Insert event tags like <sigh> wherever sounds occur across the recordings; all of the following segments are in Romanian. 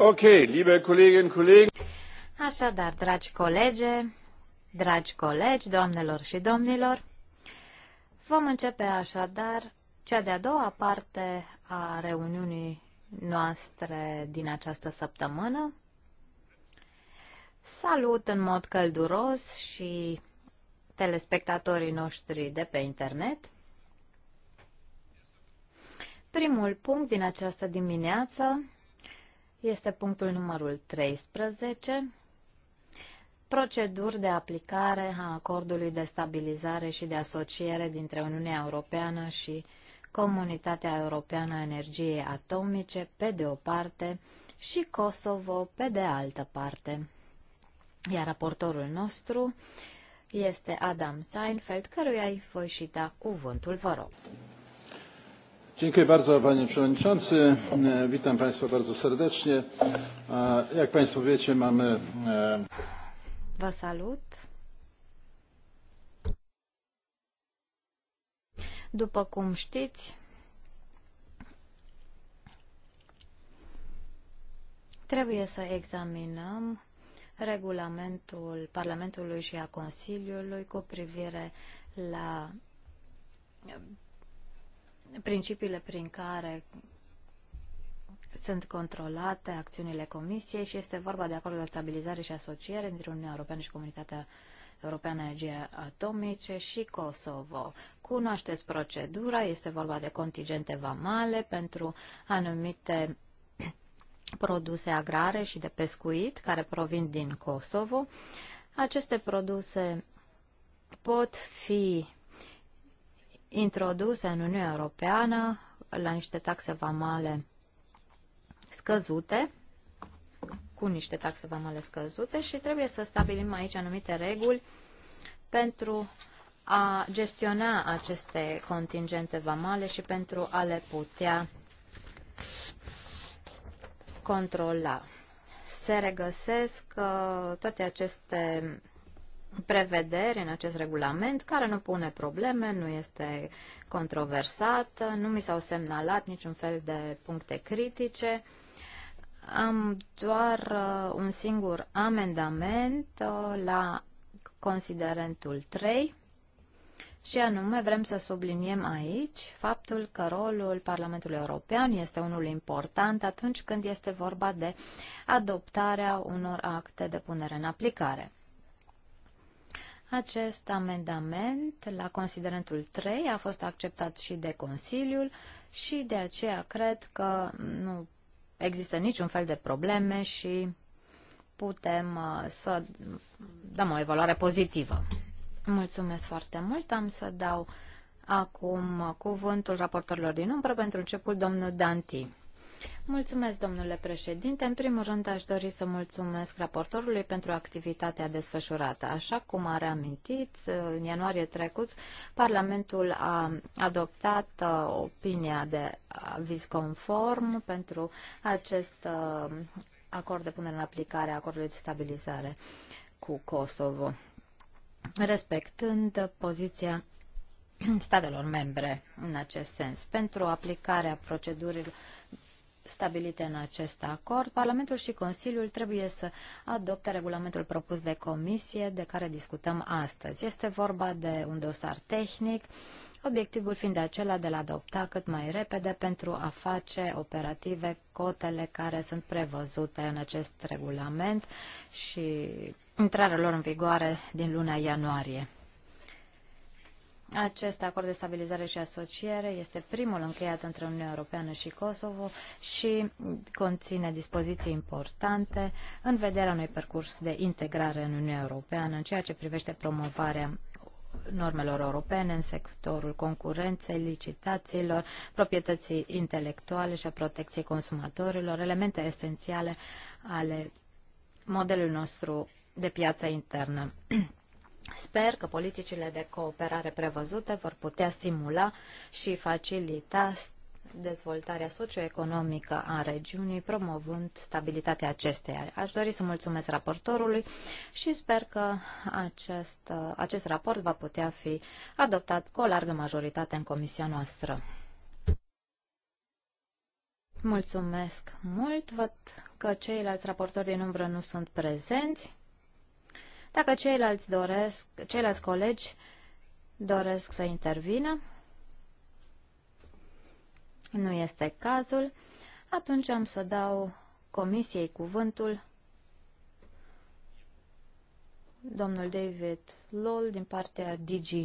Ok, liebe Kolleginnen Kollegen. Așadar, dragi colege, dragi colegi, doamnelor și domnilor, vom începe așadar cea de-a doua parte a reuniunii noastre din această săptămână. Salut în mod călduros și telespectatorii noștri de pe internet. Primul punct din această dimineață este punctul numărul 13, proceduri de aplicare a acordului de stabilizare și de asociere dintre Uniunea Europeană și Comunitatea Europeană a Energiei Atomice, pe de o parte, și Kosovo, pe de altă parte. Iar raportorul nostru este Adam Seinfeld, căruia îi voi și da cuvântul, vă rog. Dziękuję bardzo panie przewodniczący. Witam państwa bardzo serdecznie. Jak państwo wiecie mamy... Vă salut. După cum știți, trebuie să examinăm regulamentul Parlamentului și a Consiliului cu privire la principiile prin care sunt controlate acțiunile Comisiei și este vorba de acordul de stabilizare și asociere între Uniunea Europeană și Comunitatea Europeană Energie Atomice și Kosovo. Cunoașteți procedura, este vorba de contingente vamale pentru anumite produse agrare și de pescuit care provin din Kosovo. Aceste produse pot fi introduse în Uniunea Europeană la niște taxe vamale scăzute, cu niște taxe vamale scăzute și trebuie să stabilim aici anumite reguli pentru a gestiona aceste contingente vamale și pentru a le putea controla. Se regăsesc uh, toate aceste prevederi în acest regulament care nu pune probleme, nu este controversat, nu mi s-au semnalat niciun fel de puncte critice. Am doar uh, un singur amendament uh, la considerentul 3 și anume vrem să subliniem aici faptul că rolul Parlamentului European este unul important atunci când este vorba de adoptarea unor acte de punere în aplicare. Acest amendament la considerentul 3 a fost acceptat și de Consiliul și de aceea cred că nu există niciun fel de probleme și putem uh, să dăm o evaluare pozitivă. Mulțumesc foarte mult. Am să dau acum cuvântul raportorilor din umbră pentru început domnul Danti. Mulțumesc, domnule președinte. În primul rând, aș dori să mulțumesc raportorului pentru activitatea desfășurată. Așa cum a reamintit, în ianuarie trecut, Parlamentul a adoptat uh, opinia de aviz conform pentru acest uh, acord de punere în aplicare a acordului de stabilizare cu Kosovo, respectând poziția statelor membre în acest sens. Pentru aplicarea procedurilor stabilite în acest acord, Parlamentul și Consiliul trebuie să adopte regulamentul propus de comisie de care discutăm astăzi. Este vorba de un dosar tehnic, obiectivul fiind acela de a adopta cât mai repede pentru a face operative cotele care sunt prevăzute în acest regulament și intrarea lor în vigoare din luna ianuarie. Acest acord de stabilizare și asociere este primul încheiat între Uniunea Europeană și Kosovo și conține dispoziții importante în vederea unui percurs de integrare în Uniunea Europeană în ceea ce privește promovarea normelor europene în sectorul concurenței, licitațiilor, proprietății intelectuale și a protecției consumatorilor, elemente esențiale ale modelului nostru de piață internă. <clears throat> Sper că politicile de cooperare prevăzute vor putea stimula și facilita dezvoltarea socioeconomică a regiunii, promovând stabilitatea acesteia. Aș dori să mulțumesc raportorului și sper că acest, acest raport va putea fi adoptat cu o largă majoritate în comisia noastră. Mulțumesc mult. Văd că ceilalți raportori din umbră nu sunt prezenți. Dacă ceilalți, doresc, ceilalți colegi doresc să intervină, nu este cazul, atunci am să dau comisiei cuvântul domnul David Lowell din partea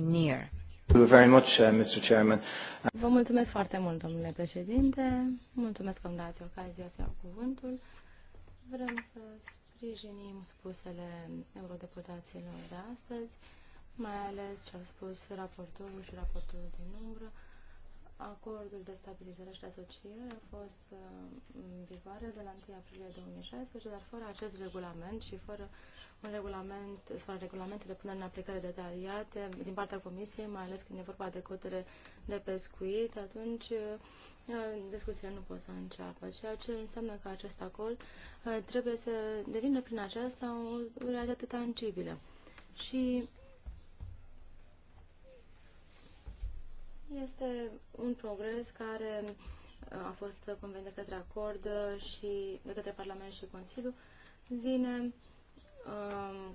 Near. Uh, Vă mulțumesc foarte mult, domnule președinte. Mulțumesc că îmi dați ocazia să iau cuvântul. Vrem să sprijinim spusele eurodeputaților de astăzi, mai ales ce au spus raportorul și raportorul din umbră. Acordul de stabilizare și asociere a fost uh, în vigoare de la 1 aprilie 2016, dar fără acest regulament și fără un regulament, fără regulamente de punere în aplicare detaliate din partea Comisiei, mai ales când e vorba de cotele de pescuit, atunci uh, Uh, discuția nu pot să înceapă, ceea ce înseamnă că acest acord uh, trebuie să devină prin aceasta o realitate tangibilă. Și este un progres care uh, a fost convenit de către acord și de către Parlament și Consiliu, vine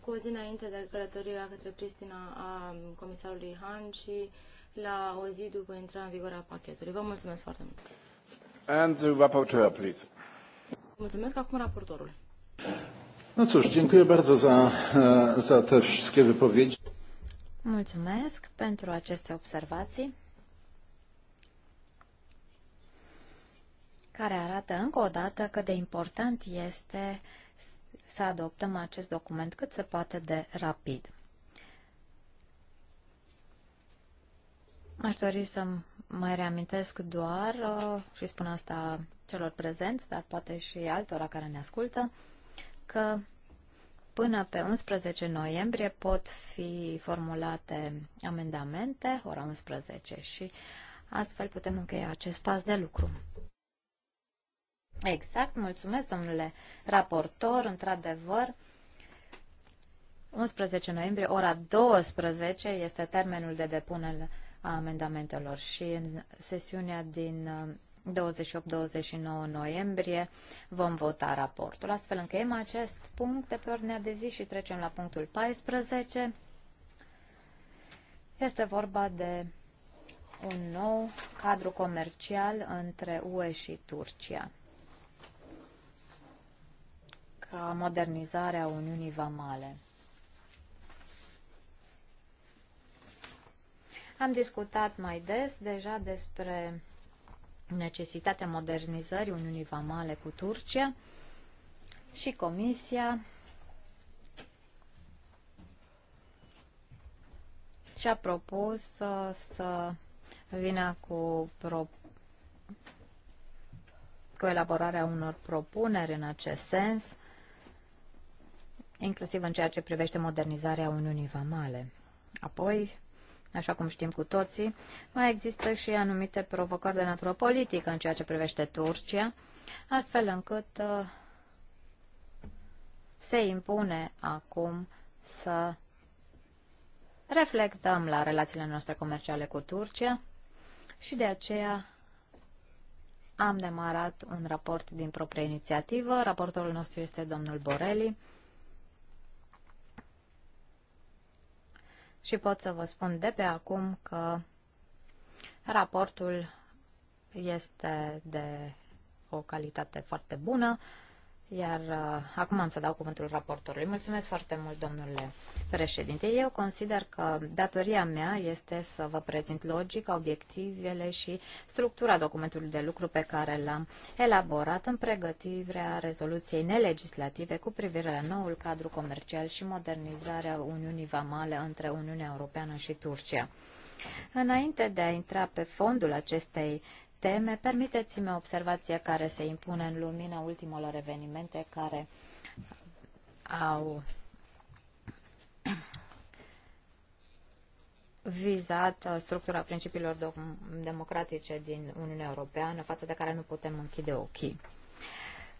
cu o zi înainte de călătoria către Pristina a comisarului Han și uh, la o zi după intrarea în vigoare a pachetului. Vă mulțumesc foarte mult. And the rapporteur, please. Mulțumesc. Acum raportorul. No cóż, dziękuję bardzo za, za te wszystkie wypowiedzi. Mulțumesc pentru aceste observații care arată încă o dată cât de important este să adoptăm acest document cât se poate de rapid. Aș dori să mai reamintesc doar, uh, și spun asta celor prezenți, dar poate și altora care ne ascultă, că până pe 11 noiembrie pot fi formulate amendamente, ora 11, și astfel putem încheia acest pas de lucru. Exact, mulțumesc, domnule raportor, într-adevăr, 11 noiembrie, ora 12 este termenul de depunere a amendamentelor și în sesiunea din 28-29 uh, noiembrie vom vota raportul. Astfel încheiem acest punct de pe ordinea de zi și trecem la punctul 14. Este vorba de un nou cadru comercial între UE și Turcia ca modernizarea Uniunii Vamale. Am discutat mai des deja despre necesitatea modernizării Uniunii Vamale cu Turcia și Comisia și-a propus să, să vină cu, pro, cu elaborarea unor propuneri în acest sens, inclusiv în ceea ce privește modernizarea Uniunii Vamale. Apoi, așa cum știm cu toții, mai există și anumite provocări de natură politică în ceea ce privește Turcia, astfel încât uh, se impune acum să reflectăm la relațiile noastre comerciale cu Turcia și de aceea am demarat un raport din proprie inițiativă. Raportorul nostru este domnul Borelli și pot să vă spun de pe acum că raportul este de o calitate foarte bună. Iar uh, acum am să dau cuvântul raportorului. Mulțumesc foarte mult, domnule președinte. Eu consider că datoria mea este să vă prezint logica, obiectivele și structura documentului de lucru pe care l-am elaborat în pregătirea rezoluției nelegislative cu privire la noul cadru comercial și modernizarea Uniunii Vamale între Uniunea Europeană și Turcia. Înainte de a intra pe fondul acestei teme, permiteți-mi o observație care se impune în lumina ultimelor evenimente care au vizat uh, structura principiilor democratice din Uniunea Europeană, față de care nu putem închide ochii.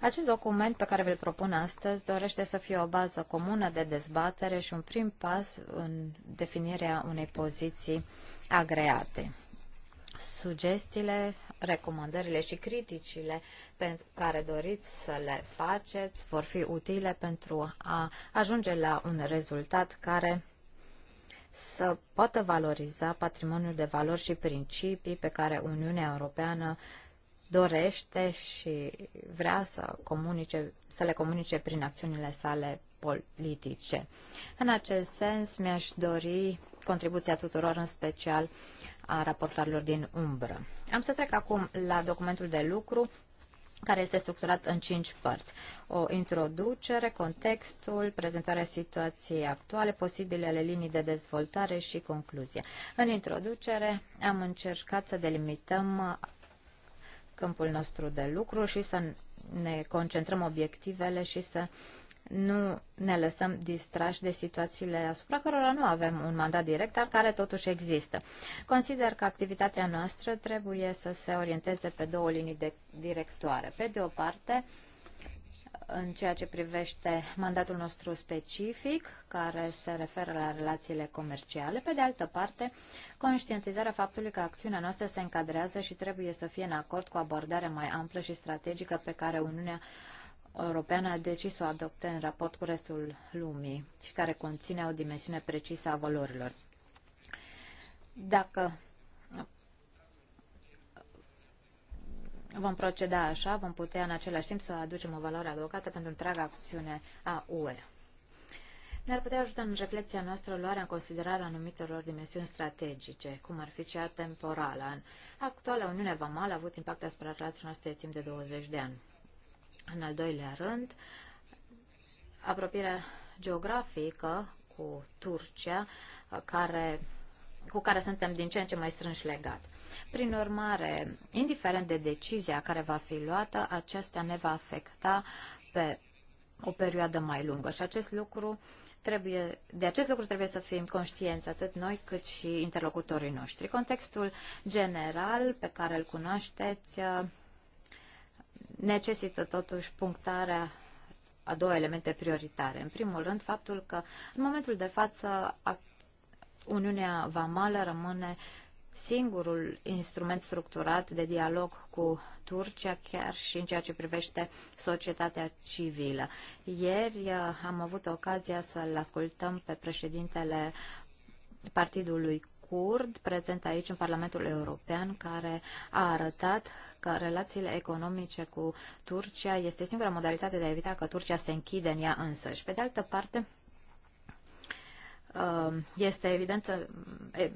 Acest document pe care vi-l propun astăzi dorește să fie o bază comună de dezbatere și un prim pas în definirea unei poziții agreate. Sugestiile recomandările și criticile pe care doriți să le faceți vor fi utile pentru a ajunge la un rezultat care să poată valoriza patrimoniul de valori și principii pe care Uniunea Europeană dorește și vrea să, comunice, să le comunice prin acțiunile sale politice. În acest sens, mi-aș dori contribuția tuturor, în special a raportorilor din umbră. Am să trec acum la documentul de lucru care este structurat în cinci părți. O introducere, contextul, prezentarea situației actuale, posibilele linii de dezvoltare și concluzia. În introducere am încercat să delimităm câmpul nostru de lucru și să ne concentrăm obiectivele și să uh, nu ne lăsăm distrași de situațiile asupra cărora nu avem un mandat direct, dar care totuși există. Consider că activitatea noastră trebuie să se orienteze pe două linii de directoare. Pe de o parte, în ceea ce privește mandatul nostru specific, care se referă la relațiile comerciale. Pe de altă parte, conștientizarea faptului că acțiunea noastră se încadrează și trebuie să fie în acord cu abordarea mai amplă și strategică pe care Uniunea Europeană a decis să o adopte în raport cu restul lumii și care conține o dimensiune precisă a valorilor. Dacă vom proceda așa, vom putea în același timp să aducem o valoare adăugată pentru întreaga acțiune a UE. Ne-ar putea ajuta în reflexia noastră luarea în considerare anumitor dimensiuni strategice, cum ar fi cea temporală. Actuala Uniune Vamală a avut impact asupra relației noastre timp de 20 de ani. În al doilea rând, apropierea geografică cu Turcia, care, cu care suntem din ce în ce mai strânși legat. Prin urmare, indiferent de decizia care va fi luată, aceasta ne va afecta pe o perioadă mai lungă și acest lucru trebuie, de acest lucru trebuie să fim conștienți atât noi cât și interlocutorii noștri. Contextul general pe care îl cunoașteți necesită totuși punctarea a două elemente prioritare. În primul rând, faptul că în momentul de față Uniunea Vamală rămâne singurul instrument structurat de dialog cu Turcia, chiar și în ceea ce privește societatea civilă. Ieri uh, am avut ocazia să-l ascultăm pe președintele Partidului Kurd, prezent aici în Parlamentul European, care a arătat că relațiile economice cu Turcia este singura modalitate de a evita că Turcia se închide în ea însăși. Pe de altă parte, um, este evident să,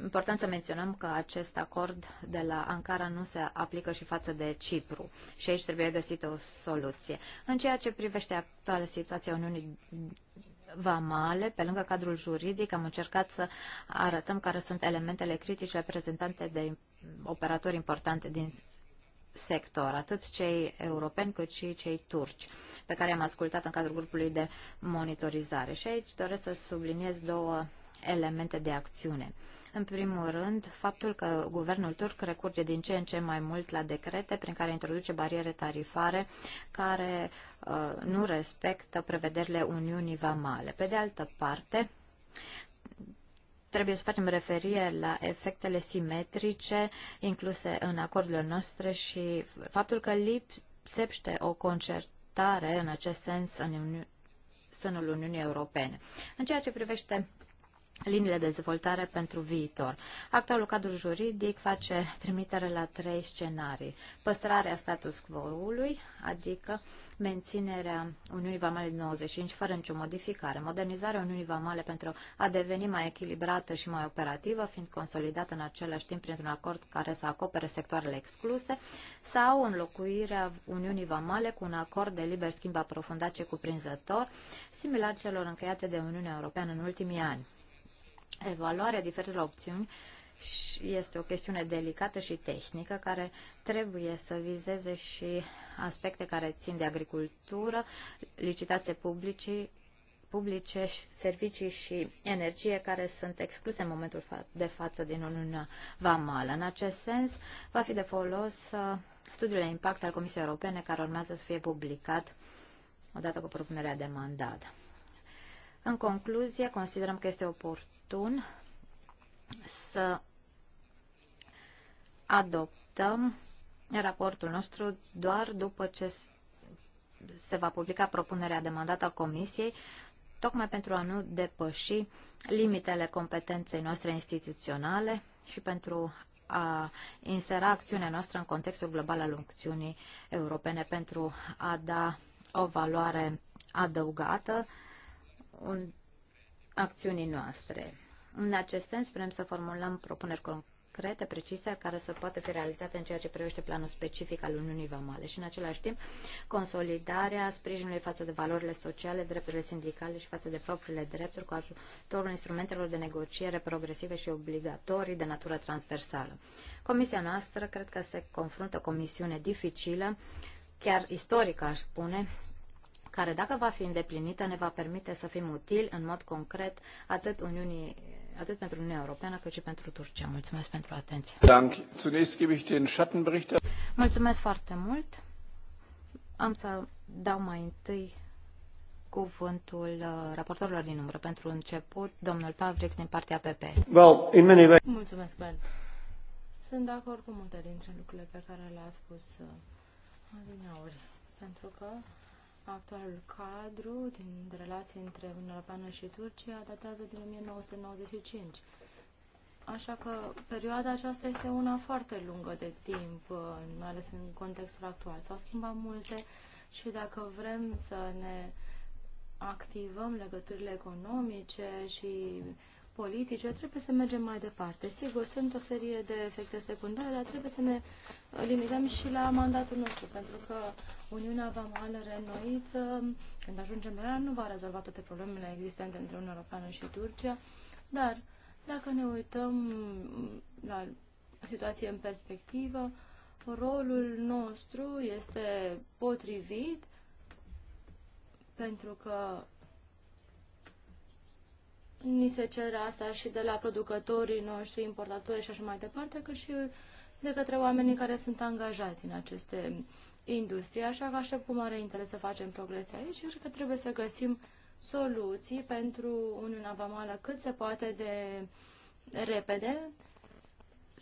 important să menționăm că acest acord de la Ankara nu se aplică și față de Cipru și aici trebuie găsită o soluție. În ceea ce privește actuala situație a Uniunii vamale, pe lângă cadrul juridic, am încercat să arătăm care sunt elementele critice reprezentante de operatori importante din sector, atât cei europeni cât și cei turci, pe care am ascultat în cadrul grupului de monitorizare. Și aici doresc să subliniez două elemente de acțiune. În primul rând, faptul că guvernul turc recurge din ce în ce mai mult la decrete prin care introduce bariere tarifare care uh, nu respectă prevederile Uniunii Vamale. Pe de altă parte, trebuie să facem referire la efectele simetrice incluse în acordurile noastre și faptul că lipsește o concertare în acest sens în Uni- sânul Uniunii Europene. În ceea ce privește liniile de dezvoltare pentru viitor. Actualul cadru juridic face trimitere la trei scenarii. Păstrarea status quo-ului, adică menținerea Uniunii Vamale din 95 fără nicio modificare, modernizarea Uniunii Vamale pentru a deveni mai echilibrată și mai operativă, fiind consolidată în același timp printr-un acord care să acopere sectoarele excluse, sau înlocuirea Uniunii Vamale cu un acord de liber schimb aprofundat și cuprinzător, similar celor încheiate de Uniunea Europeană în ultimii ani. Evaluarea diferitelor opțiuni este o chestiune delicată și tehnică care trebuie să vizeze și aspecte care țin de agricultură, licitații publice, publice, servicii și energie care sunt excluse în momentul de față din Uniunea Vamală. În acest sens, va fi de folos uh, studiul de impact al Comisiei Europene care urmează să fie publicat odată cu propunerea de mandat. În concluzie, considerăm că este oportun să adoptăm raportul nostru doar după ce se va publica propunerea de mandat a Comisiei, tocmai pentru a nu depăși limitele competenței noastre instituționale și pentru a insera acțiunea noastră în contextul global al acțiunii europene pentru a da o valoare adăugată un, acțiunii noastre. În acest sens, vrem să formulăm propuneri concrete, precise, care să poată fi realizate în ceea ce privește planul specific al Uniunii Vamale și, în același timp, consolidarea sprijinului față de valorile sociale, drepturile sindicale și față de propriile drepturi cu ajutorul instrumentelor de negociere progresive și obligatorii de natură transversală. Comisia noastră cred că se confruntă cu o misiune dificilă, chiar istorică, aș spune, care, dacă va fi îndeplinită, ne va permite să fim utili în mod concret atât Uniunii atât pentru Uniunea Europeană cât și pentru Turcia. Mulțumesc pentru atenție. Mulțumesc foarte mult. Am să dau mai întâi cuvântul uh, raportorilor din umbră. Pentru început, domnul Pavrix din partea PP. Well, in many ways... Mulțumesc, Ben. Sunt de acord cu multe dintre lucrurile pe care le-a spus uh, Adinauri, pentru că Actualul cadru din relații între Uniunea Europeană și Turcia datează din 1995. Așa că perioada aceasta este una foarte lungă de timp, mai ales în contextul actual. S-au schimbat multe și dacă vrem să ne activăm legăturile economice și politice, trebuie să mergem mai departe. Sigur, sunt o serie de efecte secundare, dar trebuie să ne uh, limităm și la mandatul nostru, pentru că Uniunea Vamală reînnoită, um, când ajungem la ea, nu va rezolva toate problemele existente între Uniunea Europeană și Turcia, dar dacă ne uităm um, la situație în perspectivă, rolul nostru este potrivit pentru că Ni se cere asta și de la producătorii noștri, importatori și așa mai departe, cât și de către oamenii care sunt angajați în aceste industrie, așa că aștept cu mare interes să facem progrese aici și că trebuie să găsim soluții pentru Uniunea Vamală cât se poate de repede,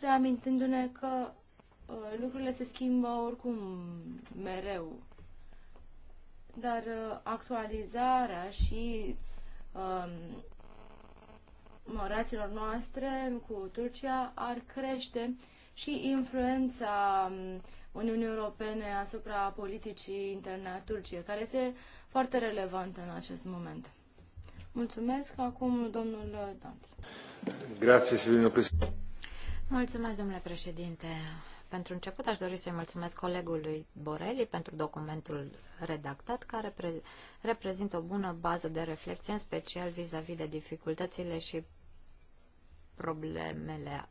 reamintindu-ne că uh, lucrurile se schimbă oricum mereu. Dar uh, actualizarea și uh, relațiilor noastre cu Turcia ar crește și influența um, Uniunii Europene asupra politicii interne a Turciei, care este foarte relevantă în acest moment. Mulțumesc. Acum domnul Danti. Grazie, Silvino Presidente. Mulțumesc, domnule președinte. Pentru început aș dori să-i mulțumesc colegului Borelli pentru documentul redactat, care pre- reprezintă o bună bază de reflexie, în special vis-a-vis -vis de dificultățile și problemele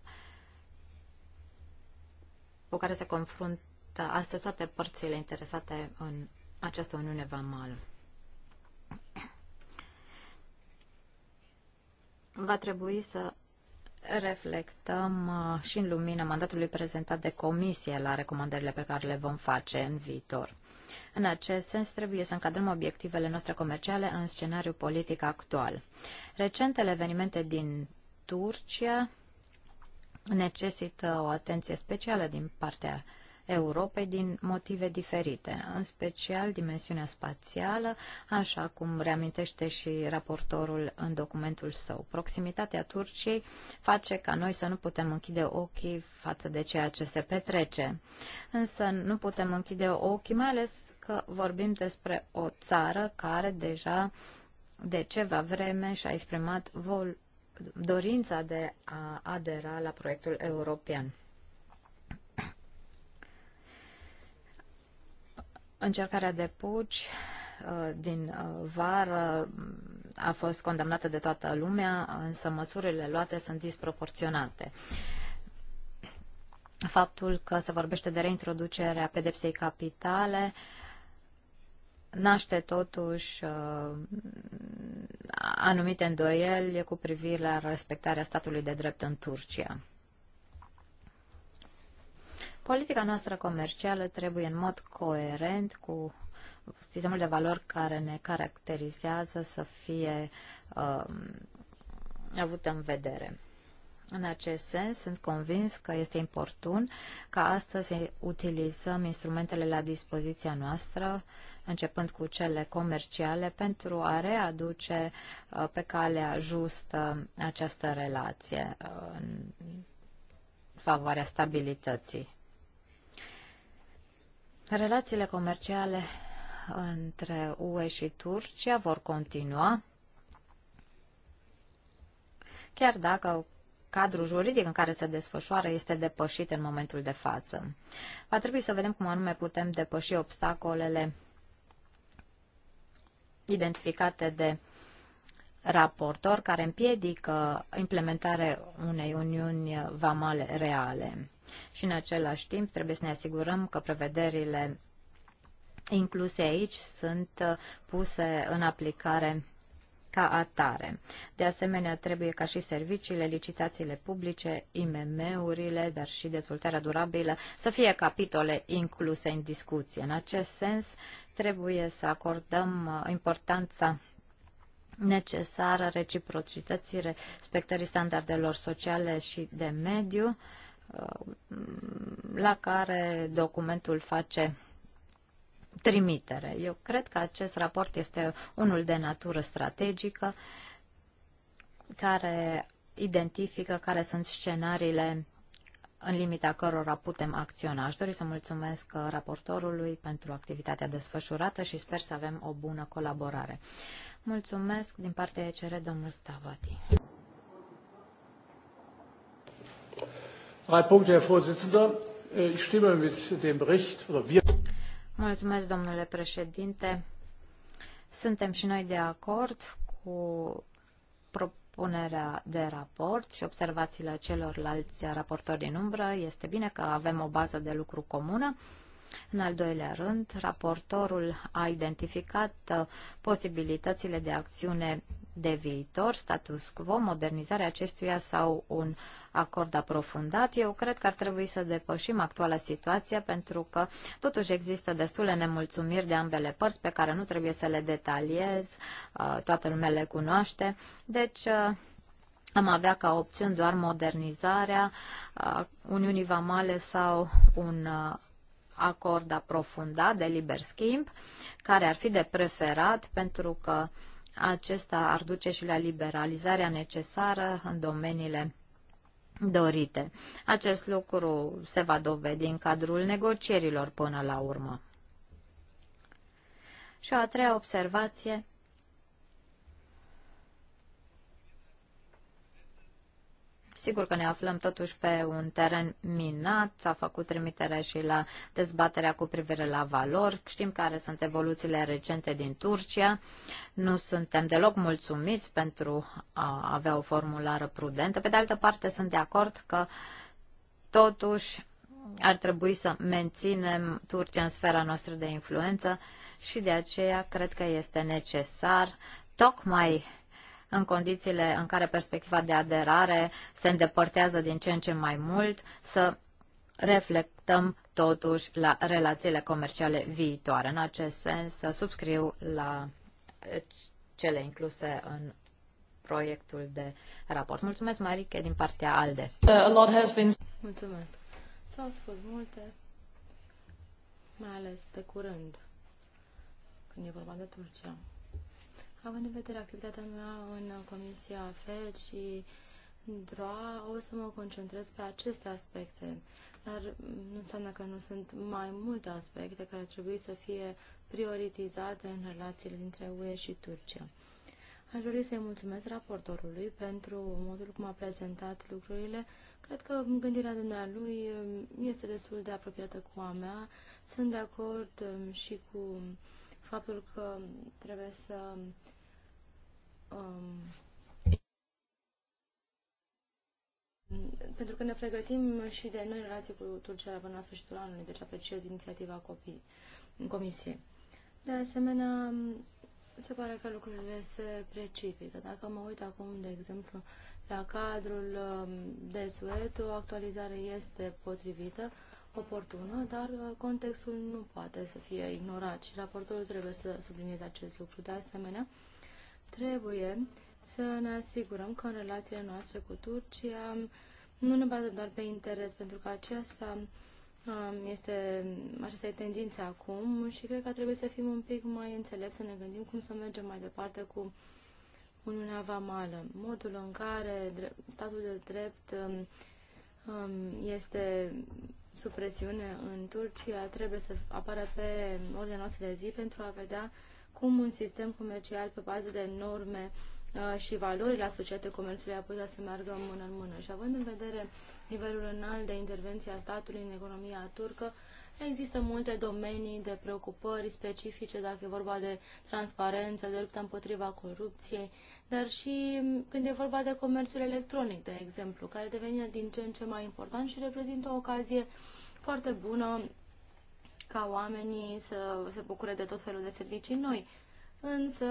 cu care se confruntă astăzi toate părțile interesate în această Uniune Vamală. Va trebui să reflectăm uh, și în lumina mandatului prezentat de comisie la recomandările pe care le vom face în viitor. În acest sens, trebuie să încadrăm obiectivele noastre comerciale în scenariul politic actual. Recentele evenimente din Turcia necesită o atenție specială din partea Europei din motive diferite, în special dimensiunea spațială, așa cum reamintește și raportorul în documentul său. Proximitatea Turciei face ca noi să nu putem închide ochii față de ceea ce se petrece. Însă nu putem închide ochii, mai ales că vorbim despre o țară care deja de ceva vreme și-a exprimat vol dorința de a adera la proiectul european. Încercarea de puci uh, din uh, vară mm, a fost condamnată de toată lumea, însă măsurile luate sunt disproporționate. Faptul că se vorbește de reintroducerea pedepsei capitale uh, naște totuși uh, anumite îndoieli cu privire la respectarea statului de drept în Turcia. Politica noastră comercială trebuie în mod coerent cu sistemul de valori care ne caracterizează să fie uh, avut în vedere. În acest sens, sunt convins că este important ca astăzi să utilizăm instrumentele la dispoziția noastră, începând cu cele comerciale, pentru a readuce uh, pe calea justă această relație uh, în favoarea stabilității. Relațiile comerciale între UE și Turcia vor continua, chiar dacă cadrul juridic în care se desfășoară este depășit în momentul de față. Va trebui să vedem cum anume putem depăși obstacolele identificate de raportor care împiedică implementarea unei uniuni vamale reale. Și în același timp trebuie să ne asigurăm că prevederile incluse aici sunt puse în aplicare ca atare. De asemenea, trebuie ca și serviciile, licitațiile publice, IMM-urile, dar și dezvoltarea durabilă să fie capitole incluse în discuție. În acest sens, trebuie să acordăm uh, importanța necesară reciprocității respectării standardelor sociale și de mediu, uh, la care documentul face trimitere. Eu cred că acest raport este unul de natură strategică care identifică care sunt scenariile în limita cărora putem acționa. Aș dori să mulțumesc raportorului pentru activitatea desfășurată și sper să avem o bună colaborare. Mulțumesc din partea ECR, domnul Stavati. Drei Punkte, Herr președinte. Ich stimme mit dem Bericht, oder wir Mulțumesc, domnule președinte. Suntem și noi de acord cu propunerea de raport și observațiile celorlalți raportori din umbră. Este bine că avem o bază de lucru comună. În al doilea rând, raportorul a identificat uh, posibilitățile de acțiune de viitor, status quo, modernizarea acestuia sau un acord aprofundat. Eu cred că ar trebui să depășim actuala situație pentru că totuși există destule nemulțumiri de ambele părți pe care nu trebuie să le detaliez, uh, toată lumea le cunoaște. Deci, uh, am avea ca opțiuni doar modernizarea uh, Uniunii Vamale sau un acord aprofundat de liber schimb, care ar fi de preferat pentru că acesta ar duce și la liberalizarea necesară în domeniile dorite. Acest lucru se va dovedi în cadrul negocierilor până la urmă. Și o a treia observație Sigur că ne aflăm totuși pe un teren minat, s-a făcut trimitere și la dezbaterea cu privire la valori. Știm care sunt evoluțiile recente din Turcia. Nu suntem deloc mulțumiți pentru a avea o formulară prudentă. Pe de altă parte, sunt de acord că totuși ar trebui să menținem Turcia în sfera noastră de influență și de aceea cred că este necesar tocmai în condițiile în care perspectiva de aderare se îndepărtează din ce în ce mai mult, să reflectăm totuși la relațiile comerciale viitoare. În acest sens, să subscriu la cele incluse în proiectul de raport. Mulțumesc, Marike, din partea ALDE. Uh, a lot has been... Mulțumesc. S-au spus multe, mai ales de curând, când e vorba de Turcia. Având în vedere activitatea mea în Comisia FED și DROA, o să mă concentrez pe aceste aspecte. Dar nu înseamnă că nu sunt mai multe aspecte care trebuie să fie prioritizate în relațiile dintre UE și Turcia. Aș dori să-i mulțumesc raportorului pentru modul cum a prezentat lucrurile. Cred că gândirea dumnealui um, este destul de apropiată cu a mea. Sunt de acord um, și cu faptul că trebuie să um, pentru că ne pregătim și de noi relații cu Turcia până la sfârșitul anului, deci apreciez inițiativa copii în comisie. De asemenea, se pare că lucrurile se precipită. Dacă mă uit acum, de exemplu, la cadrul um, de o actualizare este potrivită, oportună, dar uh, contextul nu poate să fie ignorat și raportorul trebuie să sublinieze acest lucru. De asemenea, trebuie să ne asigurăm că în relațiile noastre cu Turcia nu ne bazăm doar pe interes, pentru că aceasta um, este, aceasta este tendința acum și cred că trebuie să fim un pic mai înțelepți, să ne gândim cum să mergem mai departe cu Uniunea Vamală, modul în care statul de drept um, um, este sub presiune în Turcia trebuie să apară pe ordinea noastră de zi pentru a vedea cum un sistem comercial pe bază de norme uh, și valorile asociate comerțului a putea să meargă mână în mână. Și având în vedere nivelul înalt de intervenție a statului în economia turcă, Există multe domenii de preocupări specifice, dacă e vorba de transparență, de lupta împotriva corupției, dar și când e vorba de comerțul electronic, de exemplu, care devine din ce în ce mai important și reprezintă o ocazie foarte bună ca oamenii să se bucure de tot felul de servicii noi. Însă,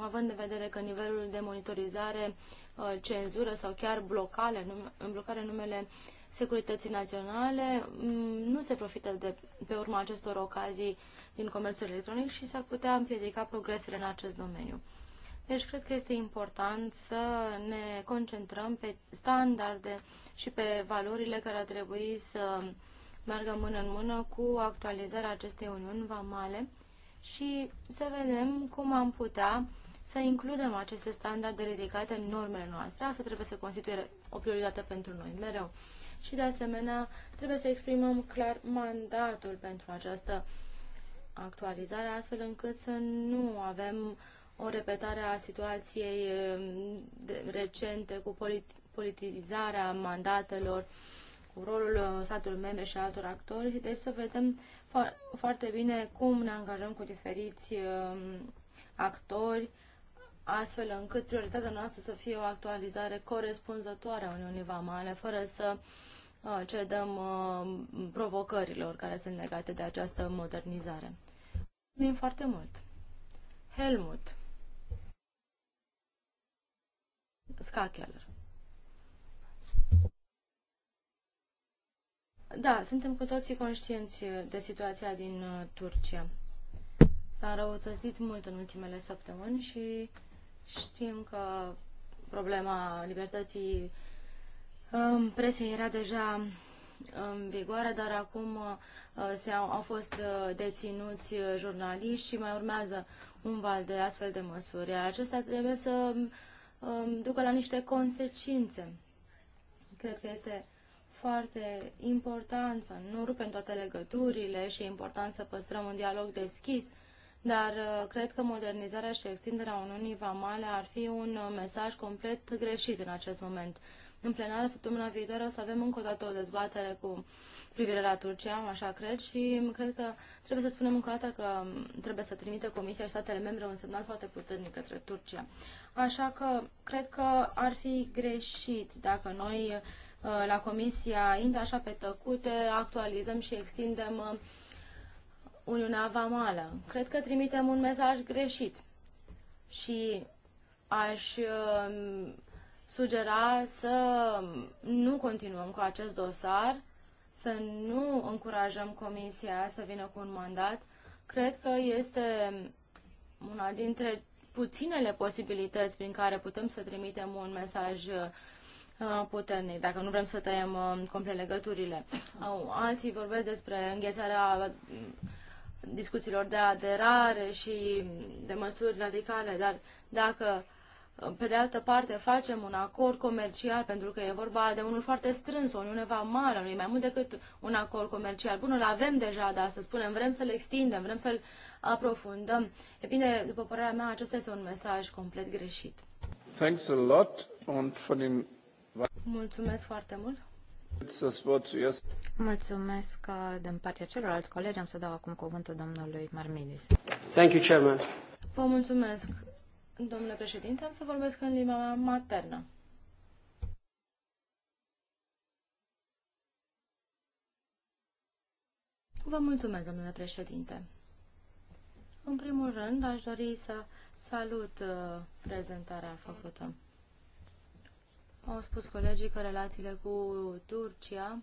având în vedere că nivelul de monitorizare, uh, cenzură sau chiar blocare, blocare numele securității naționale, mm, nu se profită de pe urma acestor ocazii din comerțul electronic și s-ar putea împiedica progresele în acest domeniu. Deci cred că este important să ne concentrăm pe standarde și pe valorile care ar trebui să meargă mână în mână cu actualizarea acestei uniuni vamale și să vedem cum am putea să includem aceste standarde ridicate în normele noastre. Asta trebuie să constituie o prioritate pentru noi mereu și, de asemenea, trebuie să exprimăm clar mandatul pentru această actualizare, astfel încât să nu avem o repetare a situației recente cu politizarea mandatelor, cu rolul uh, statului membre și altor actori. Deci să vedem fo- foarte bine cum ne angajăm cu diferiți actori, astfel încât prioritatea noastră să fie o actualizare corespunzătoare a Uniunii Vamale, fără să uh, Ah, cedăm ah, provocărilor care sunt legate de această modernizare. Mulțumim foarte mult! Helmut Skakeler Da, suntem cu toții conștienți de situația din ah, Turcia. S-a înrăutățit mult în ultimele săptămâni și știm că problema libertății în presie era deja în vigoare, dar acum uh, se au, au fost uh, deținuți uh, jurnaliști și mai urmează un val de astfel de măsuri. Iar acestea trebuie să um, um, ducă la niște consecințe. Cred că este foarte important să nu rupem toate legăturile și e important să păstrăm un dialog deschis, dar uh, cred că modernizarea și extinderea Uniunii Vamale ar fi un mesaj complet greșit în acest moment. În plenară, săptămâna viitoare, o să avem încă o dată o dezbatere cu privire la Turcia, așa cred, și cred că trebuie să spunem încă o dată că trebuie să trimite Comisia și statele membre un semnal foarte puternic către Turcia. Așa că cred că ar fi greșit dacă noi uh, la Comisia intră așa pe tăcute, actualizăm și extindem uh, Uniunea Vamală. Cred că trimitem un mesaj greșit și aș uh, sugera să nu continuăm cu acest dosar, să nu încurajăm comisia să vină cu un mandat. Cred că este una dintre puținele posibilități prin care putem să trimitem un mesaj uh, puternic, dacă nu vrem să tăiem uh, complet legăturile. Alții vorbesc despre înghețarea uh, discuțiilor de aderare și de măsuri radicale, dar dacă pe de altă parte, facem un acord comercial, pentru că e vorba de unul foarte strâns, o uniune vamală, nu e mai mult decât un acord comercial. Bun, îl avem deja, dar să spunem, vrem să-l extindem, vrem să-l aprofundăm. E bine, după părerea mea, acesta este un mesaj complet greșit. Thanks a lot Mulțumesc foarte mult. Mulțumesc uh, din partea celorlalți colegi. Am să dau acum cuvântul domnului Marmidis. Thank you, Chairman. Vă mulțumesc, Domnule președinte, am să vorbesc în limba mea maternă. Vă mulțumesc, domnule președinte. În primul rând, aș dori să salut uh, prezentarea făcută. Au spus colegii că relațiile cu Turcia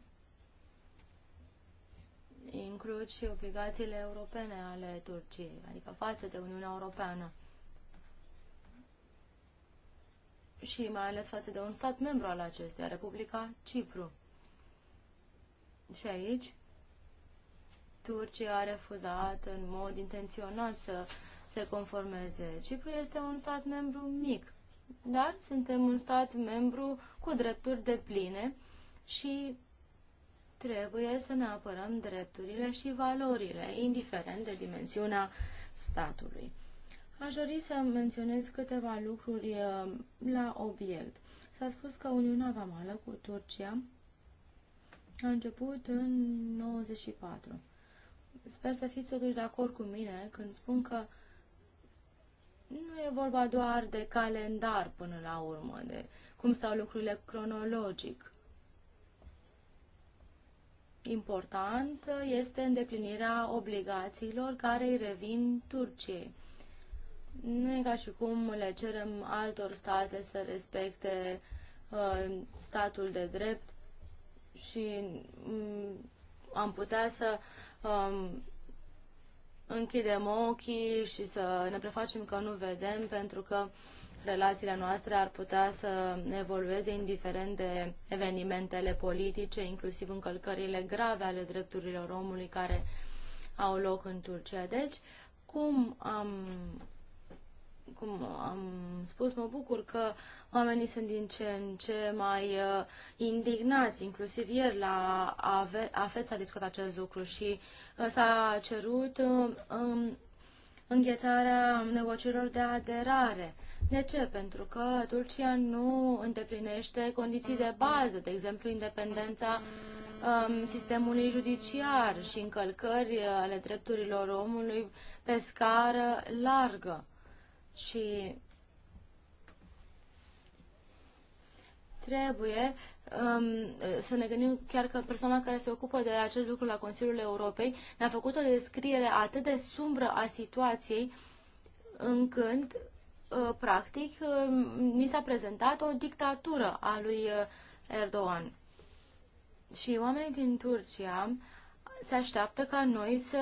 includ și obligațiile europene ale Turciei, adică față de Uniunea Europeană. și mai ales față de un stat membru al acesteia, Republica Cipru. Și aici, Turcia a refuzat în mod intenționat să se conformeze. Cipru este un stat membru mic, dar suntem un stat membru cu drepturi de pline și trebuie să ne apărăm drepturile și valorile, indiferent de dimensiunea statului. Aș dori să menționez câteva lucruri la obiect. S-a spus că Uniunea Vamală cu Turcia a început în 94. Sper să fiți totuși de acord cu mine când spun că nu e vorba doar de calendar până la urmă, de cum stau lucrurile cronologic. Important este îndeplinirea obligațiilor care îi revin Turciei. Nu e ca și cum le cerem altor state să respecte uh, statul de drept și um, am putea să um, închidem ochii și să ne prefacem că nu vedem, pentru că relațiile noastre ar putea să evolueze indiferent de evenimentele politice, inclusiv încălcările grave ale drepturilor omului care au loc în Turcia. Deci, cum am cum am spus, mă bucur că oamenii sunt din ce în ce mai uh, indignați. Inclusiv ieri la AFET s-a discutat acest lucru și uh, s-a cerut uh, um, înghețarea negocierilor de aderare. De ce? Pentru că Turcia nu îndeplinește condiții de bază, de exemplu independența um, sistemului judiciar și încălcări uh, ale drepturilor omului pe scară largă și trebuie um, să ne gândim chiar că persoana care se ocupă de acest lucru la Consiliul Europei ne-a făcut o descriere atât de sumbră a situației încât, uh, practic, uh, ni s-a prezentat o dictatură a lui uh, Erdogan. Și oamenii din Turcia se așteaptă ca noi să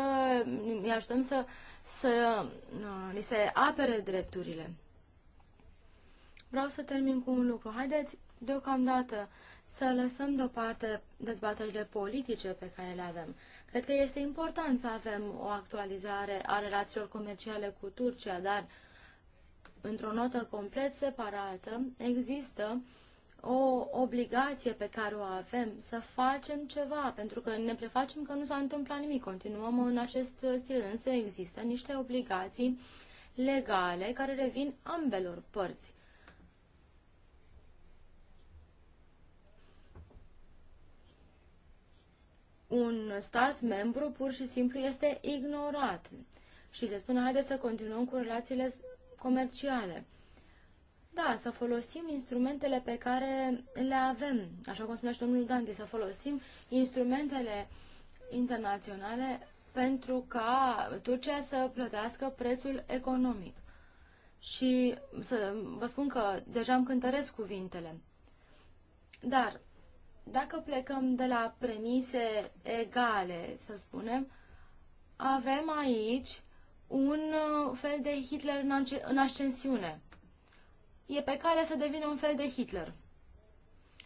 ne ajutăm să uh, să li se apere drepturile. Vreau să termin cu un lucru. Haideți deocamdată să lăsăm deoparte dezbaterile politice pe care le avem. Cred că este important să avem o actualizare a relațiilor comerciale cu Turcia, dar într-o notă complet separată există o obligație pe care o avem să facem ceva, pentru că ne prefacem că nu s-a întâmplat nimic, continuăm în acest stil, însă există niște obligații legale care revin ambelor părți. Un stat membru pur și simplu este ignorat și se spune haide să continuăm cu relațiile comerciale. Da, să folosim instrumentele pe care le avem, așa cum spunea și domnul Danti, să folosim instrumentele internaționale pentru ca Turcia să plătească prețul economic. Și să vă spun că deja îmi cântăresc cuvintele. Dar dacă plecăm de la premise egale, să spunem, avem aici un uh, fel de Hitler în ascensiune e pe cale să devină un fel de Hitler.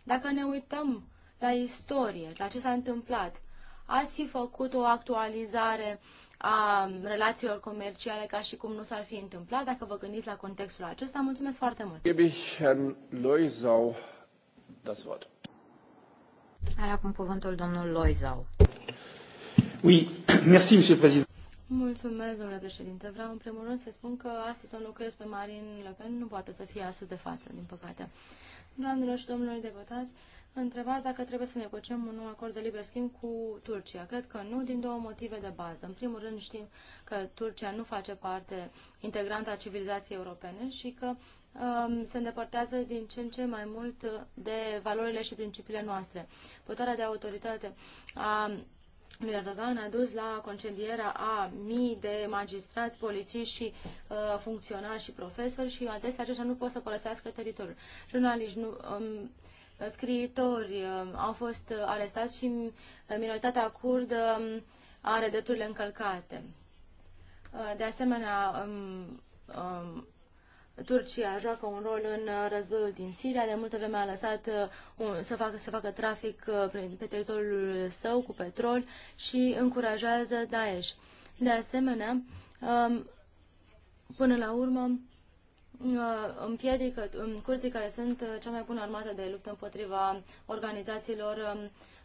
Dacă ne uităm la istorie, la ce s-a întâmplat, ați fi făcut o actualizare a relațiilor comerciale ca și cum nu s-ar fi întâmplat, dacă vă gândiți la contextul acesta. Mulțumesc foarte mult! Gebe ich Herrn Loisau das Wort. Are acum cuvântul domnul Loisau. Oui, merci, monsieur président. Mulțumesc, domnule președinte. Vreau în primul rând să spun că astăzi o înlocuiesc pe Marin Le Pen, nu poate să fie astăzi de față, din păcate. Doamnelor și domnilor deputați, întrebați dacă trebuie să negociem un nou acord de liber schimb cu Turcia. Cred că nu, din două motive de bază. În primul rând știm că Turcia nu face parte integrantă a civilizației europene și că um, se îndepărtează din ce în ce mai mult de valorile și principiile noastre. Puterea de autoritate a lui Erdogan a dus la concedierea a mii de magistrați, polițiști și uh, funcționari și profesori și adesea aceștia nu pot să părăsească teritoriul. Jurnaliști, nu, um, scriitori um, au fost uh, arestați și uh, minoritatea curdă um, are drepturile încălcate. Uh, de asemenea, um, um, Turcia joacă un rol în uh, războiul din Siria, de multă vreme a lăsat uh, să facă, să facă trafic uh, pe teritoriul său cu petrol și încurajează Daesh. De asemenea, um, până la urmă, împiedică um, curzii care sunt cea mai bună armată de luptă împotriva organizațiilor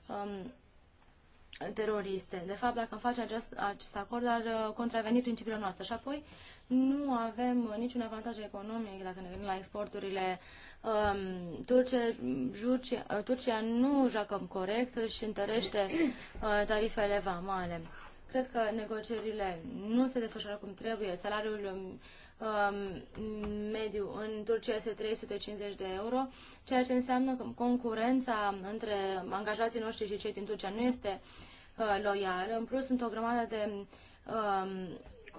um, teroriste. De fapt, dacă am face acest, acest acord, ar contraveni principiile noastre. Și apoi, nu avem niciun avantaj economic dacă ne gândim la exporturile um, Turcia, Jurcia, uh, Turcia nu joacă corect și întărește uh, tarifele vamale. Cred că negocierile nu se desfășoară cum trebuie. Salariul um, mediu în Turcia este 350 de euro, ceea ce înseamnă că concurența între angajații noștri și cei din Turcia nu este uh, loială. În plus, sunt o grămadă de um,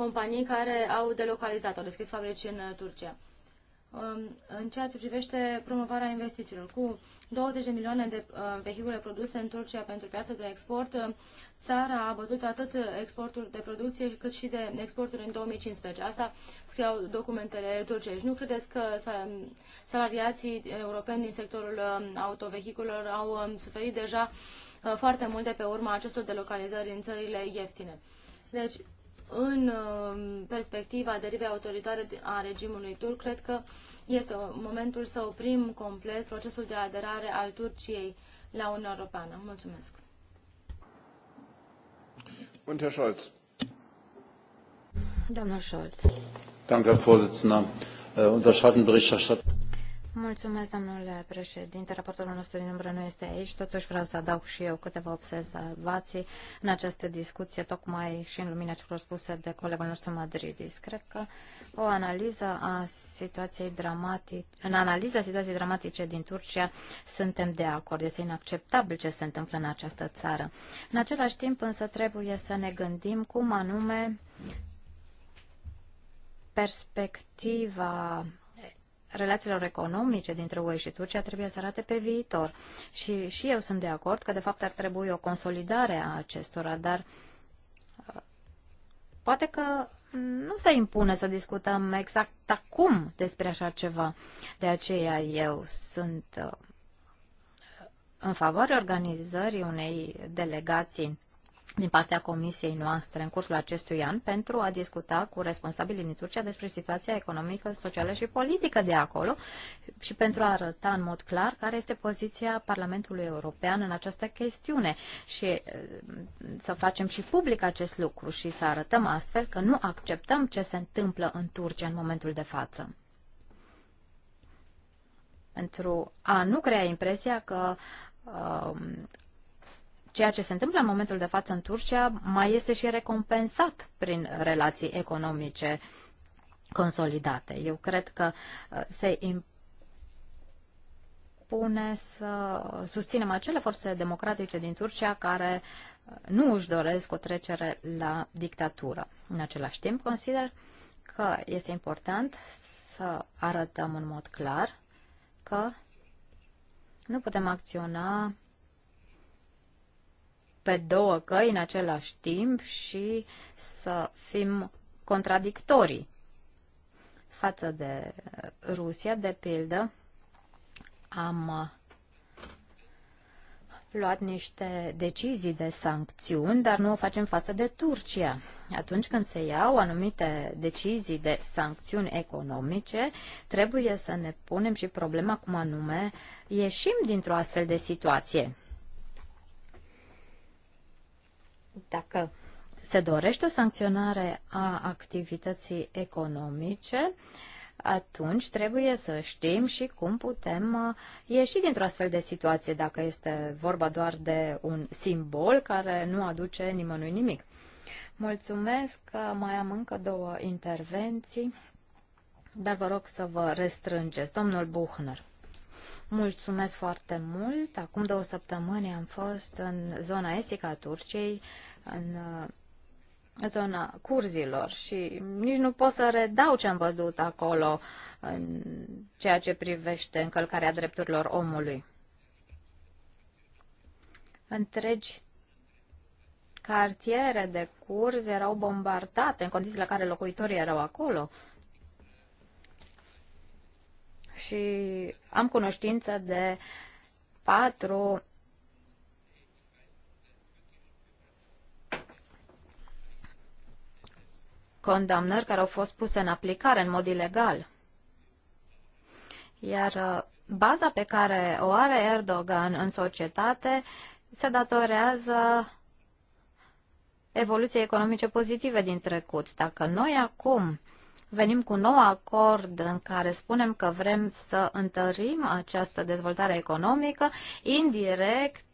companii care au delocalizat, au deschis fabrici în uh, Turcia. Um, în ceea ce privește promovarea investițiilor, cu 20 de milioane de uh, vehicule produse în Turcia pentru piața de export, uh, țara a bătut atât exportul de producție cât și de exporturi în 2015. Asta scriau documentele turcești. Nu credeți că salariații europeni din sectorul autovehiculelor au um, suferit deja foarte mult de pe urma acestor delocalizări în țările ieftine? Deci, în um, perspectiva derivei autoritare a regimului turc, cred că este momentul să oprim complet procesul de aderare al Turciei la Uniunea Europeană. Mulțumesc. Und Herr Scholz. Doamna Scholz. Danke, Herr Vorsitzender. Äh, unser Schattenberichterstatter. Mulțumesc, domnule președinte. Raportorul nostru din umbră nu este aici, totuși vreau să adaug și eu câteva observații în această discuție, tocmai și în lumina celor spuse de colegul nostru Madridis. Cred că o analiză a situației dramatice, în analiza situației dramatice din Turcia suntem de acord. Este inacceptabil ce se întâmplă în această țară. În același timp, însă, trebuie să ne gândim cum anume perspectiva relațiilor economice dintre UE și Turcia trebuie să arate pe viitor. Și, și eu sunt de acord că, de fapt, ar trebui o consolidare a acestora, dar uh, poate că nu se impune să discutăm exact acum despre așa ceva. De aceea eu sunt uh, în favoarea organizării unei delegații din partea comisiei noastre în cursul acestui an pentru a discuta cu responsabilii din Turcia despre situația economică, socială și politică de acolo și pentru a arăta în mod clar care este poziția Parlamentului European în această chestiune și eh, să facem și public acest lucru și să arătăm astfel că nu acceptăm ce se întâmplă în Turcia în momentul de față pentru a nu crea impresia că um, ceea ce se întâmplă în momentul de față în Turcia mai este și recompensat prin relații economice consolidate. Eu cred că uh, se impune să susținem acele forțe democratice din Turcia care uh, nu își doresc o trecere la dictatură. În același timp, consider că este important să arătăm în mod clar că nu putem acționa pe două căi în același timp și să fim contradictorii față de Rusia, de pildă, am luat niște decizii de sancțiuni, dar nu o facem față de Turcia. Atunci când se iau anumite decizii de sancțiuni economice, trebuie să ne punem și problema cum anume ieșim dintr-o astfel de situație dacă se dorește o sancționare a activității economice, atunci trebuie să știm și cum putem uh, ieși dintr-o astfel de situație, dacă este vorba doar de un simbol care nu aduce nimănui nimic. Mulțumesc, că mai am încă două intervenții, dar vă rog să vă restrângeți. Domnul Buchner. Mulțumesc foarte mult. Acum două săptămâni am fost în zona estică a Turciei, uh, în zona curzilor și nici nu pot să redau ce am văzut acolo în ceea ce privește încălcarea drepturilor omului. Întregi cartiere de curzi erau bombardate în condițiile în care locuitorii erau acolo și am cunoștință de patru condamnări care au fost puse în aplicare în mod ilegal. Iar uh, baza pe care o are Erdogan în societate se datorează evoluției economice pozitive din trecut. Dacă noi acum venim cu un nou acord în care spunem că vrem să întărim această dezvoltare economică, indirect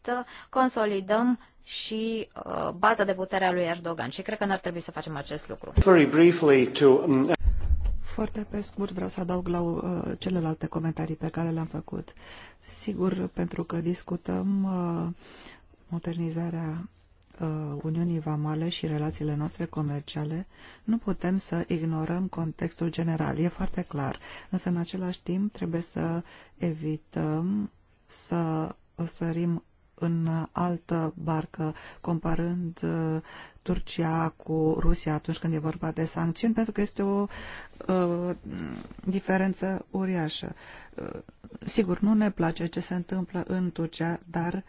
consolidăm și uh, baza de putere a lui Erdogan. Și cred că n-ar trebui să facem acest lucru. Very briefly to... Um, Foarte pe scurt vreau să adaug la uh, celelalte comentarii pe care le-am făcut. Sigur, pentru că discutăm uh, modernizarea Uh, Uniunii Vamale și relațiile noastre comerciale, nu putem să ignorăm contextul general, e foarte clar. Însă, în același timp, trebuie să evităm să sărim în altă barcă, comparând uh, Turcia cu Rusia atunci când e vorba de sancțiuni, pentru că este o uh, diferență uriașă. Uh, sigur, nu ne place ce se întâmplă în Turcia, dar uh,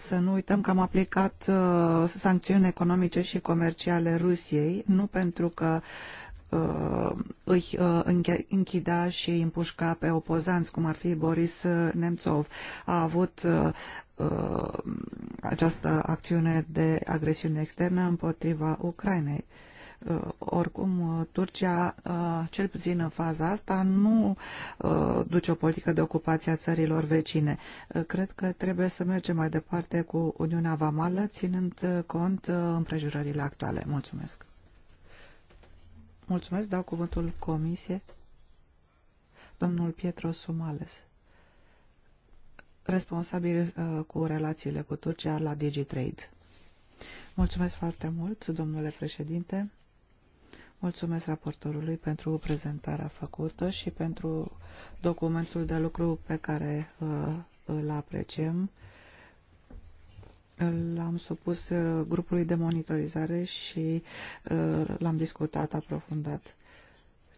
să nu uităm că am aplicat uh, sancțiuni economice și comerciale Rusiei, nu pentru că uh, îi uh, închidea și îi împușca pe opozanți, cum ar fi Boris uh, Nemțov. A avut uh, uh, această acțiune de agresiune externă împotriva Ucrainei. Uh, Uh, oricum, uh, Turcia, uh, cel puțin în faza asta, nu duce o politică de ocupație a țărilor vecine. Cred că trebuie să mergem mai departe cu Uniunea Vamală, ținând cont împrejurările actuale. Mulțumesc! Mulțumesc, dau cuvântul comisie. Domnul Pietro Sumales, responsabil uh, cu relațiile cu Turcia la DigiTrade. Mulțumesc foarte mult, domnule președinte. Mulțumesc raportorului pentru prezentarea făcută și pentru documentul de lucru pe care uh, îl apreciem. L-am supus uh, grupului de monitorizare și uh, l-am discutat aprofundat.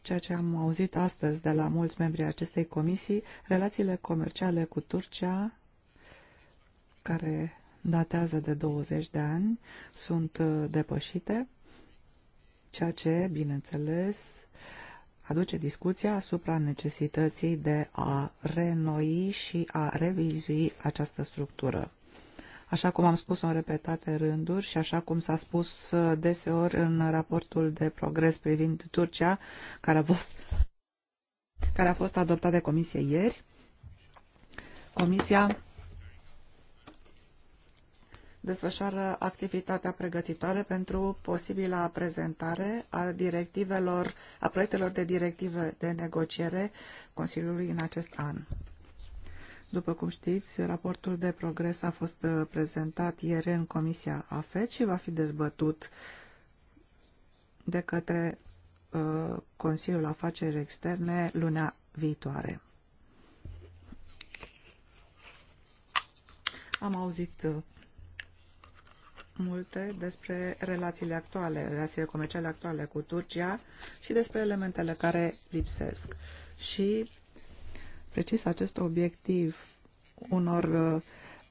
Ceea ce am auzit astăzi de la mulți membri acestei comisii, relațiile comerciale cu Turcia, care datează de 20 de ani, sunt uh, depășite ceea ce, bineînțeles, aduce discuția asupra necesității de a renoi și a revizui această structură. Așa cum am spus în repetate rânduri și așa cum s-a spus uh, deseori în raportul de progres privind Turcia, care a fost, care a fost adoptat de comisie ieri, comisia desfășoară activitatea pregătitoare pentru posibila prezentare a directivelor, a proiectelor de directive de negociere Consiliului în acest an. După cum știți, raportul de progres a fost uh, prezentat ieri în Comisia AFET și va fi dezbătut de către uh, Consiliul Afaceri Externe luna viitoare. Am auzit uh, multe despre relațiile actuale, relațiile comerciale actuale cu Turcia și despre elementele care lipsesc. Și precis acest obiectiv unor uh,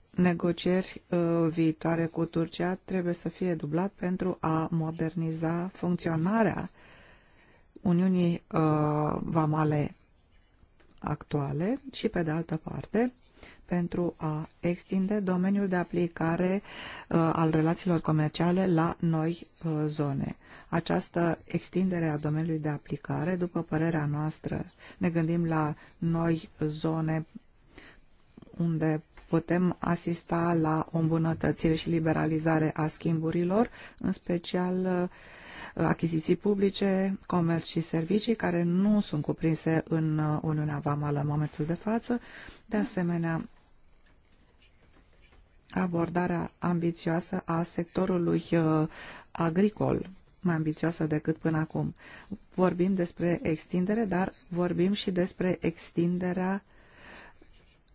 negocieri uh, viitoare cu Turcia trebuie să fie dublat pentru a moderniza funcționarea Uniunii uh, Vamale actuale și, pe de altă parte, pentru a extinde domeniul de aplicare uh, al relațiilor comerciale la noi uh, zone. Această extindere a domeniului de aplicare, după părerea noastră, ne gândim la noi zone unde putem asista la o îmbunătățire și liberalizare a schimburilor, în special uh, achiziții publice, comerț și servicii care nu sunt cuprinse în Uniunea Vamală în momentul de față. De asemenea, abordarea ambițioasă a sectorului uh, agricol, mai ambițioasă decât până acum. Vorbim despre extindere, dar vorbim și despre extinderea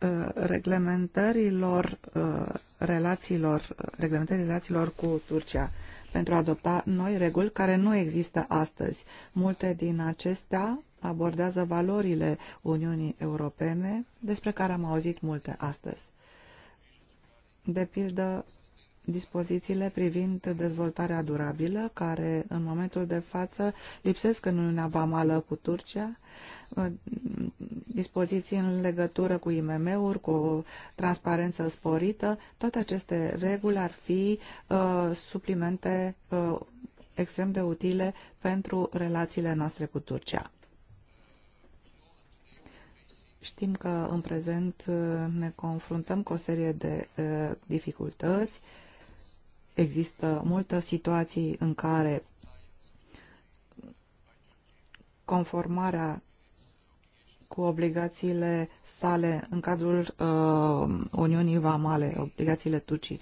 uh, reglementărilor uh, relațiilor, reglementării relațiilor cu Turcia pentru a adopta noi reguli care nu există astăzi. Multe din acestea abordează valorile Uniunii Europene, despre care am auzit multe astăzi de pildă dispozițiile privind dezvoltarea durabilă, care în momentul de față lipsesc în Uniunea Vamală cu Turcia, uh, dispoziții în legătură cu IMM-uri, cu transparență sporită, toate aceste reguli ar fi uh, suplimente uh, extrem de utile pentru relațiile noastre cu Turcia. Știm că în prezent uh, ne confruntăm cu o serie de uh, dificultăți. Există multe situații în care conformarea cu obligațiile sale în cadrul uh, Uniunii Vamale, obligațiile Turcii,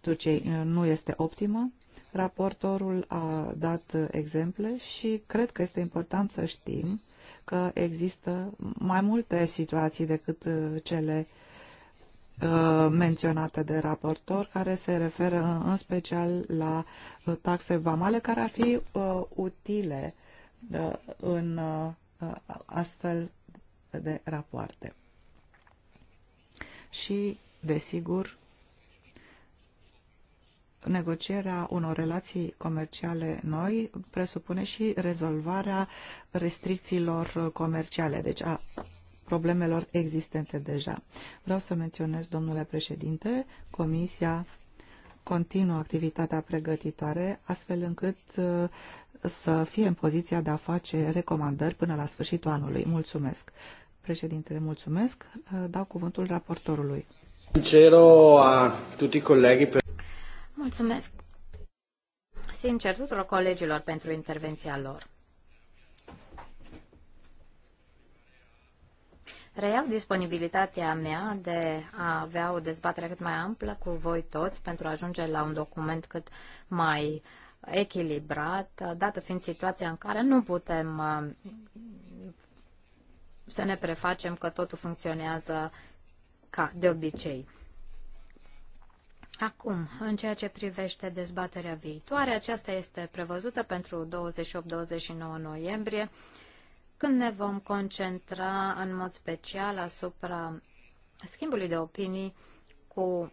Turciei uh, nu este optimă. Raportorul a dat exemple și cred că este important să știm că există mai multe situații decât uh, cele uh, menționate de raportor, care se referă uh, în special la taxe vamale, care ar fi utile în astfel de rapoarte. Și, desigur, negocierea unor relații comerciale noi presupune și rezolvarea restricțiilor comerciale, deci a problemelor existente deja. Vreau să menționez, domnule președinte, Comisia continuă activitatea pregătitoare, astfel încât uh, să fie în poziția de a face recomandări până la sfârșitul anului. Mulțumesc. Președintele, mulțumesc. Uh, dau cuvântul raportorului. Sincero a tutti colegii pe... Mulțumesc sincer tuturor colegilor pentru intervenția lor. Reiau disponibilitatea mea de a avea o dezbatere cât mai amplă cu voi toți pentru a ajunge la un document cât mai echilibrat, dată fiind situația în care nu putem uh, să ne prefacem că totul funcționează ca de obicei. Acum, în ceea ce privește dezbaterea viitoare, aceasta este prevăzută pentru 28-29 noiembrie, când ne vom concentra în mod special asupra schimbului de opinii cu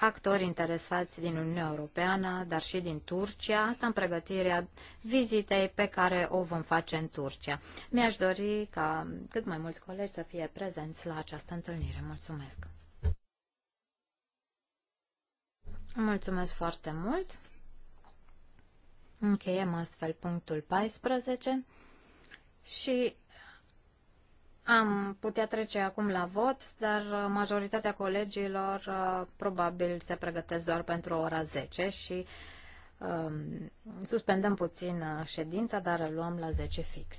actori interesați din Uniunea Europeană, dar și din Turcia, asta în pregătirea vizitei pe care o vom face în Turcia. Mi-aș dori ca cât mai mulți colegi să fie prezenți la această întâlnire. Mulțumesc! Mulțumesc foarte mult. Încheiem astfel punctul 14 și am putea trece acum la vot, dar uh, majoritatea colegilor uh, probabil se pregătesc doar pentru ora 10 și um, suspendăm puțin uh, ședința, dar luăm la 10 fix.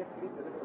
descrisă despre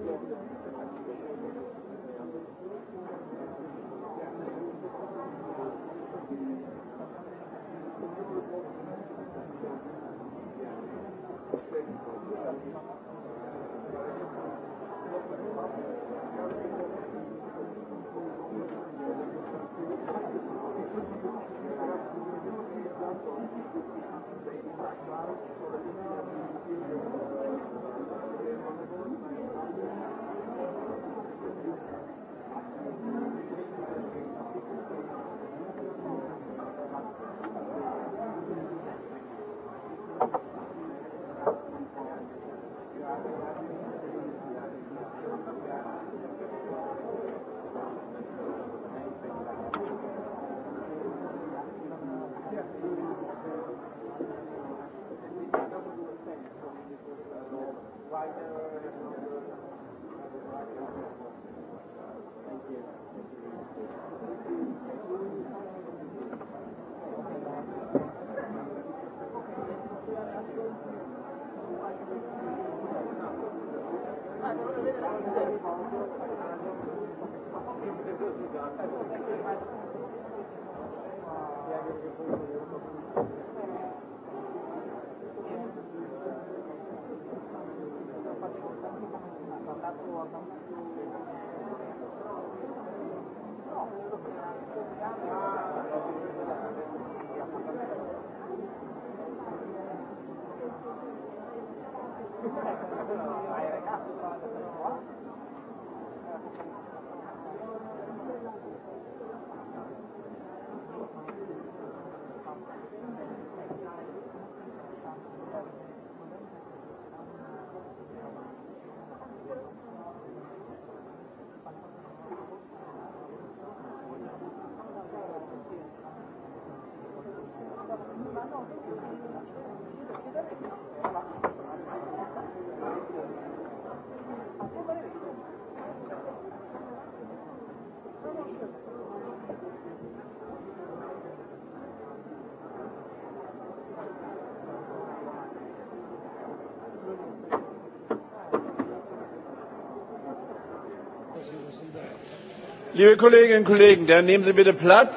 Liebe Kolleginnen und Kollegen, dann nehmen Sie bitte Platz.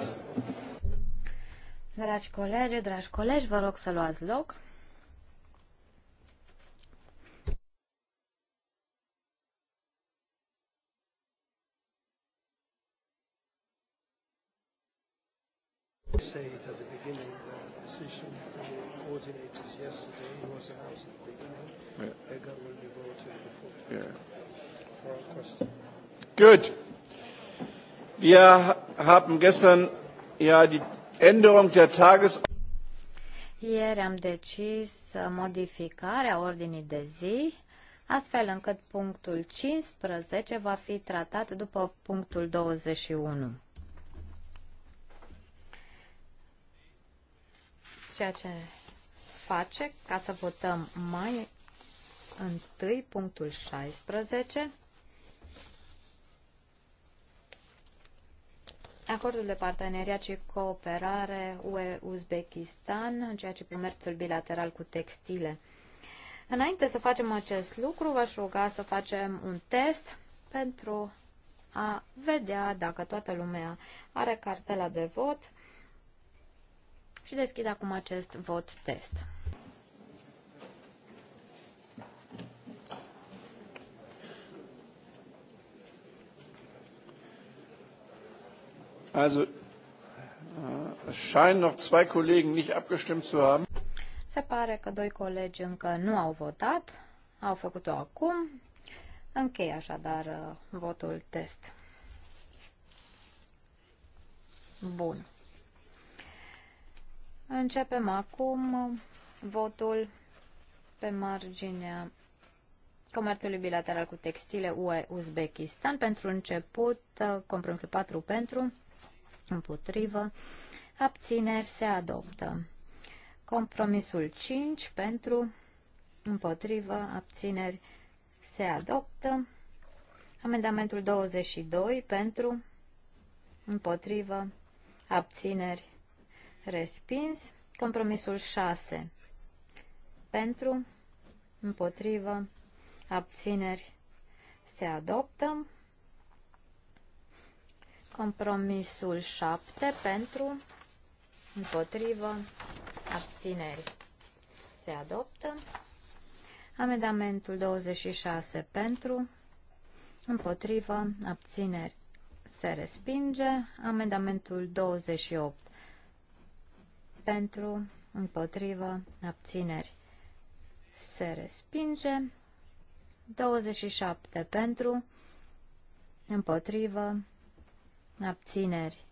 Dragi colegi, dragi colegi, vă rog să luați loc. Good. Wir haben gestern ja die Änderung der Tagesordnung. am decis modificarea ordinii de zi, astfel încât punctul 15 va fi tratat după punctul 21. Ceea ce face ca să votăm mai întâi punctul 16 Acordul de parteneriat și cooperare UE-Uzbekistan în ceea ce comerțul bilateral cu textile. Înainte să facem acest lucru, v-aș ruga să facem un test pentru a vedea dacă toată lumea are cartela de vot și deschid acum acest vot test. Also, äh, es scheinen noch zwei Kollegen nicht abgestimmt zu haben. Se pare că doi colegi încă nu au votat, au făcut-o acum. Închei așadar uh, votul test. Bun. Începem acum uh, votul pe marginea comerțului bilateral cu textile UE-Uzbekistan. Pentru început, uh, compromisul 4 pentru, împotrivă, abțineri se adoptă. Compromisul 5 pentru, împotrivă, abțineri se adoptă. Amendamentul 22 pentru, împotrivă, abțineri respins. Compromisul 6 pentru, împotrivă, abțineri se adoptă. Compromisul 7 pentru, împotrivă, abțineri se adoptă. Amendamentul 26 pentru, împotrivă, abțineri se respinge. Amendamentul 28 pentru, împotrivă, abțineri se respinge. 27 pentru, împotrivă, Abțineri.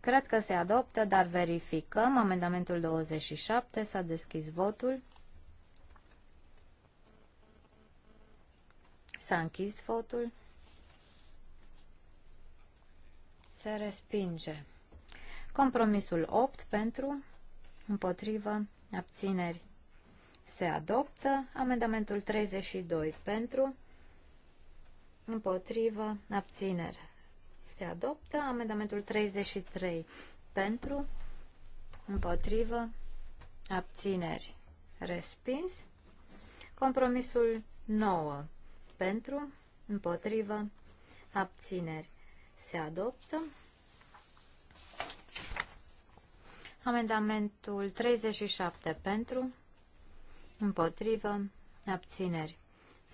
Cred că se adoptă, dar verificăm. Amendamentul 27 s-a deschis votul. S-a închis votul. Se respinge. Compromisul 8 pentru, împotrivă, abțineri. Se adoptă. Amendamentul 32 pentru, împotrivă, abțineri. Se adoptă amendamentul 33 pentru, împotrivă, abțineri. Respins. Compromisul 9 pentru, împotrivă, abțineri. Se adoptă. Amendamentul 37 pentru, împotrivă, abțineri.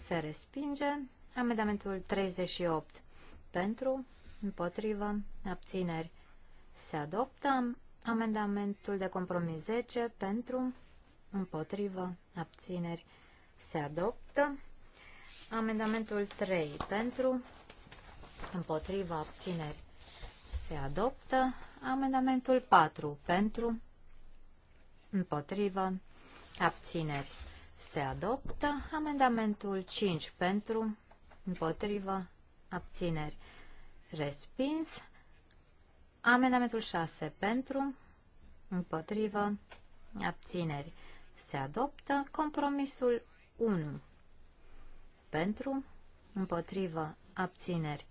Se respinge. Amendamentul 38 pentru, împotrivă, abțineri se adoptă. Amendamentul de compromis 10 pentru, împotrivă, abțineri se adoptă. Amendamentul 3 pentru, împotrivă, abțineri se adoptă. Amendamentul 4 pentru, împotrivă, abțineri se adoptă. Amendamentul 5 pentru, împotrivă, abțineri, respins. Amendamentul 6 pentru, împotrivă, abțineri, se adoptă. Compromisul 1 pentru, împotrivă, abțineri,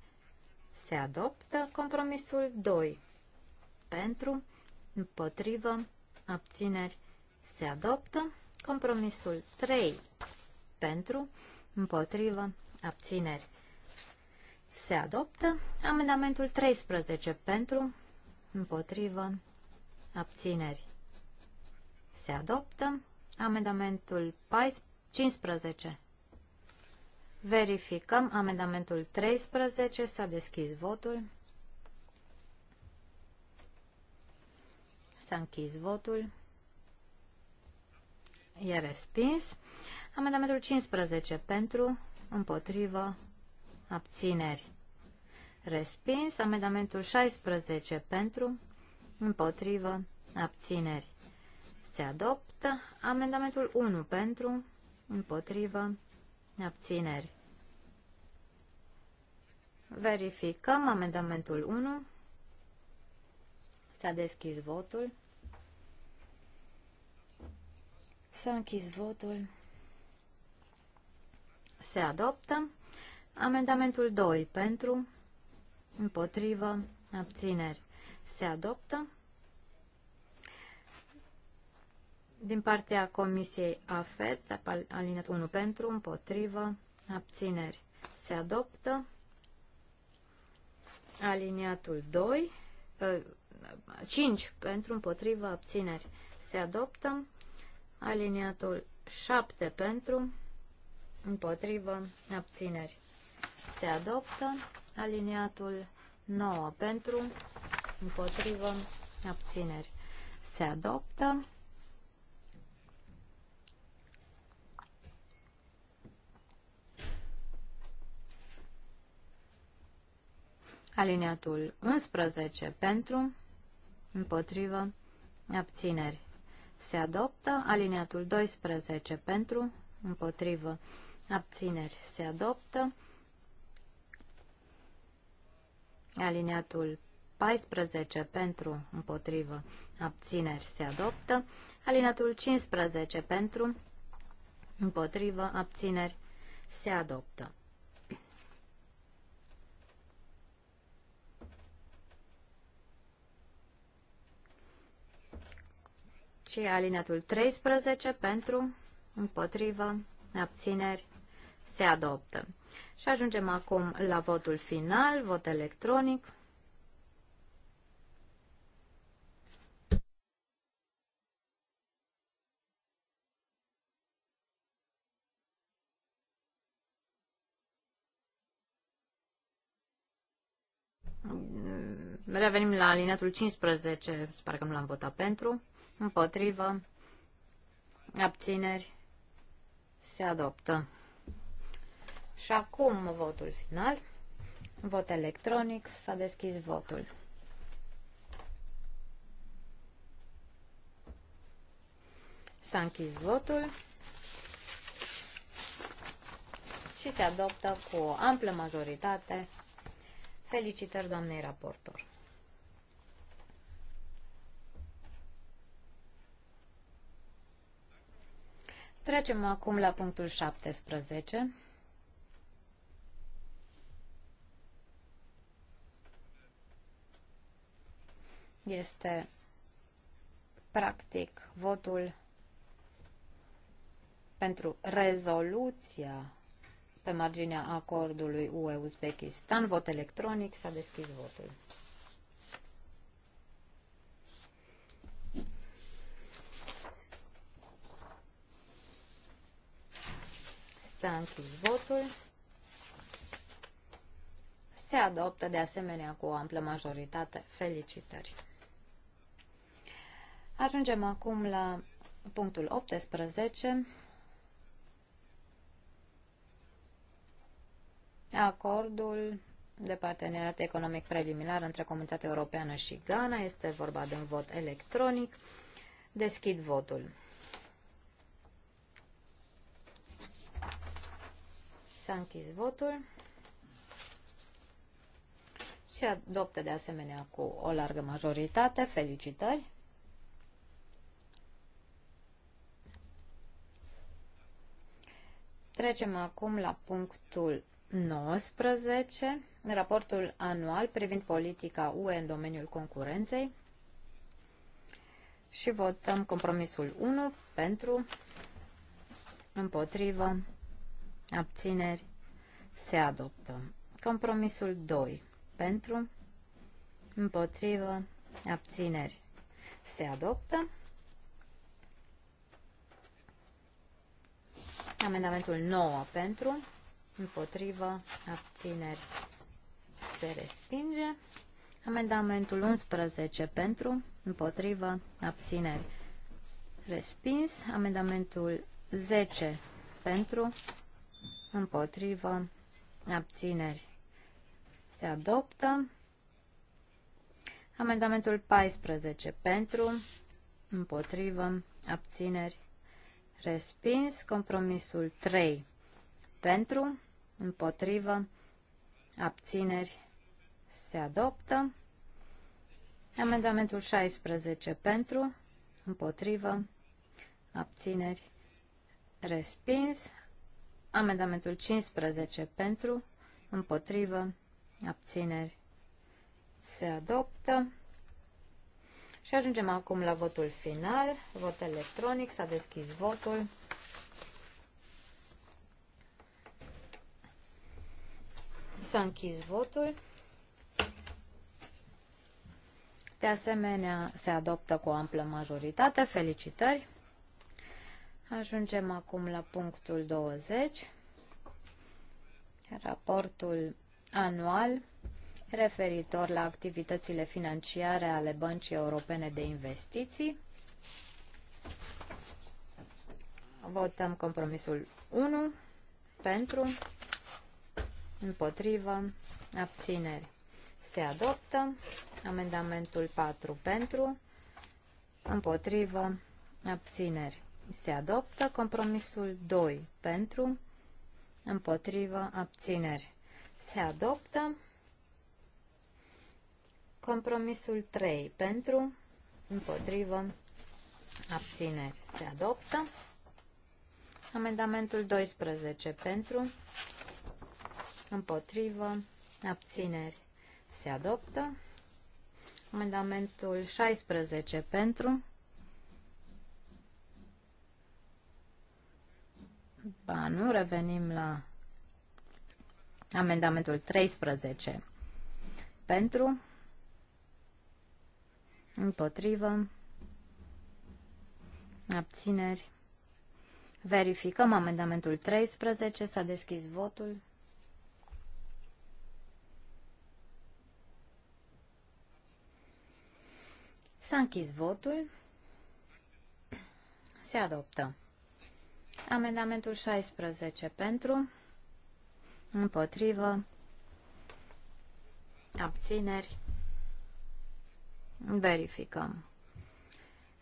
se adoptă. Compromisul 2 pentru, împotrivă, abțineri, se adoptă. Compromisul 3 pentru, împotrivă, abțineri se adoptă. Amendamentul 13 pentru, împotrivă, abțineri se adoptă. Amendamentul 14, 15. Verificăm amendamentul 13. S-a deschis votul. S-a închis votul. E respins. Amendamentul 15 pentru, împotrivă, abțineri. Respins. Amendamentul 16 pentru, împotrivă, abțineri. Se adoptă. Amendamentul 1 pentru, împotrivă, abțineri. Verificăm amendamentul 1. S-a deschis votul. S-a închis votul se adoptă. Amendamentul 2 pentru, împotrivă, abțineri se adoptă. Din partea Comisiei AFET, alinat 1 pentru, împotrivă, abțineri se adoptă. Aliniatul 2, 5 uh, pentru, împotrivă, abțineri se adoptă. Aliniatul 7 pentru, împotrivă, abțineri. Se adoptă aliniatul 9 pentru, împotrivă, abțineri. Se adoptă Alineatul 11 pentru, împotrivă, abțineri. Se adoptă alineatul 12 pentru, împotrivă, abțineri se adoptă. Aliniatul 14 pentru, împotrivă, abțineri se adoptă. Alineatul 15 pentru, împotrivă, abțineri se adoptă. Și alineatul 13 pentru, împotrivă, abțineri se adoptă. Și ajungem acum la votul final, vot electronic. Revenim la alineatul 15, sper că nu l-am votat pentru, împotrivă, abțineri, se adoptă. Și acum votul final. Vot electronic. S-a deschis votul. S-a închis votul și se adoptă cu o amplă majoritate. Felicitări doamnei raportor! Trecem acum la punctul 17. este practic votul pentru rezoluția pe marginea acordului UE-Uzbekistan. Vot electronic. S-a deschis votul. S-a închis votul. Se adoptă de asemenea cu o amplă majoritate. Felicitări! Ajungem acum la punctul 18. Acordul de parteneriat economic preliminar între Comunitatea Europeană și Ghana. Este vorba de un vot electronic. Deschid votul. S-a închis votul și adoptă de asemenea cu o largă majoritate. Felicitări! Trecem acum la punctul 19, raportul anual privind politica UE în domeniul concurenței și votăm compromisul 1 pentru, împotrivă, abțineri, se adoptă. Compromisul 2 pentru, împotrivă, abțineri, se adoptă. Amendamentul 9 pentru, împotrivă, abțineri se respinge. Amendamentul 11 pentru, împotrivă, abțineri respins. Amendamentul 10 pentru, împotrivă, abțineri se adoptă. Amendamentul 14 pentru, împotrivă, abțineri respins. Compromisul 3 pentru, împotrivă, abțineri, se adoptă. Amendamentul 16 pentru, împotrivă, abțineri, respins. Amendamentul 15 pentru, împotrivă, abțineri, se adoptă. Și ajungem acum la votul final. Vot electronic. S-a deschis votul. S-a închis votul. De asemenea, se adoptă cu o amplă majoritate. Felicitări! Ajungem acum la punctul 20, raportul anual referitor la activitățile financiare ale Băncii Europene de Investiții. Votăm compromisul 1 pentru, împotrivă, abțineri. Se adoptă amendamentul 4 pentru, împotrivă, abțineri. Se adoptă compromisul 2 pentru, împotrivă, abțineri. Se adoptă Compromisul 3 pentru, împotrivă, abțineri se adoptă. Amendamentul 12 pentru, împotrivă, abțineri se adoptă. Amendamentul 16 pentru, Ba nu, revenim la amendamentul 13. Pentru, împotrivă, abțineri. Verificăm amendamentul 13, s-a deschis votul. S-a închis votul. Se adoptă. Amendamentul 16 pentru, împotrivă, abțineri. Verificăm.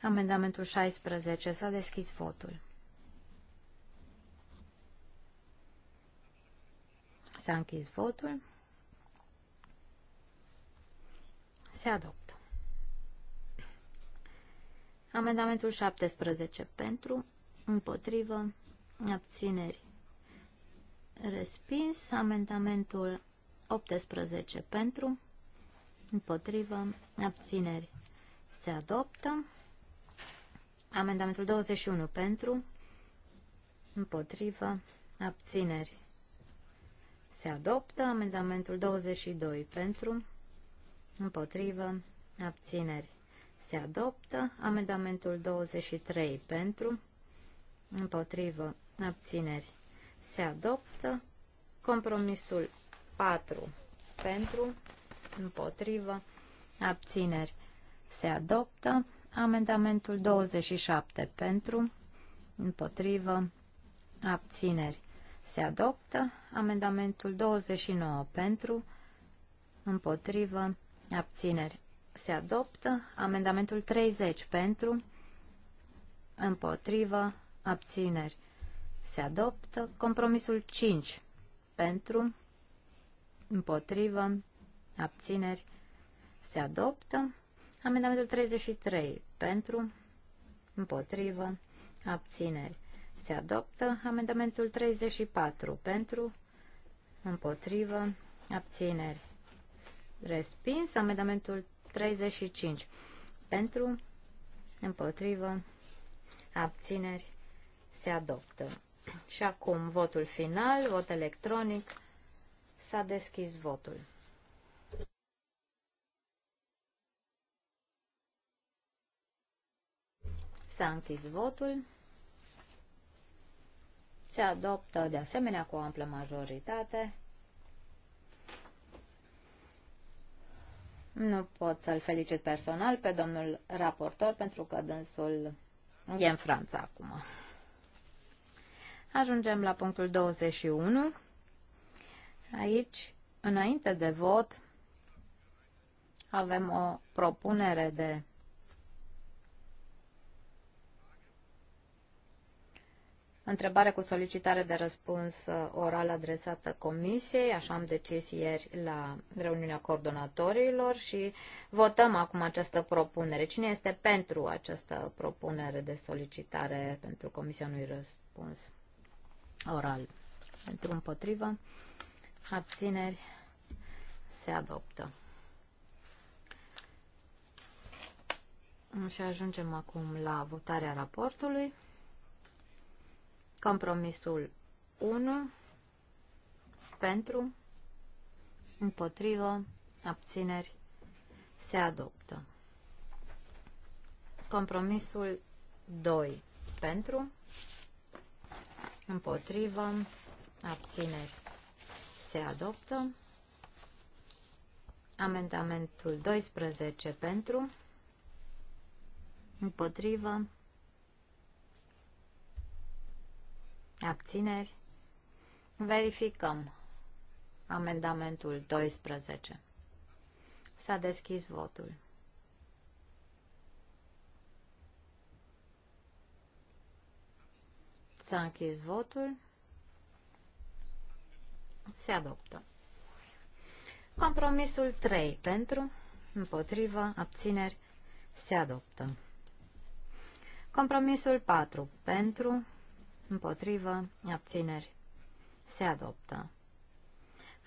Amendamentul 16. S-a deschis votul. S-a închis votul. Se adoptă. Amendamentul 17 pentru, împotrivă, abțineri. Respins. Amendamentul 18 pentru, împotrivă, abțineri se adoptă. Amendamentul 21 pentru, împotrivă, abțineri se adoptă. Amendamentul 22 pentru, împotrivă, abțineri se adoptă. Amendamentul 23 pentru, împotrivă, abțineri se adoptă. Compromisul 4 pentru, împotrivă, abțineri se adoptă. Amendamentul 27 pentru, împotrivă, abțineri se adoptă. Amendamentul 29 pentru, împotrivă, abțineri se adoptă. Amendamentul 30 pentru, împotrivă, abțineri se adoptă. Compromisul 5 pentru, împotrivă, abțineri, se adoptă. Amendamentul 33 pentru, împotrivă, abțineri, se adoptă. Amendamentul 34 pentru, împotrivă, abțineri, respins. Amendamentul 35 pentru, împotrivă, abțineri, se adoptă. Și acum votul final, vot electronic, s-a deschis votul. S-a închis votul. Se adoptă de asemenea cu o amplă majoritate. Nu pot să-l felicit personal pe domnul raportor pentru că dânsul e în Franța acum. Ajungem la punctul 21. Aici, înainte de vot, avem o propunere de Întrebare cu solicitare de răspuns uh, oral adresată Comisiei, așa am decis ieri la reuniunea coordonatorilor și votăm acum această propunere. Cine este pentru această propunere de solicitare pentru Comisia unui răspuns oral? Pentru împotrivă, abțineri, se adoptă. Și ajungem acum la votarea raportului. Compromisul 1 pentru, împotrivă, abțineri, se adoptă. Compromisul 2 pentru, împotrivă, abțineri, se adoptă. Amendamentul 12 pentru, împotrivă, Abțineri. Verificăm. Amendamentul 12. S-a deschis votul. S-a închis votul. Se adoptă. Compromisul 3 pentru, împotrivă, abțineri, se adoptă. Compromisul 4 pentru, împotrivă, abțineri, se adoptă.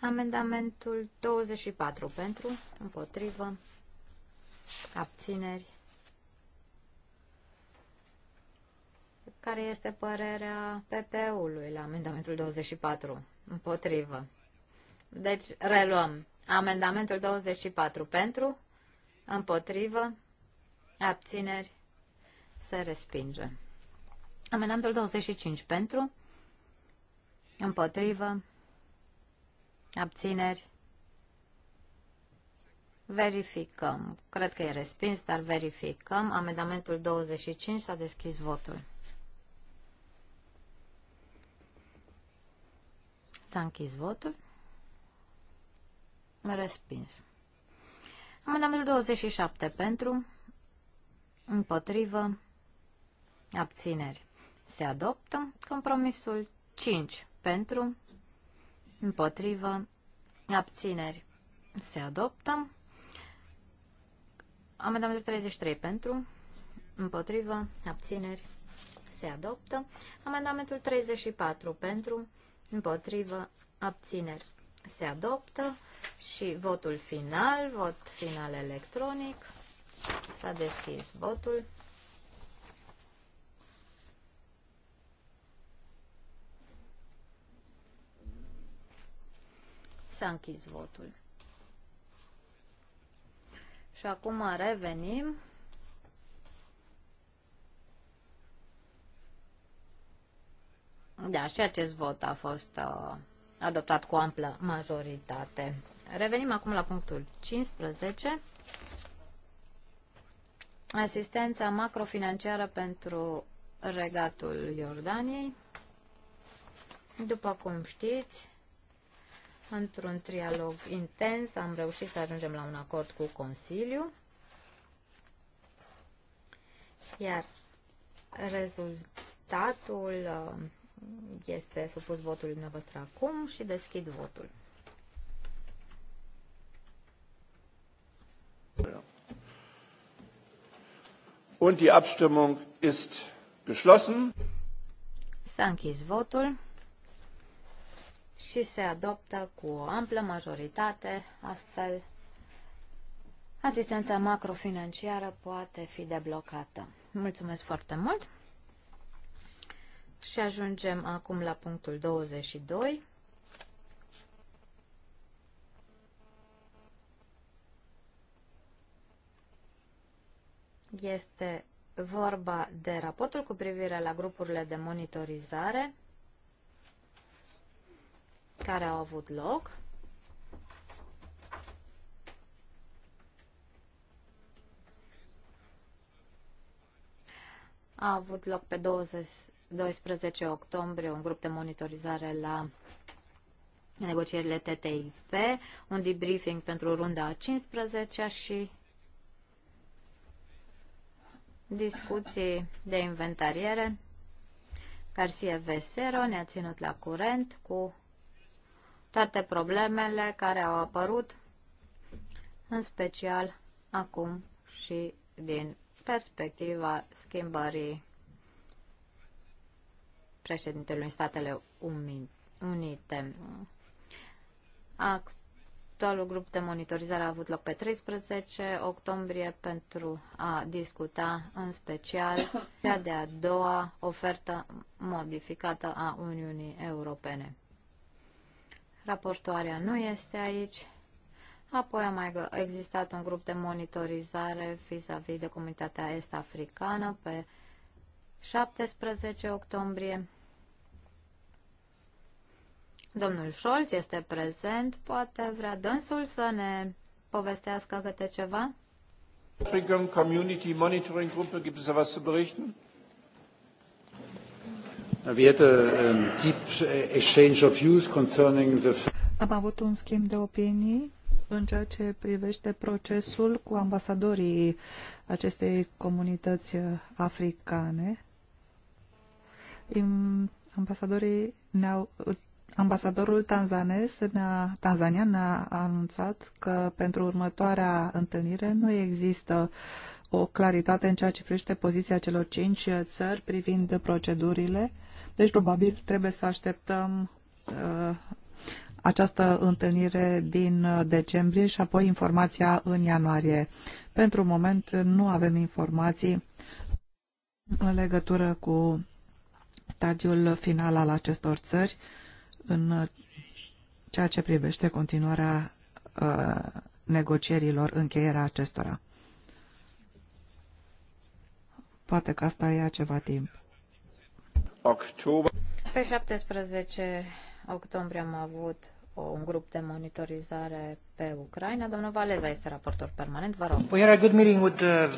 Amendamentul 24 pentru, împotrivă, abțineri. Care este părerea PP-ului la amendamentul 24? Împotrivă. Deci reluăm. Amendamentul 24 pentru, împotrivă, abțineri, se respinge. Amendamentul 25 pentru, împotrivă, abțineri, verificăm. Cred că e respins, dar verificăm. Amendamentul 25 s-a deschis votul. S-a închis votul. Respins. Amendamentul 27 pentru, împotrivă, abțineri se adoptă. Compromisul 5 pentru, împotrivă, abțineri se adoptă. Amendamentul 33 pentru, împotrivă, abțineri se adoptă. Amendamentul 34 pentru, împotrivă, abțineri se adoptă. Și votul final, vot final electronic. S-a deschis votul. S-a închis votul. Și acum revenim. Da, și acest vot a fost uh, adoptat cu amplă majoritate. Revenim acum la punctul 15. Asistența macrofinanciară pentru regatul Iordaniei. După cum știți, Într-un trialog intens am reușit să ajungem la un acord cu Consiliu, iar rezultatul uh, este supus votului dumneavoastră acum și deschid votul. Und die Abstimmung ist geschlossen. S-a închis votul și se adoptă cu o amplă majoritate, astfel asistența macrofinanciară poate fi deblocată. Mulțumesc foarte mult! Și ajungem acum la punctul 22. Este vorba de raportul cu privire la grupurile de monitorizare care au avut loc. A avut loc pe 20, 12 octombrie un grup de monitorizare la negocierile TTIP, un debriefing pentru runda a 15-a și discuții de inventariere. Garcia Vesero ne-a ținut la curent cu toate problemele care au apărut, în special acum și din perspectiva schimbării președintelui Statele Unite. Actualul grup de monitorizare a avut loc pe 13 octombrie pentru a discuta în special cea de-a doua ofertă modificată a Uniunii Europene. Raportoarea nu este aici. Apoi a mai existat un grup de monitorizare vis-a-vis -vis de comunitatea est-africană pe 17 octombrie. Domnul Scholz este prezent, poate vrea dânsul să ne povestească câte ceva? African Community Monitoring Gruppe, gibt es da was zu berichten? We had a um, deep exchange of views concerning the... Am avut un schimb de opinii în ceea ce privește procesul cu ambasadorii acestei comunități africane. Ambasadorii ne-au Ambasadorul tanzanez ne-a, tanzanian ne-a anunțat că pentru următoarea întâlnire nu există o claritate în ceea ce privește poziția celor cinci țări privind procedurile deci, probabil, trebuie să așteptăm uh, această întâlnire din uh, decembrie și apoi informația în ianuarie. Pentru moment nu avem informații în legătură cu stadiul final al acestor țări în uh, ceea ce privește continuarea uh, negocierilor, încheierea acestora. Poate că asta ia ceva timp. Pe 17 octombrie am avut un grup de monitorizare pe Ucraina. Domnul Valeza este raportor permanent, vă rog. We a good meeting with the...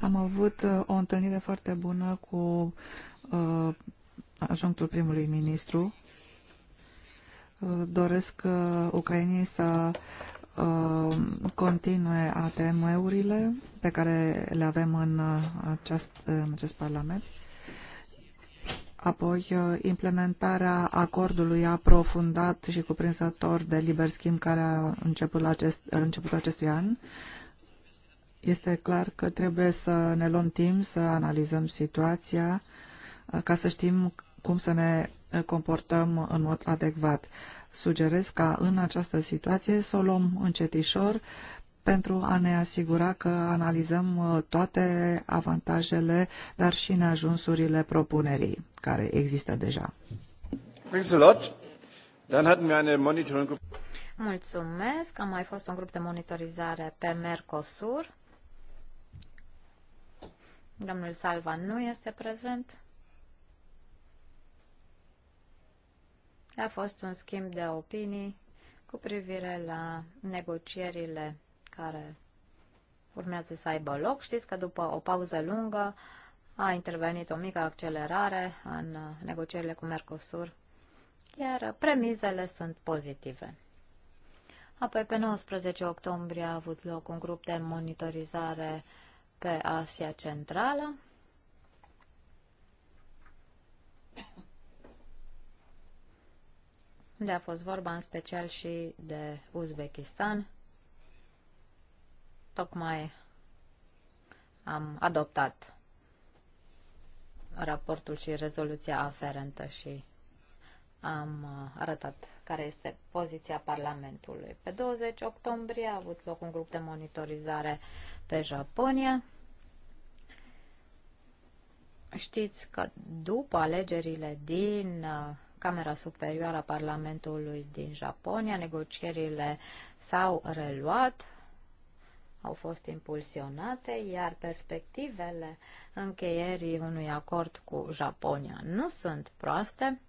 Am avut uh, o întâlnire foarte bună cu uh, ajunctul primului ministru. Uh, doresc uh, ucrainii să uh, continue ATM-urile pe care le avem în, uh, aceast, în acest parlament apoi uh, implementarea acordului aprofundat și cuprinzător de liber schimb care a început, la acest, a acestui an. Este clar că trebuie să ne luăm timp să analizăm situația uh, ca să știm cum să ne uh, comportăm în mod adecvat. Sugerez ca în această situație să o luăm încetișor pentru a ne asigura că analizăm uh, toate avantajele, dar și neajunsurile propunerii care există deja. Mulțumesc. A mai fost un grup de monitorizare pe Mercosur. Domnul Salva nu este prezent. A fost un schimb de opinii cu privire la negocierile care urmează să aibă loc. Știți că după o pauză lungă a intervenit o mică accelerare în negocierile cu Mercosur, iar premizele sunt pozitive. Apoi, pe 19 octombrie a avut loc un grup de monitorizare pe Asia Centrală. unde a fost vorba în special și de Uzbekistan. Tocmai am adoptat raportul și rezoluția aferentă și am uh, arătat care este poziția Parlamentului. Pe 20 octombrie a avut loc un grup de monitorizare pe Japonia. Știți că după alegerile din uh, Camera Superioară a Parlamentului din Japonia, negocierile s-au reluat au fost impulsionate, iar perspectivele încheierii unui acord cu Japonia nu sunt proaste.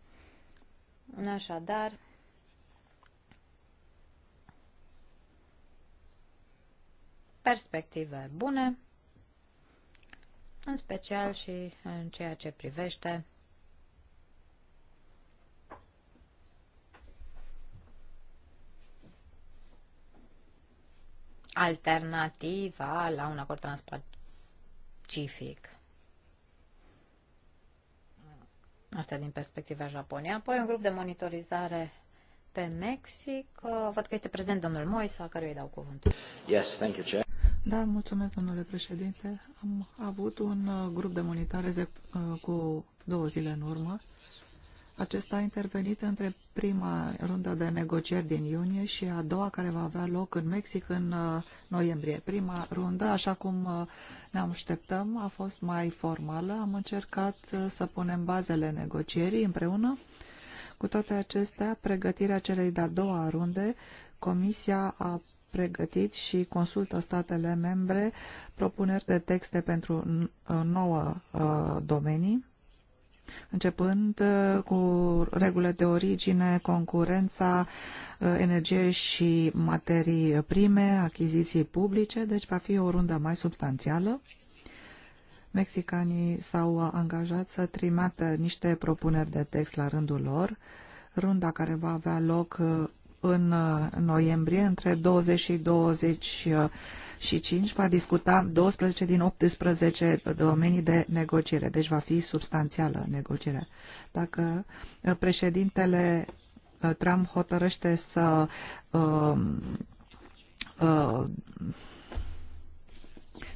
Așadar, perspective bune, în special și în ceea ce privește alternativa la un acord transpacific. Asta din perspectiva Japonia. Apoi un grup de monitorizare pe Mexic. Văd că este prezent domnul Moisa, care îi dau cuvântul. Yes, thank you, Chair. Da, mulțumesc, domnule președinte. Am avut un uh, grup de monitorizare uh, cu două zile în urmă acesta a intervenit între prima rundă de negocieri din iunie și a doua care va avea loc în Mexic în uh, noiembrie. Prima rundă, așa cum uh, ne așteptăm, a fost mai formală. Am încercat uh, să punem bazele negocierii împreună. Cu toate acestea, pregătirea celei de-a doua runde, Comisia a pregătit și consultă statele membre propuneri de texte pentru nouă domenii începând uh, cu regulile de origine, concurența, uh, energie și materii prime, achiziții publice, deci va fi o rundă mai substanțială. Mexicanii s-au angajat să trimată niște propuneri de text la rândul lor, runda care va avea loc uh, în uh, noiembrie, între 20 și 25, uh, va discuta 12 din 18 domenii de negociere, deci va fi substanțială negocierea. Dacă uh, președintele Trump hotărăște să uh, uh,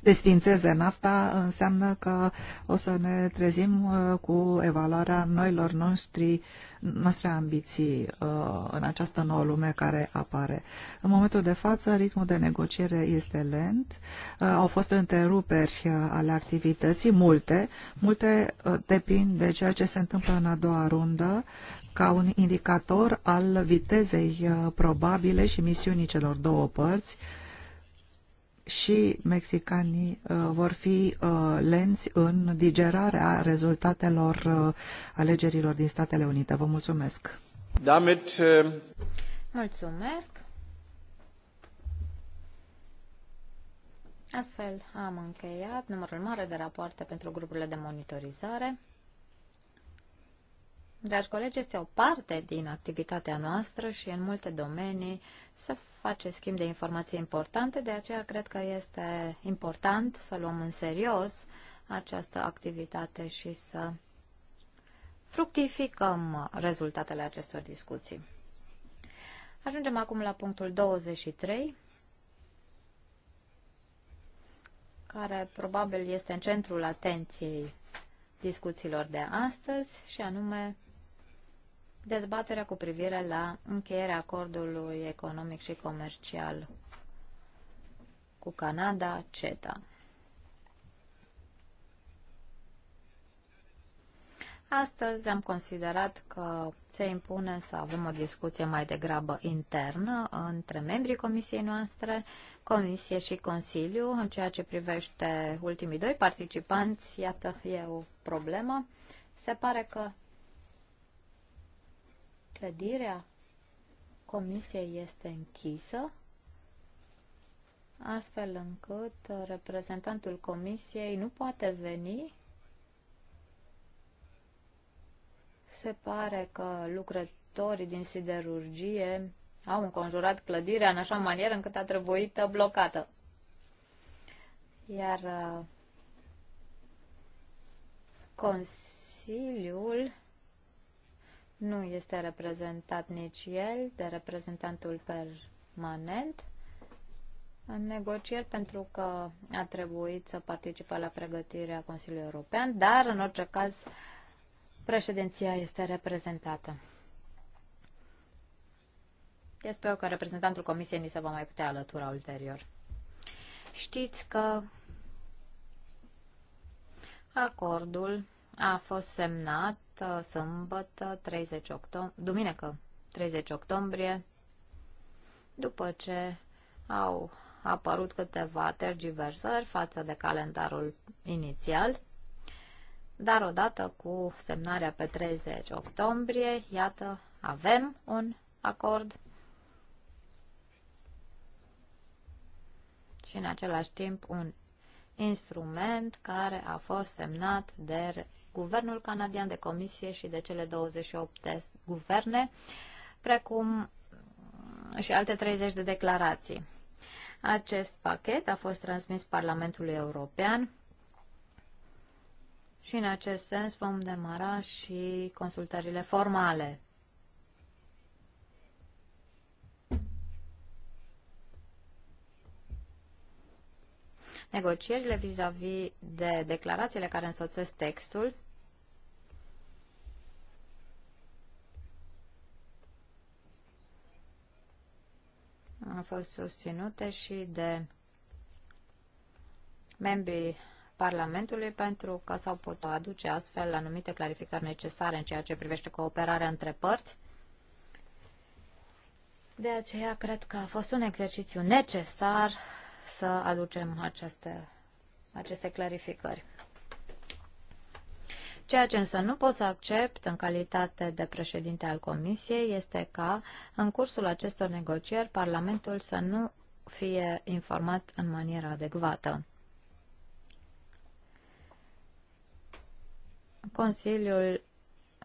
desfințeze NAFTA, înseamnă că o să ne trezim uh, cu evaluarea noilor noștri noastre ambiții uh, în această nouă lume care apare. În momentul de față, ritmul de negociere este lent, uh, au fost întreruperi ale activității, multe, multe depind de ceea ce se întâmplă în a doua rundă, ca un indicator al vitezei probabile și misiunii celor două părți, și mexicanii uh, vor fi uh, lenți în digerarea rezultatelor uh, alegerilor din Statele Unite. Vă mulțumesc! Damit, Mulțumesc! Astfel am încheiat numărul mare de rapoarte pentru grupurile de monitorizare. Dragi colegi, este o parte din activitatea noastră și în multe domenii să face schimb de informații importante, de aceea cred că este important să luăm în serios această activitate și să fructificăm rezultatele acestor discuții. Ajungem acum la punctul 23, care probabil este în centrul atenției discuțiilor de astăzi, și anume dezbaterea cu privire la încheierea acordului economic și comercial cu Canada, CETA. Astăzi am considerat că se impune să avem o discuție mai degrabă internă între membrii comisiei noastre, comisie și Consiliu. În ceea ce privește ultimii doi participanți, iată, e o problemă. Se pare că Clădirea comisiei este închisă, astfel încât reprezentantul comisiei nu poate veni. Se pare că lucrătorii din siderurgie au înconjurat clădirea în așa manieră încât a trebuit blocată. Iar uh, Consiliul nu este reprezentat nici el de reprezentantul permanent în negocieri pentru că a trebuit să participe la pregătirea Consiliului European, dar în orice caz președinția este reprezentată. Eu sper că reprezentantul Comisiei ni se va mai putea alătura ulterior. Știți că acordul a fost semnat uh, sâmbătă 30 octombrie, duminică 30 octombrie, după ce au apărut câteva tergiversări față de calendarul inițial, dar odată cu semnarea pe 30 octombrie, iată, avem un acord și în același timp un instrument care a fost semnat de guvernul canadian, de comisie și de cele 28 de guverne, precum și alte 30 de declarații. Acest pachet a fost transmis Parlamentului European și în acest sens vom demara și consultările formale negocierile vis-a-vis -vis de declarațiile care însoțesc textul. Au fost susținute și de membrii Parlamentului pentru că s-au putut aduce astfel anumite clarificări necesare în ceea ce privește cooperarea între părți. De aceea cred că a fost un exercițiu necesar să aducem aceste, aceste clarificări. Ceea ce însă nu pot să accept în calitate de președinte al Comisiei este ca, în cursul acestor negocieri, Parlamentul să nu fie informat în manieră adecvată. Consiliul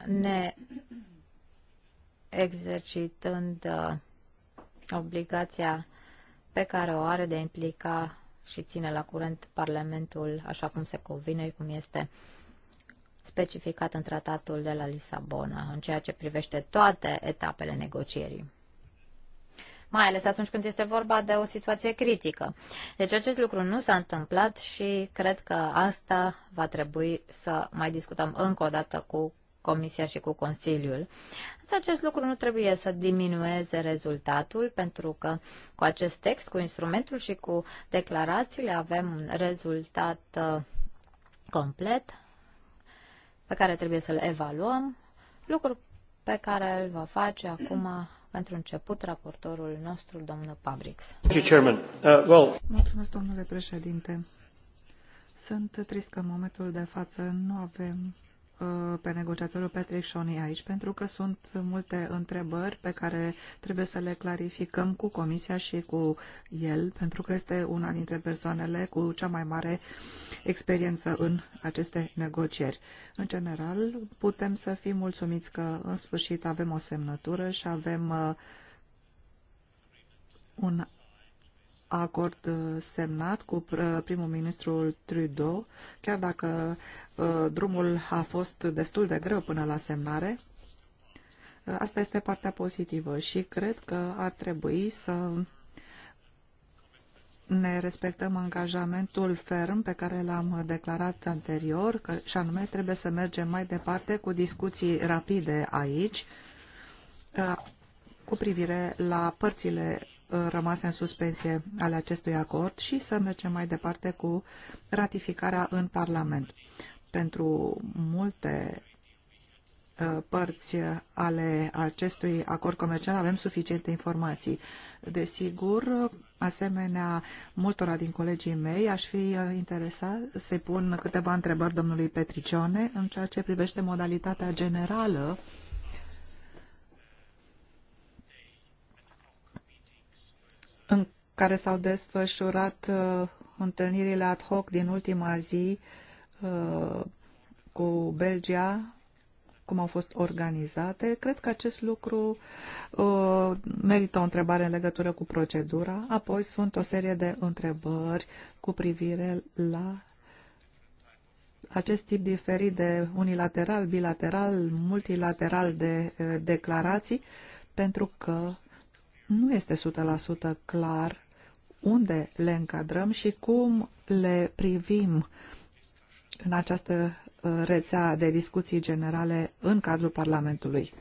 ne exercitând uh, obligația pe care o are de implica și ține la curent Parlamentul așa cum se convine, cum este specificat în tratatul de la Lisabona, în ceea ce privește toate etapele negocierii. Mai ales atunci când este vorba de o situație critică. Deci acest lucru nu s-a întâmplat și cred că asta va trebui să mai discutăm încă o dată cu Comisia și cu Consiliul. Însă acest lucru nu trebuie să diminueze rezultatul, pentru că cu acest text, cu instrumentul și cu declarațiile avem un rezultat uh, complet pe care trebuie să-l evaluăm, lucru pe care îl va face acum uh, pentru început raportorul nostru, domnul Pabrix. Uh, Mulțumesc, domnule președinte. Sunt trist că în momentul de față nu avem Uh, pe negociatorul Patrick Shoney aici, pentru că sunt multe întrebări pe care trebuie să le clarificăm cu comisia și cu el, pentru că este una dintre persoanele cu cea mai mare experiență în aceste negocieri. În general, putem să fim mulțumiți că în sfârșit avem o semnătură și avem uh, un acord uh, semnat cu uh, primul ministrul Trudeau, chiar dacă uh, drumul a fost destul de greu până la semnare. Asta este partea pozitivă și cred că ar trebui să ne respectăm angajamentul ferm pe care l-am declarat anterior, că, și anume trebuie să mergem mai departe cu discuții rapide aici cu privire la părțile rămase în suspensie ale acestui acord și să mergem mai departe cu ratificarea în Parlament. Pentru multe uh, părți ale acestui acord comercial avem suficiente informații. Desigur, asemenea multora din colegii mei, aș fi uh, interesat să-i pun câteva întrebări domnului Petricione în ceea ce privește modalitatea generală în care s-au desfășurat uh, întâlnirile ad hoc din ultima zi uh, cu Belgia, cum au fost organizate. Cred că acest lucru uh, merită o întrebare în legătură cu procedura. Apoi sunt o serie de întrebări cu privire la acest tip diferit de unilateral, bilateral, multilateral de uh, declarații, pentru că nu este 100% clar unde le încadrăm și cum le privim în această uh, rețea de discuții generale în cadrul Parlamentului.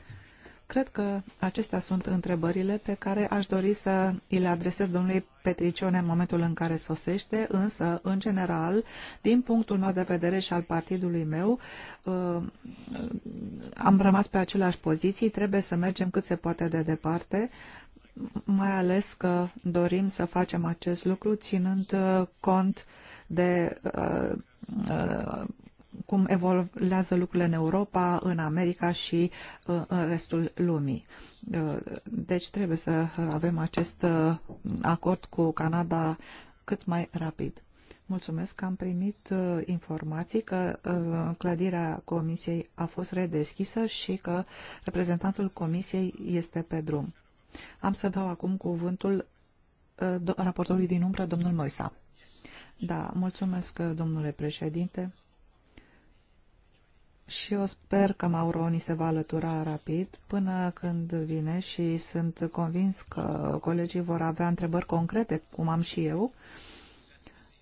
Cred că acestea sunt întrebările pe care aș dori să îi le adresez domnului Petricione în momentul în care sosește, însă, în general, din punctul meu de vedere și al partidului meu, uh, am rămas pe aceleași poziții, trebuie să mergem cât se poate de departe mai ales că dorim să facem acest lucru ținând uh, cont de uh, uh, cum evoluează lucrurile în Europa, în America și în restul lumii. Deci trebuie să avem acest acord cu Canada cât mai rapid. Mulțumesc că am primit uh, informații că uh, clădirea comisiei a fost redeschisă și că reprezentantul comisiei este pe drum. Am să dau acum cuvântul uh, raportorului din umbră, domnul Moisa. Da, mulțumesc, uh, domnule președinte. Și eu sper că Mauroni se va alătura rapid până când vine și sunt convins că colegii vor avea întrebări concrete, cum am și eu.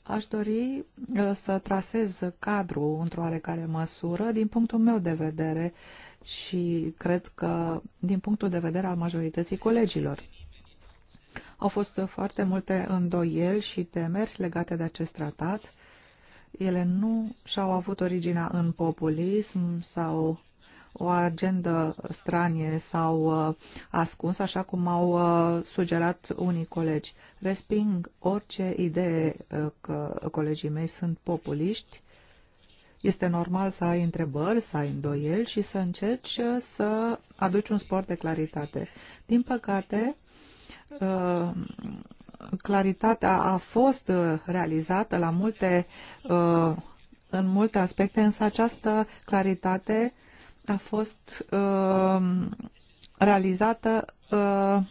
Aș dori uh, să trasez cadrul într-o oarecare măsură din punctul meu de vedere și cred că din punctul de vedere al majorității colegilor. Au fost foarte multe îndoieli și temeri legate de acest tratat. Ele nu și-au avut originea în populism sau o agendă stranie sau uh, ascuns, așa cum au uh, sugerat unii colegi. Resping orice idee uh, că colegii mei sunt populiști este normal să ai întrebări, să ai îndoieli și să încerci să aduci un sport de claritate. Din păcate, uh, claritatea a fost realizată la multe, uh, în multe aspecte, însă această claritate a fost uh, realizată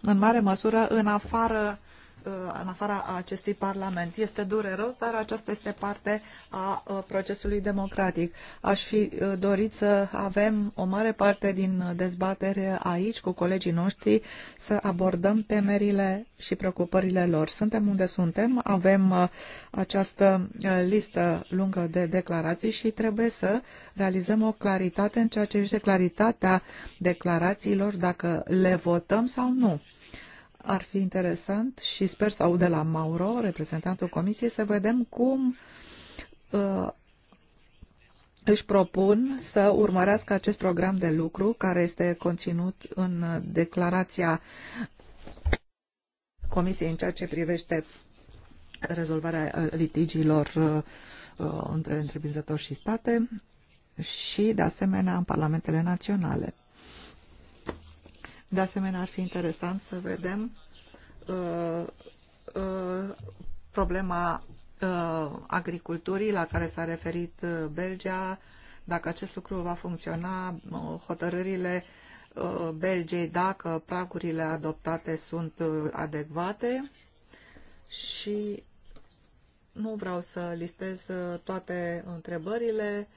în mare măsură în afară Uh, în afara acestui Parlament. Este dureros, dar aceasta este parte a uh, procesului democratic. Aș fi uh, dorit să avem o mare parte din dezbatere aici cu colegii noștri, să abordăm temerile și preocupările lor. Suntem unde suntem, avem această listă lungă de declarații și trebuie să realizăm o claritate în ceea ce este claritatea declarațiilor, dacă le votăm sau nu ar fi interesant și sper să aud de la Mauro, reprezentantul Comisiei, să vedem cum uh, își propun să urmărească acest program de lucru care este conținut în declarația Comisiei în ceea ce privește rezolvarea uh, litigiilor uh, uh, între întreprinzători și state și, de asemenea, în parlamentele naționale. De asemenea, ar fi interesant să vedem uh, uh, problema uh, agriculturii la care s-a referit uh, Belgia, dacă acest lucru va funcționa, uh, hotărârile uh, Belgiei, dacă pragurile adoptate sunt adecvate și nu vreau să listez toate întrebările.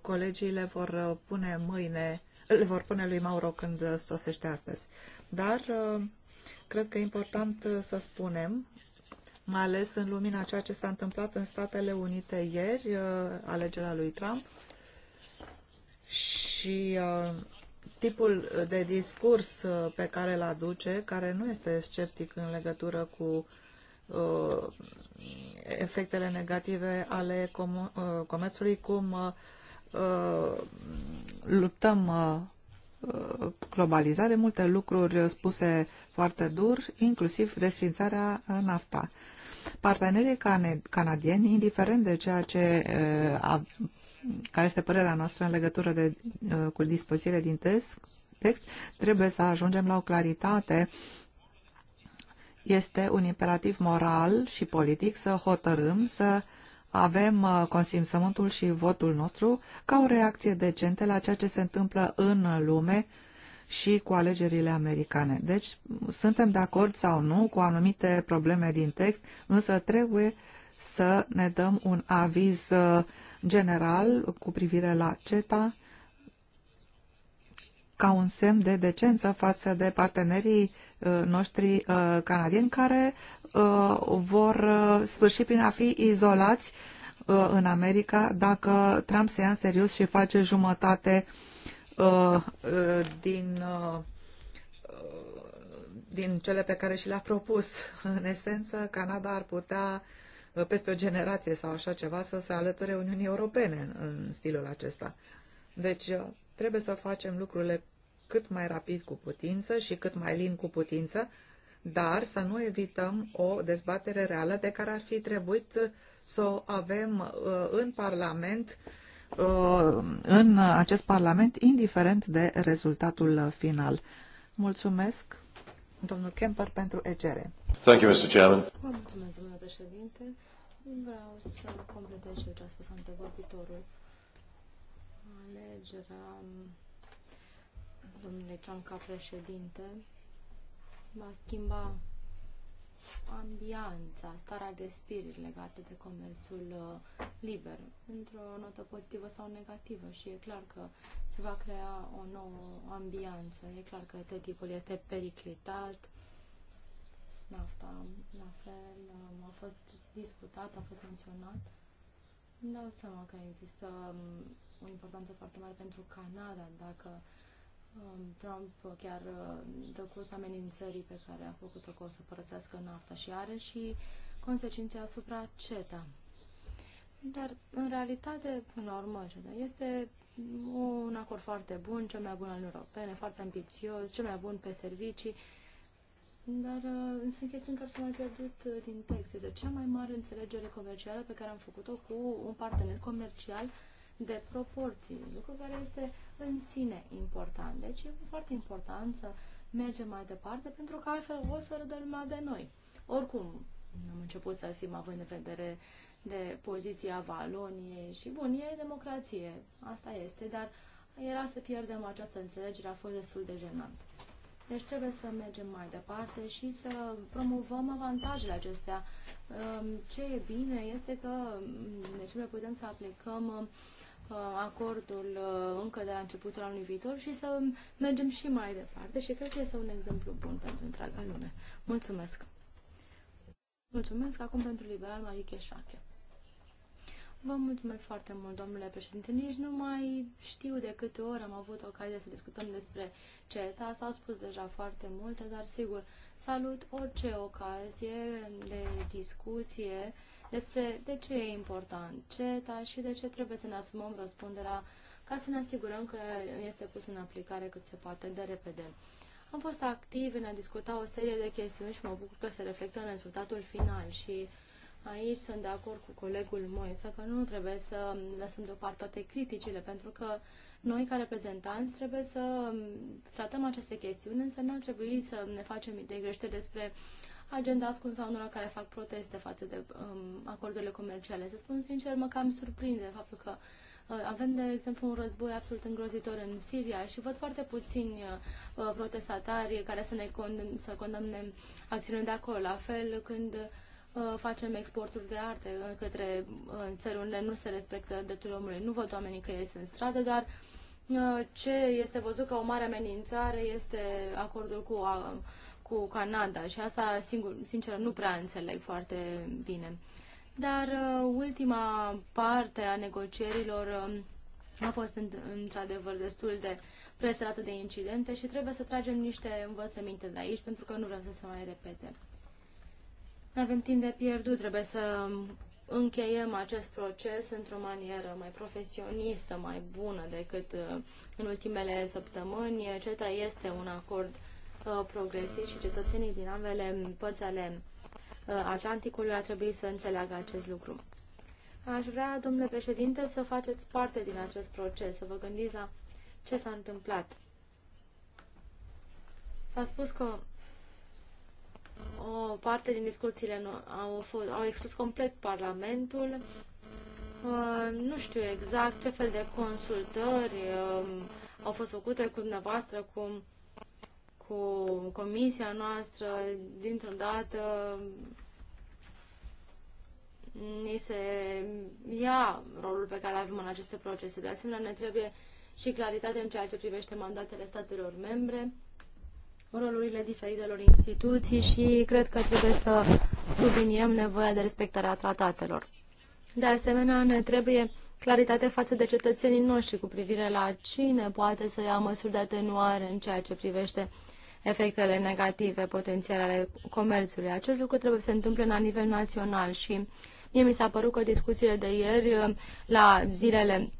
Colegii le vor pune mâine le vor pune lui Mauro când sosește astăzi. Dar uh, cred că e important uh, să spunem, mai ales în lumina ceea ce s-a întâmplat în Statele Unite ieri, uh, alegerea lui Trump, și tipul de discurs pe care îl aduce, care nu este sceptic în legătură cu efectele negative ale comerțului, cum Uh, luptăm uh, uh, globalizare, multe lucruri spuse foarte dur, inclusiv desfințarea NAFTA. Partenerii canadieni, indiferent de ceea ce care este părerea noastră în legătură de, cu dispozițiile din text, text, trebuie să ajungem la o claritate este un imperativ moral și politic să hotărâm să avem uh, consimțământul și votul nostru ca o reacție decentă la ceea ce se întâmplă în lume și cu alegerile americane. Deci, suntem de acord sau nu cu anumite probleme din text, însă trebuie să ne dăm un aviz uh, general cu privire la CETA ca un semn de decență față de partenerii uh, noștri canadieni care Uh, vor uh, sfârși prin a fi izolați uh, în America dacă Trump se ia în serios și face jumătate din din cele pe care și le-a propus. <laughs> În esență, Canada ar putea peste o generație sau așa ceva să se alăture Uniunii Europene în stilul acesta. Deci trebuie să facem lucrurile cât mai rapid cu putință și cât mai lin cu putință dar să nu evităm o dezbatere reală de care ar fi trebuit să o avem uh, în Parlament, uh, în acest Parlament, indiferent de rezultatul final. Mulțumesc, domnul Kemper, pentru ECR. Thank you, Mr. Chairman. Vă mulțumesc, domnule președinte. Vreau să completez ce a spus antevorbitorul. Alegerea um, domnului Cian ca președinte va schimba ambianța, starea de spirit legată de comerțul uh, liber, într-o notă pozitivă sau negativă și e clar că se va crea o nouă ambianță. E clar că tot tipul este periclitat, nafta la fel um, a fost discutat, a fost menționat. Îmi dau seama că există um, o importanță foarte mare pentru Canada dacă uh, Um, Trump chiar uh, dă curs amenințării pe care a făcut-o că o să părăsească nafta și are și consecințe asupra CETA. Dar, în realitate, până la urmă, CETA este un acord foarte bun, cel mai bun al europene, foarte ambițios, cel mai bun pe servicii, dar uh, sunt chestiuni care s-au mai pierdut uh, din text. Este cea mai mare înțelegere comercială pe care am făcut-o cu un partener comercial de proporții, lucru care este în sine important. Deci e foarte important să mergem mai departe, pentru că altfel o să râdă lumea de noi. Oricum, am început să fim având în vedere de poziția Valoniei și bun, e democrație, asta este, dar era să pierdem această înțelegere, a fost destul de jenant. Deci trebuie să mergem mai departe și să promovăm avantajele acestea. Ehm, ce e bine este că mm, deci noi putem să aplicăm Uh, acordul uh, încă de la începutul anului viitor și să mergem și mai departe și cred că este un exemplu bun pentru întreaga lume. Mulțumesc! Mulțumesc acum pentru liberal Marie Șache. Vă mulțumesc foarte mult, domnule președinte. Nici nu mai știu de câte ori am avut ocazia să discutăm despre CETA. S-au spus deja foarte multe, dar sigur, salut orice ocazie de discuție despre de ce e important CETA și de ce trebuie să ne asumăm răspunderea ca să ne asigurăm că este pus în aplicare cât se poate de repede. Am fost activ în a discuta o serie de chestiuni și mă bucur că se reflectă în rezultatul final și aici sunt de acord cu colegul să că nu trebuie să lăsăm deoparte toate criticile, pentru că noi ca reprezentanți trebuie să tratăm aceste chestiuni, însă nu ar trebui să ne facem idei greșite despre agenda ascunsă a unora care fac proteste față de um, acordurile comerciale. Să spun sincer, mă cam surprinde faptul că uh, avem, de exemplu, un război absolut îngrozitor în Siria și văd foarte puțini uh, protestatari care să ne condem, să condamne acțiunile de acolo. La fel când uh, facem exporturi de arte uh, către uh, țări unde nu se respectă drepturile omului. Nu văd oamenii că ies în stradă, dar ce este văzut ca o mare amenințare este acordul cu cu Canada și asta, singur, sincer, nu prea înțeleg foarte bine. Dar uh, ultima parte a negocierilor um, a fost într-adevăr destul de presărată de incidente și trebuie să tragem niște învățăminte de aici pentru că nu vrem să se mai repete. Nu avem timp de pierdut, trebuie să încheiem acest proces într-o manieră mai profesionistă, mai bună decât uh, în ultimele săptămâni. CETA este un acord progresivi și cetățenii din ambele părți ale uh, Atlanticului ar trebui să înțeleagă acest lucru. Aș vrea, domnule președinte, să faceți parte din acest proces, să vă gândiți la ce s-a întâmplat. S-a spus că o parte din discuțiile au, fost, au expus complet Parlamentul. Uh, nu știu exact ce fel de consultări uh, au fost făcute cu dumneavoastră, cu cu comisia noastră, dintr-o dată ni se ia rolul pe care avem în aceste procese. De asemenea, ne trebuie și claritate în ceea ce privește mandatele statelor membre, rolurile diferitelor instituții și cred că trebuie să subliniem nevoia de respectarea tratatelor. De asemenea, ne trebuie claritate față de cetățenii noștri cu privire la cine poate să ia măsuri de atenuare în ceea ce privește efectele negative potențiale ale comerțului. Acest lucru trebuie să se întâmple la nivel național și mie mi s-a părut că discuțiile de ieri la zilele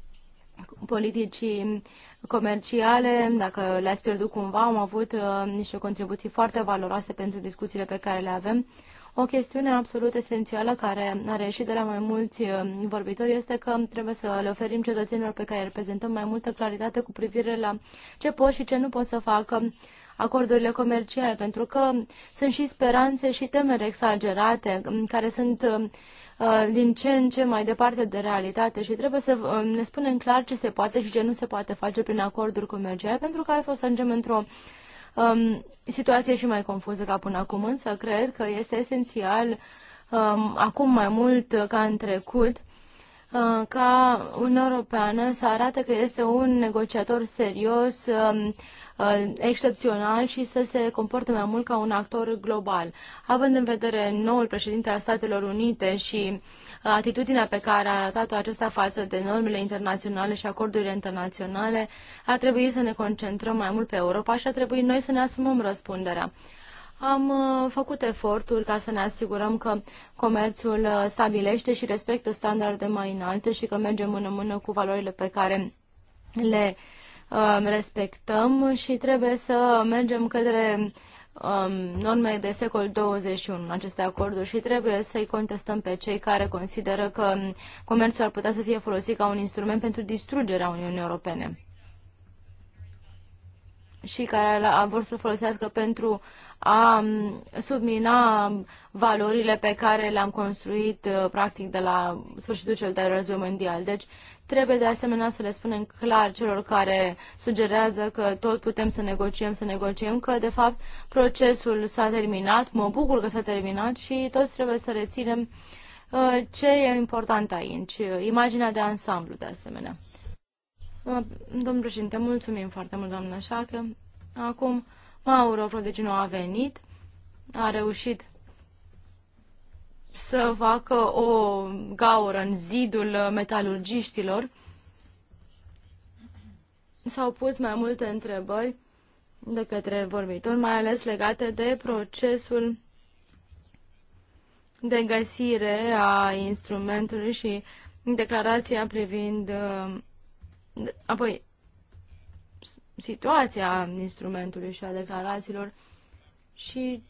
politicii comerciale, dacă le-ați pierdut cumva, am avut uh, niște contribuții foarte valoroase pentru discuțiile pe care le avem. O chestiune absolut esențială care a reieșit de la mai mulți uh, vorbitori este că trebuie să le oferim cetățenilor pe care îi reprezentăm mai multă claritate cu privire la ce pot și ce nu pot să facă acordurile comerciale, pentru că sunt și speranțe și temeri exagerate mm, care sunt mm, uh, din ce în ce mai departe de realitate și trebuie să mm, ne spunem clar ce se poate și ce nu se poate face prin acorduri comerciale, pentru că altfel să ajungem într-o um, situație și mai confuză ca până acum, însă cred că este esențial um, acum mai mult ca în trecut Uh, ca un european să arate că este un negociator serios, um, uh, excepțional și să se comporte mai mult ca un actor global. Având în vedere noul președinte al Statelor Unite și uh, atitudinea pe care a arătat-o acesta față de normele internaționale și acordurile internaționale, ar trebui să ne concentrăm mai mult pe Europa și ar trebui noi să ne asumăm răspunderea am uh, făcut eforturi ca să ne asigurăm că comerțul uh, stabilește și respectă standarde mai înalte și că mergem în mână cu valorile pe care le um, respectăm și trebuie să mergem către um, norme de secol 21 în aceste acorduri și trebuie să-i contestăm pe cei care consideră că comerțul ar putea să fie folosit ca un instrument pentru distrugerea Uniunii Europene și care a vrut să folosească pentru a submina valorile pe care le-am construit uh, practic de la sfârșitul cel de război mondial. Deci trebuie de asemenea să le spunem clar celor care sugerează că tot putem să negociem, să negociem, că de fapt procesul s-a terminat, mă bucur că s-a terminat și toți trebuie să reținem uh, ce e important aici, uh, imaginea de ansamblu de asemenea. Domnul președinte, mulțumim foarte mult, doamna Șacă. Acum, Mauro Prodigino a venit, a reușit să facă o gaură în zidul metalurgiștilor. S-au pus mai multe întrebări de către vorbitori, mai ales legate de procesul de găsire a instrumentului și declarația privind uh, Apoi, situația instrumentului și a declarațiilor și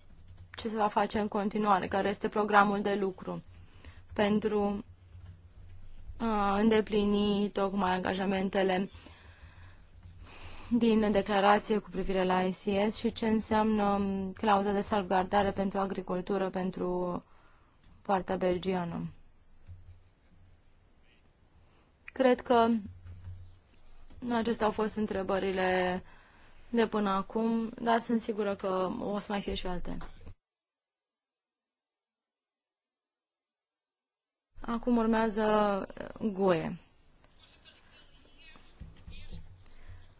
ce se va face în continuare, care este programul de lucru pentru a îndeplini tocmai angajamentele din declarație cu privire la ICS și ce înseamnă clauza de salvgardare pentru agricultură pentru partea belgiană. Cred că Acestea au fost întrebările de până acum, dar sunt sigură că o să mai fie și alte. Acum urmează uh, Goe.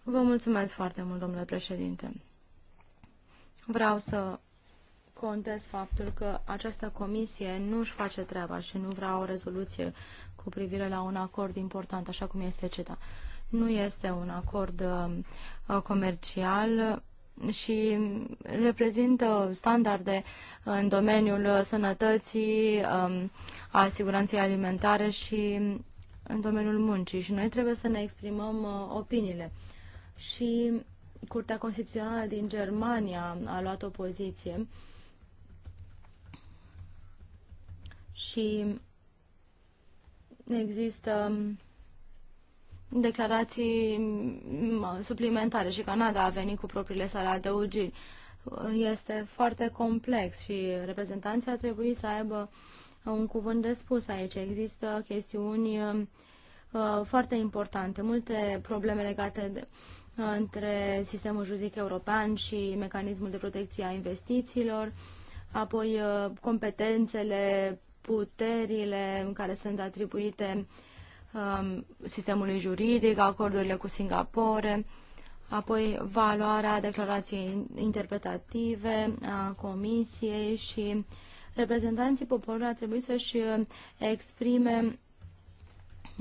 Vă mulțumesc foarte mult, domnule președinte. Vreau să contez faptul că această comisie nu își face treaba și nu vrea o rezoluție cu privire la un acord important, așa cum este CETA. Nu este un acord uh, comercial și reprezintă standarde în domeniul sănătății, um, a siguranței alimentare și în domeniul muncii și noi trebuie să ne exprimăm uh, opiniile. Și Curtea Constituțională din Germania a luat o poziție și există um, declarații mm, suplimentare și Canada a venit cu propriile sale adăugiri. Este foarte complex și reprezentanții ar trebui să aibă un cuvânt de spus aici. Există chestiuni uh, foarte importante, multe probleme legate de, uh, între sistemul juridic european și mecanismul de protecție a investițiilor, apoi uh, competențele, puterile care sunt atribuite uh, Um, sistemului juridic, acordurile cu Singapore, apoi valoarea declarației interpretative a Comisiei și reprezentanții poporului ar trebui să-și uh, exprime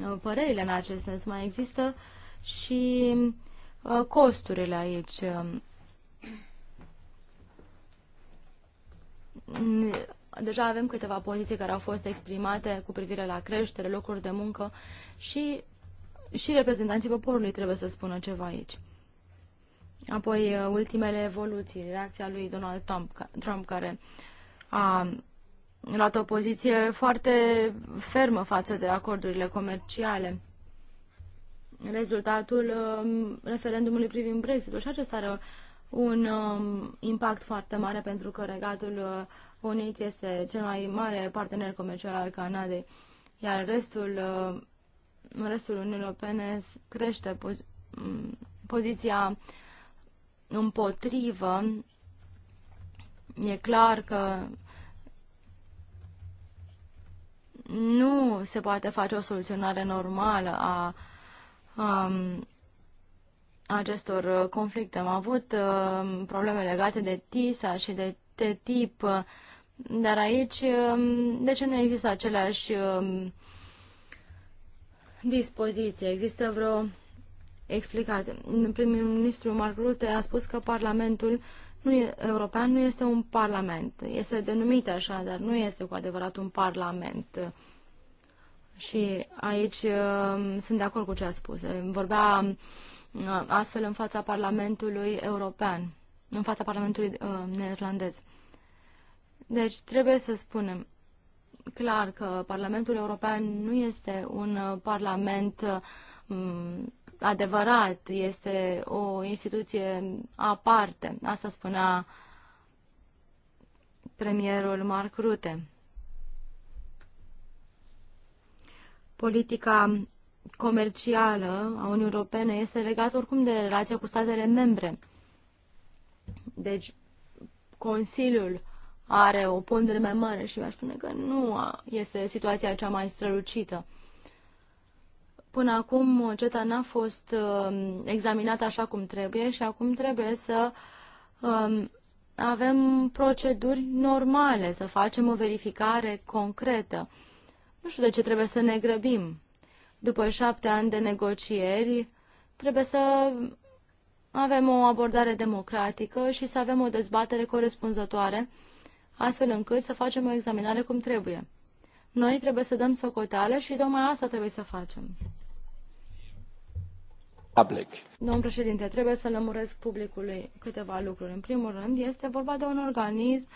uh, părerile în acest sens. Mai există și uh, costurile aici. Um, deja avem câteva poziții care au fost exprimate cu privire la creștere, locuri de muncă și, și reprezentanții poporului trebuie să spună ceva aici. Apoi, uh, ultimele evoluții, reacția lui Donald Trump, Trump care a luat o poziție foarte fermă față de acordurile comerciale. Rezultatul um, referendumului privind Brexitul și acesta are un um, impact foarte mare pentru că regatul uh, Unit este cel mai mare partener comercial al Canadei, iar restul, uh, restul Uniunii Europene crește po poziția împotrivă. E clar că nu se poate face o soluționare normală a, a um, acestor uh, conflicte. Am avut uh, probleme legate de TISA și de tip, dar aici um, de ce nu există aceleași um, dispoziție? Există vreo explicație? Primul ministru Marc Rute a spus că Parlamentul nu e, european nu este un parlament. Este denumit așa, dar nu este cu adevărat un parlament. Și aici uh, sunt de acord cu ce a spus. Vorbea uh, astfel în fața Parlamentului European în fața Parlamentului uh, neerlandez. Deci trebuie să spunem clar că Parlamentul European nu este un uh, parlament uh, mm, adevărat, este o instituție aparte. Asta spunea premierul Mark Rutte. Politica comercială a Uniunii Europene este legată oricum de relația cu statele membre. Deci, Consiliul are o pondere mai mare și aș spune că nu este situația cea mai strălucită. Până acum CETA n-a fost um, examinată așa cum trebuie și acum trebuie să um, avem proceduri normale, să facem o verificare concretă. Nu știu de ce trebuie să ne grăbim. După șapte ani de negocieri, trebuie să avem o abordare democratică și să avem o dezbatere corespunzătoare, astfel încât să facem o examinare cum trebuie. Noi trebuie să dăm socoteală și tocmai asta trebuie să facem. Public. Domnul președinte, trebuie să lămuresc publicului câteva lucruri. În primul rând, este vorba de un organism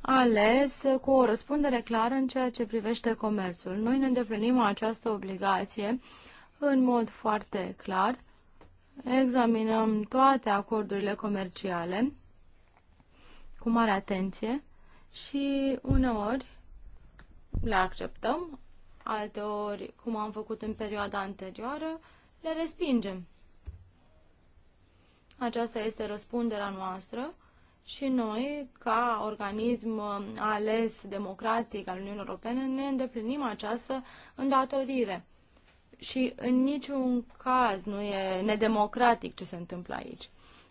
ales cu o răspundere clară în ceea ce privește comerțul. Noi ne îndeplinim această obligație în mod foarte clar examinăm toate acordurile comerciale cu mare atenție și uneori le acceptăm, alteori, cum am făcut în perioada anterioară, le respingem. Aceasta este răspunderea noastră și noi, ca organism ales democratic al Uniunii Europene, ne îndeplinim această îndatorire și în niciun caz nu e nedemocratic ce se întâmplă aici.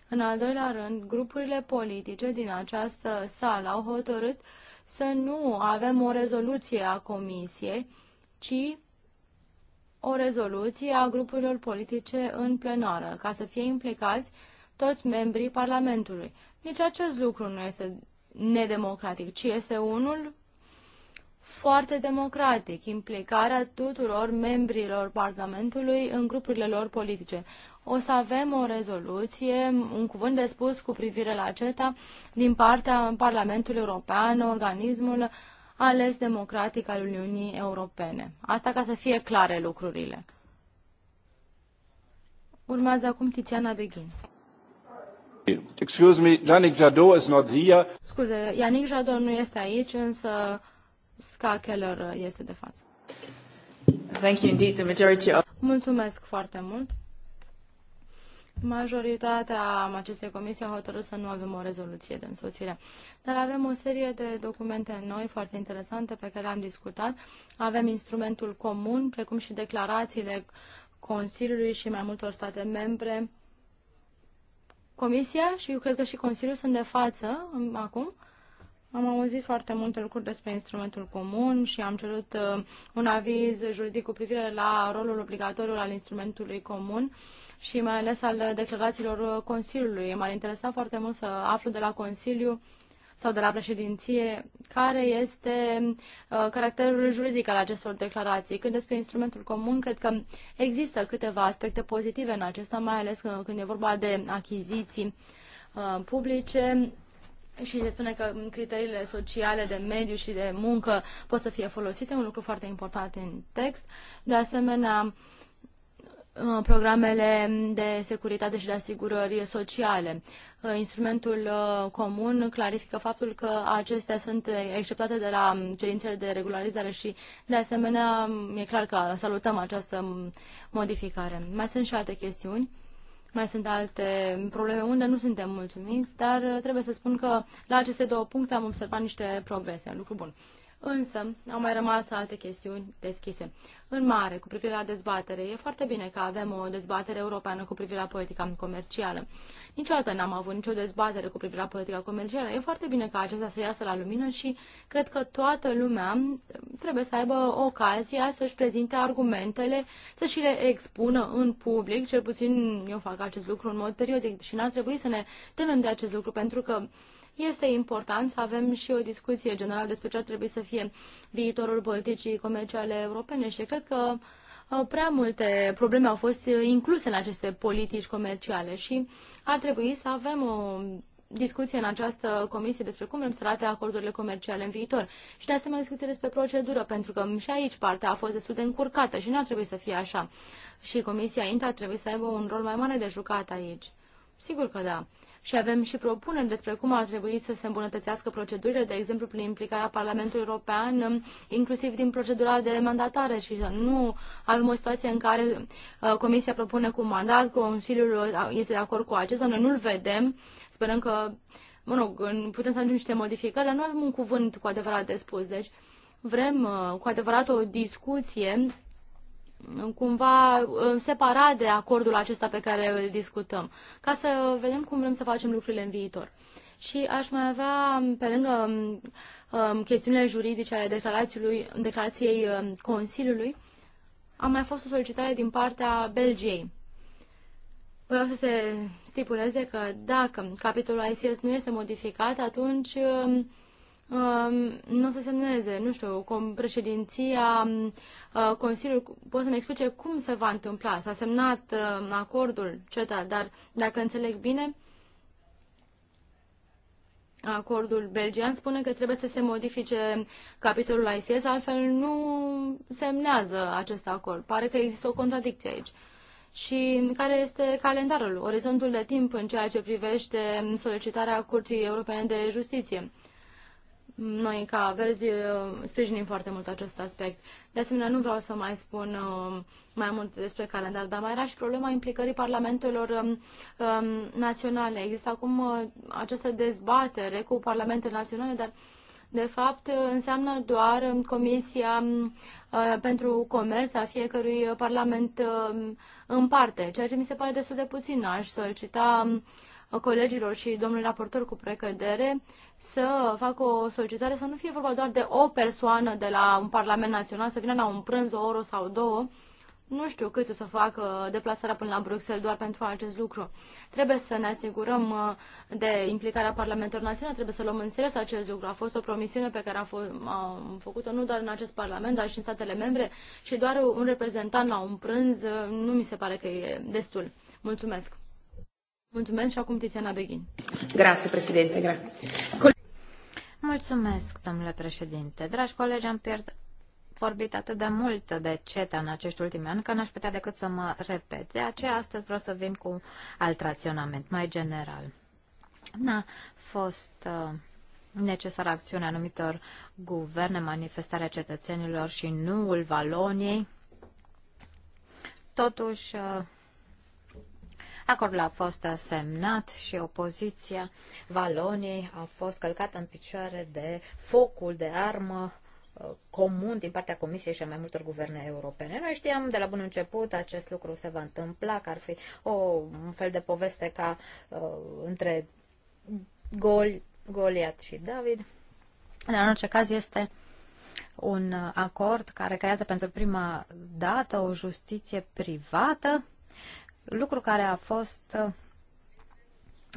În al doilea rând, grupurile politice din această sală au hotărât să nu avem o rezoluție a Comisiei, ci o rezoluție a grupurilor politice în plenară, ca să fie implicați toți membrii Parlamentului. Nici acest lucru nu este nedemocratic, ci este unul foarte democratic, implicarea tuturor membrilor Parlamentului în grupurile lor politice. O să avem o rezoluție, un cuvânt de spus cu privire la CETA din partea Parlamentului European, organismul ales democratic al Uniunii Europene. Asta ca să fie clare lucrurile. Urmează acum Tiziana Beghin. Excuse me, Yannick Jadot is not here. Scuze, Yannick Jadot nu este aici, însă Ska uh, este de față. Thank you indeed, the majority of... Mulțumesc foarte mult. Majoritatea acestei comisii a hotărât să nu avem o rezoluție de însoțire, dar avem o serie de documente noi foarte interesante pe care am discutat. Avem instrumentul comun, precum și declarațiile Consiliului și mai multor state membre. Comisia și eu cred că și Consiliul sunt de față acum am auzit foarte multe lucruri despre instrumentul comun și am cerut uh, un aviz juridic cu privire la rolul obligatoriu al instrumentului comun și mai ales al declarațiilor Consiliului. M-ar interesa foarte mult să aflu de la Consiliu sau de la președinție, care este uh, caracterul juridic al acestor declarații. Când despre instrumentul comun, cred că există câteva aspecte pozitive în acesta, mai ales uh, când e vorba de achiziții uh, publice, și se spune că criteriile sociale de mediu și de muncă pot să fie folosite, un lucru foarte important în text. De asemenea, uh, programele de securitate și de asigurări sociale. Uh, instrumentul uh, comun clarifică faptul că acestea sunt exceptate de la cerințele de regularizare și, de asemenea, e clar că salutăm această mm, modificare. Mai sunt și alte chestiuni mai sunt alte probleme unde nu suntem mulțumiți, dar uh, trebuie să spun că la aceste două puncte am observat niște progrese, lucru bun. Însă, au mai rămas alte chestiuni deschise. În mare, cu privire la dezbatere, e foarte bine că avem o dezbatere europeană cu privire la politica comercială. Niciodată n-am avut nicio dezbatere cu privire la politica comercială. E foarte bine că acesta să iasă la lumină și cred că toată lumea trebuie să aibă ocazia să-și prezinte argumentele, să și le expună în public. Cel puțin eu fac acest lucru în mod periodic și n-ar trebui să ne temem de acest lucru, pentru că este important să avem și o discuție generală despre ce ar trebui să fie viitorul politicii comerciale europene și cred că uh, prea multe probleme au fost uh, incluse în aceste politici comerciale și ar trebui să avem o discuție în această comisie despre cum vrem să rate acordurile comerciale în viitor și de asemenea discuție despre procedură, pentru că și aici partea a fost destul de încurcată și nu ar trebui să fie așa. Și comisia Inter ar trebui să aibă un rol mai mare de jucat aici. Sigur că da și avem și propuneri despre cum ar trebui să se îmbunătățească procedurile, de exemplu prin implicarea Parlamentului European, inclusiv din procedura de mandatare și nu avem o situație în care uh, Comisia propune cu mandat, Consiliul uh, este de acord cu acesta, noi nu-l vedem, sperăm că mă rog, putem să ajungem niște modificări, dar nu avem un cuvânt cu adevărat de spus. Deci vrem uh, cu adevărat o discuție cumva uh, separat de acordul acesta pe care îl discutăm, ca să vedem cum vrem să facem lucrurile în viitor. Și aș mai avea, um, pe lângă um, um, chestiunile juridice ale declarației, declarației um, Consiliului, a mai fost o solicitare din partea Belgiei. Vreau să se stipuleze că dacă capitolul ICS nu este modificat, atunci um, Um, nu o să semneze, nu știu, cum președinția um, uh, Consiliului, pot să-mi explice cum se va întâmpla. S-a semnat um, acordul CETA, dar dacă înțeleg bine, acordul belgian spune că trebuie să se modifice capitolul ICS, altfel nu semnează acest acord. Pare că există o contradicție aici. Și care este calendarul, orizontul de timp în ceea ce privește solicitarea Curții Europene de Justiție? Noi, ca verzi, uh, sprijinim foarte mult acest aspect. De asemenea, nu vreau să mai spun uh, mai mult despre calendar, dar mai era și problema implicării parlamentelor um, um, naționale. Există acum uh, această dezbatere cu parlamentele naționale, dar de fapt înseamnă doar um, Comisia pentru Comerț a fiecărui parlament în parte, ceea ce mi se pare destul de puțin. Aș solicita colegilor și domnului raportor cu precădere să facă o solicitare să nu fie vorba doar de o persoană de la un Parlament Național să vină la un prânz, o oră sau două. Nu știu cât o să facă deplasarea până la Bruxelles doar pentru acest lucru. Trebuie să ne asigurăm uh, de implicarea Parlamentului Național, trebuie să luăm în serios acest lucru. A fost o promisiune pe care am, f- am făcut-o nu doar în acest Parlament, dar și în statele membre și doar un reprezentant la un prânz uh, nu mi se pare că e destul. Mulțumesc! Mulțumesc și acum Tiziana Beghin. Grazie, președinte. Gra Mulțumesc, domnule președinte. Dragi colegi, am pierd vorbit atât de mult de CETA în acești ultimi ani că n-aș putea decât să mă repet. De aceea astăzi vreau să vin cu alt raționament, mai general. N-a fost uh, necesară acțiunea anumitor guverne, manifestarea cetățenilor și nuul Valoniei. Totuși, uh, Acordul a fost semnat și opoziția Valoniei a fost călcată în picioare de focul de armă uh, comun din partea Comisiei și a mai multor guverne europene. Noi știam de la bun început acest lucru se va întâmpla, că ar fi o, un fel de poveste ca uh, între Gol, Goliat și David. Dar în orice caz este un acord care creează pentru prima dată o justiție privată lucru care a fost uh,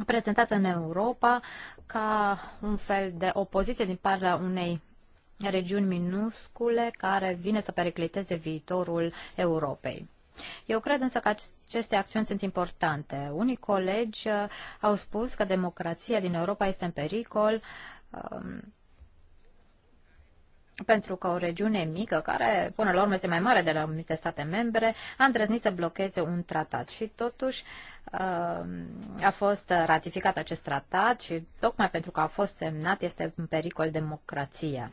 prezentat în Europa ca un fel de opoziție din partea unei regiuni minuscule care vine să pericliteze viitorul Europei. Eu cred însă că aceste acțiuni sunt importante. Unii colegi uh, au spus că democrația din Europa este în pericol. Um, pentru că o regiune mică, care până la urmă este mai mare de la anumite state membre, a îndrăznit să blocheze un tratat și totuși uh, a fost ratificat acest tratat și tocmai pentru că a fost semnat este în pericol democrația.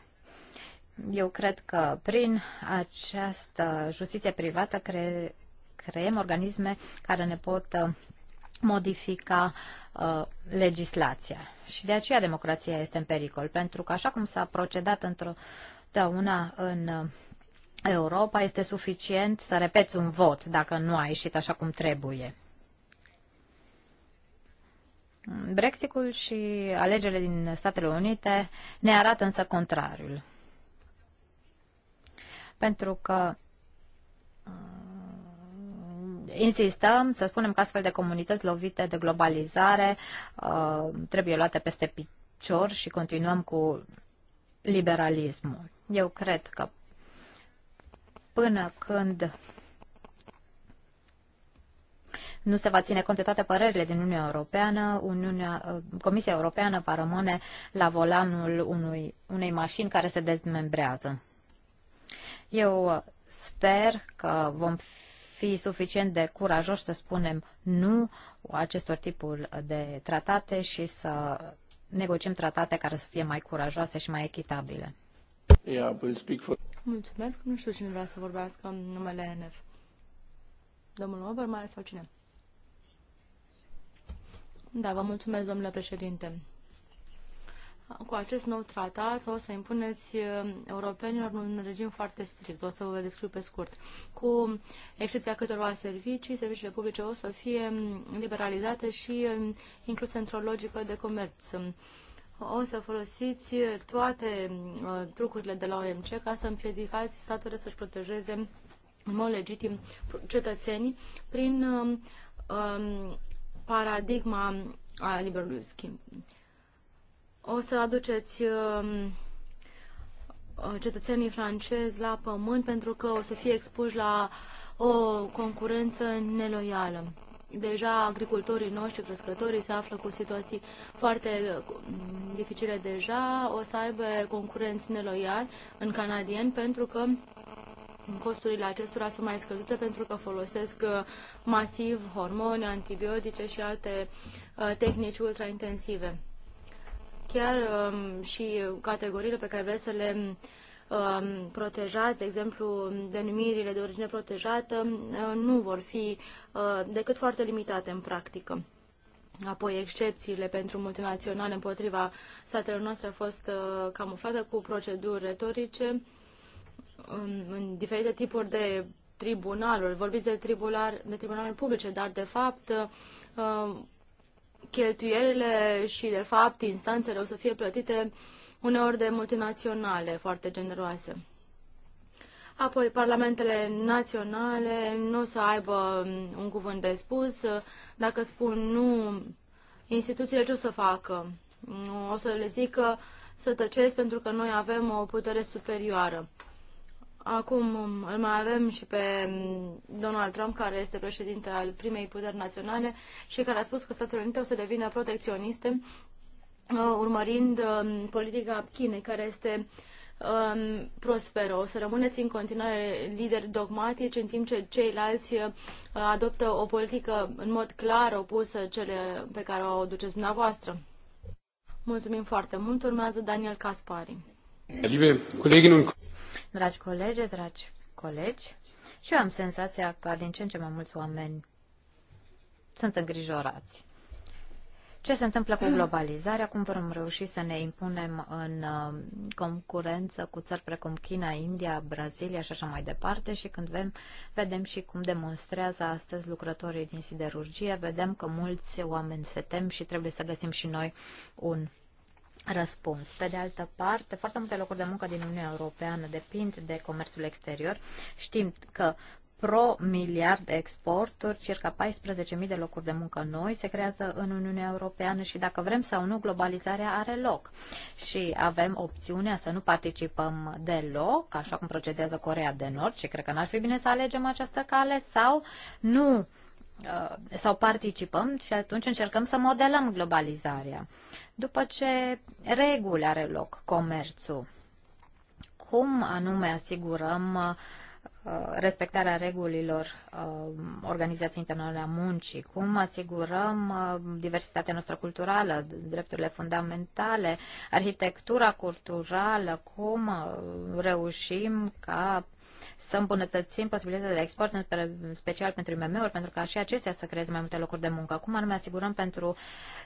Eu cred că prin această justiție privată cre- creăm organisme care ne pot uh, modifica uh, legislația. Și de aceea democrația este în pericol, pentru că așa cum s-a procedat într-o una în uh, Europa, este suficient să repeți un vot dacă nu a ieșit așa cum trebuie. Brexitul și alegerile din Statele Unite ne arată însă contrariul. Pentru că uh, insistăm să spunem că astfel de comunități lovite de globalizare uh, trebuie luate peste picior și continuăm cu liberalismul. Eu cred că până când nu se va ține cont de toate părerile din Uniunea Europeană, Uniunea, uh, Comisia Europeană va rămâne la volanul unui, unei mașini care se dezmembrează. Eu sper că vom fi suficient de curajoși să spunem nu acestor tipul de tratate și să negociem tratate care să fie mai curajoase și mai echitabile. Yeah, we'll speak for... Mulțumesc. Nu știu cine vrea să vorbească în numele NF. Domnul Obermaier sau cine? Da, vă mulțumesc, domnule președinte cu acest nou tratat o să impuneți uh, europenilor un regim foarte strict, o să vă descriu pe scurt. Cu excepția câtorva servicii, serviciile publice o să fie um, liberalizate și um, incluse într-o logică de comerț. O să folosiți toate um, trucurile de la OMC ca să împiedicați statele să-și protejeze în mod legitim cetățenii prin um, paradigma a liberului schimb o să aduceți um, uh, cetățenii francezi la pământ pentru că o să fie expuși la o concurență neloială. Deja agricultorii noștri, crescătorii, se află cu situații foarte um, dificile deja. O să aibă concurenți neloiali în canadien pentru că costurile acestora sunt mai scăzute pentru că folosesc uh, masiv hormoni, antibiotice și alte uh, tehnici ultraintensive chiar um, și categoriile pe care vreți să le um, protejați, de exemplu, denumirile de origine protejată, uh, nu vor fi uh, decât foarte limitate în practică. Apoi, excepțiile pentru multinaționale împotriva statelor noastre au fost uh, camuflate cu proceduri retorice um, în diferite tipuri de tribunaluri. Vorbiți de, tribular, de tribunaluri publice, dar, de fapt, cheltuielile și, de fapt, instanțele o să fie plătite uneori de multinaționale foarte generoase. Apoi, parlamentele naționale nu o să aibă mm, un cuvânt de spus. Dacă spun nu, instituțiile ce o să facă? Mm, o să le zică să tăcesc pentru că noi avem o putere superioară. Acum îl mai avem și pe mm, Donald Trump, care este președinte al primei puteri naționale și care a spus că Statele Unite o să devină protecționiste, uh, urmărind um, politica Chinei, care este um, prosperă. O să rămâneți în continuare lideri dogmatici, în timp ce ceilalți uh, adoptă o politică în mod clar opusă cele pe care o duceți dumneavoastră. Mulțumim foarte mult. Urmează Daniel Caspari. Dragi colegi, dragi colegi, și eu am senzația că din ce în ce mai mulți oameni sunt îngrijorați. Ce se întâmplă cu globalizarea? Cum vom reuși să ne impunem în um, concurență cu țări precum China, India, Brazilia și așa mai departe? Și când vedem, vedem și cum demonstrează astăzi lucrătorii din siderurgie, vedem că mulți oameni se tem și trebuie să găsim și noi un răspuns. Pe de altă parte, foarte multe locuri de muncă din Uniunea Europeană depind de comerțul exterior. Știm că pro miliard de exporturi, circa 14.000 de locuri de muncă noi se creează în Uniunea Europeană și dacă vrem sau nu, globalizarea are loc. Și avem opțiunea să nu participăm deloc, așa cum procedează Corea de Nord și cred că n-ar fi bine să alegem această cale, sau nu Uh, sau participăm și atunci încercăm să modelăm globalizarea. După ce reguli are loc comerțul, cum anume asigurăm uh, Uh, respectarea regulilor uh, Organizației Internaționale a Muncii, cum asigurăm uh, diversitatea noastră culturală, drepturile fundamentale, arhitectura culturală, cum reușim ca să îmbunătățim posibilitatea de export, în special pentru IMM-uri, pentru ca și acestea să creeze mai multe locuri de muncă. Cum anume asigurăm pentru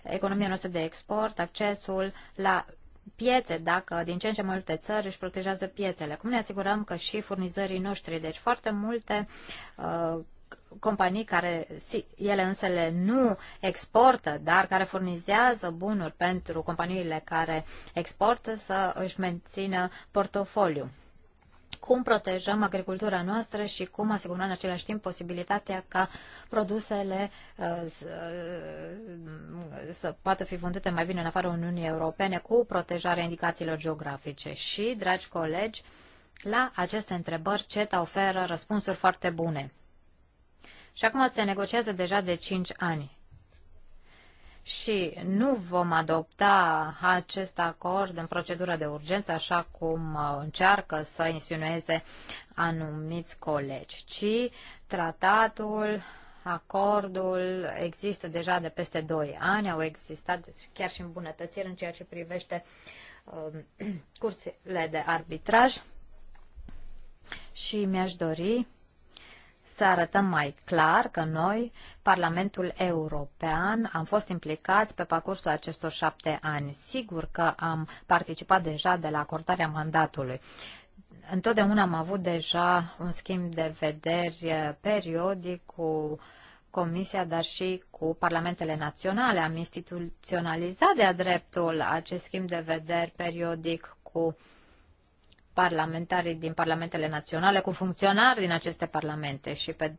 economia noastră de export accesul la piețe, dacă din ce în ce mai multe țări își protejează piețele? Cum ne asigurăm că și furnizării noștri, deci foarte multe uh, companii care ele însele nu exportă, dar care furnizează bunuri pentru companiile care exportă să își mențină portofoliu cum protejăm agricultura noastră și cum asigurăm în același timp posibilitatea ca produsele uh, uh, să, poată fi vândute mai bine în afara Uniunii Europene cu protejarea indicațiilor geografice. Și, dragi colegi, la aceste întrebări CETA oferă răspunsuri foarte bune. Și acum se negociază deja de 5 ani și nu vom adopta acest acord în procedură de urgență, așa cum uh, încearcă să insinueze anumiți colegi, ci tratatul, acordul există deja de peste 2 ani, au existat deci chiar și îmbunătățiri în ceea ce privește uh, um, <clears throat> cursurile de arbitraj și mi-aș dori să arătăm mai clar că noi, Parlamentul European, am fost implicați pe parcursul acestor șapte ani. Sigur că am participat deja de la acordarea mandatului. Întotdeauna am avut deja un schimb de vederi eh, periodic cu Comisia, dar și cu parlamentele naționale. Am instituționalizat de-a dreptul acest schimb de vederi periodic cu uh, Parlamentari din parlamentele naționale cu funcționari din aceste parlamente și pe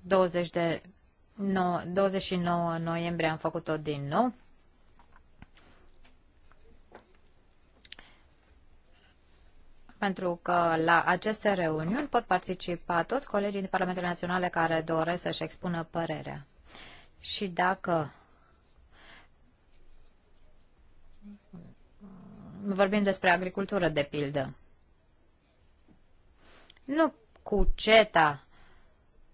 20 de no, 29 noiembrie am făcut-o din nou. pentru că la aceste reuniuni pot participa toți colegii din Parlamentele Naționale care doresc să-și expună părerea. Și dacă vorbim despre agricultură, de pildă. Nu cu CETA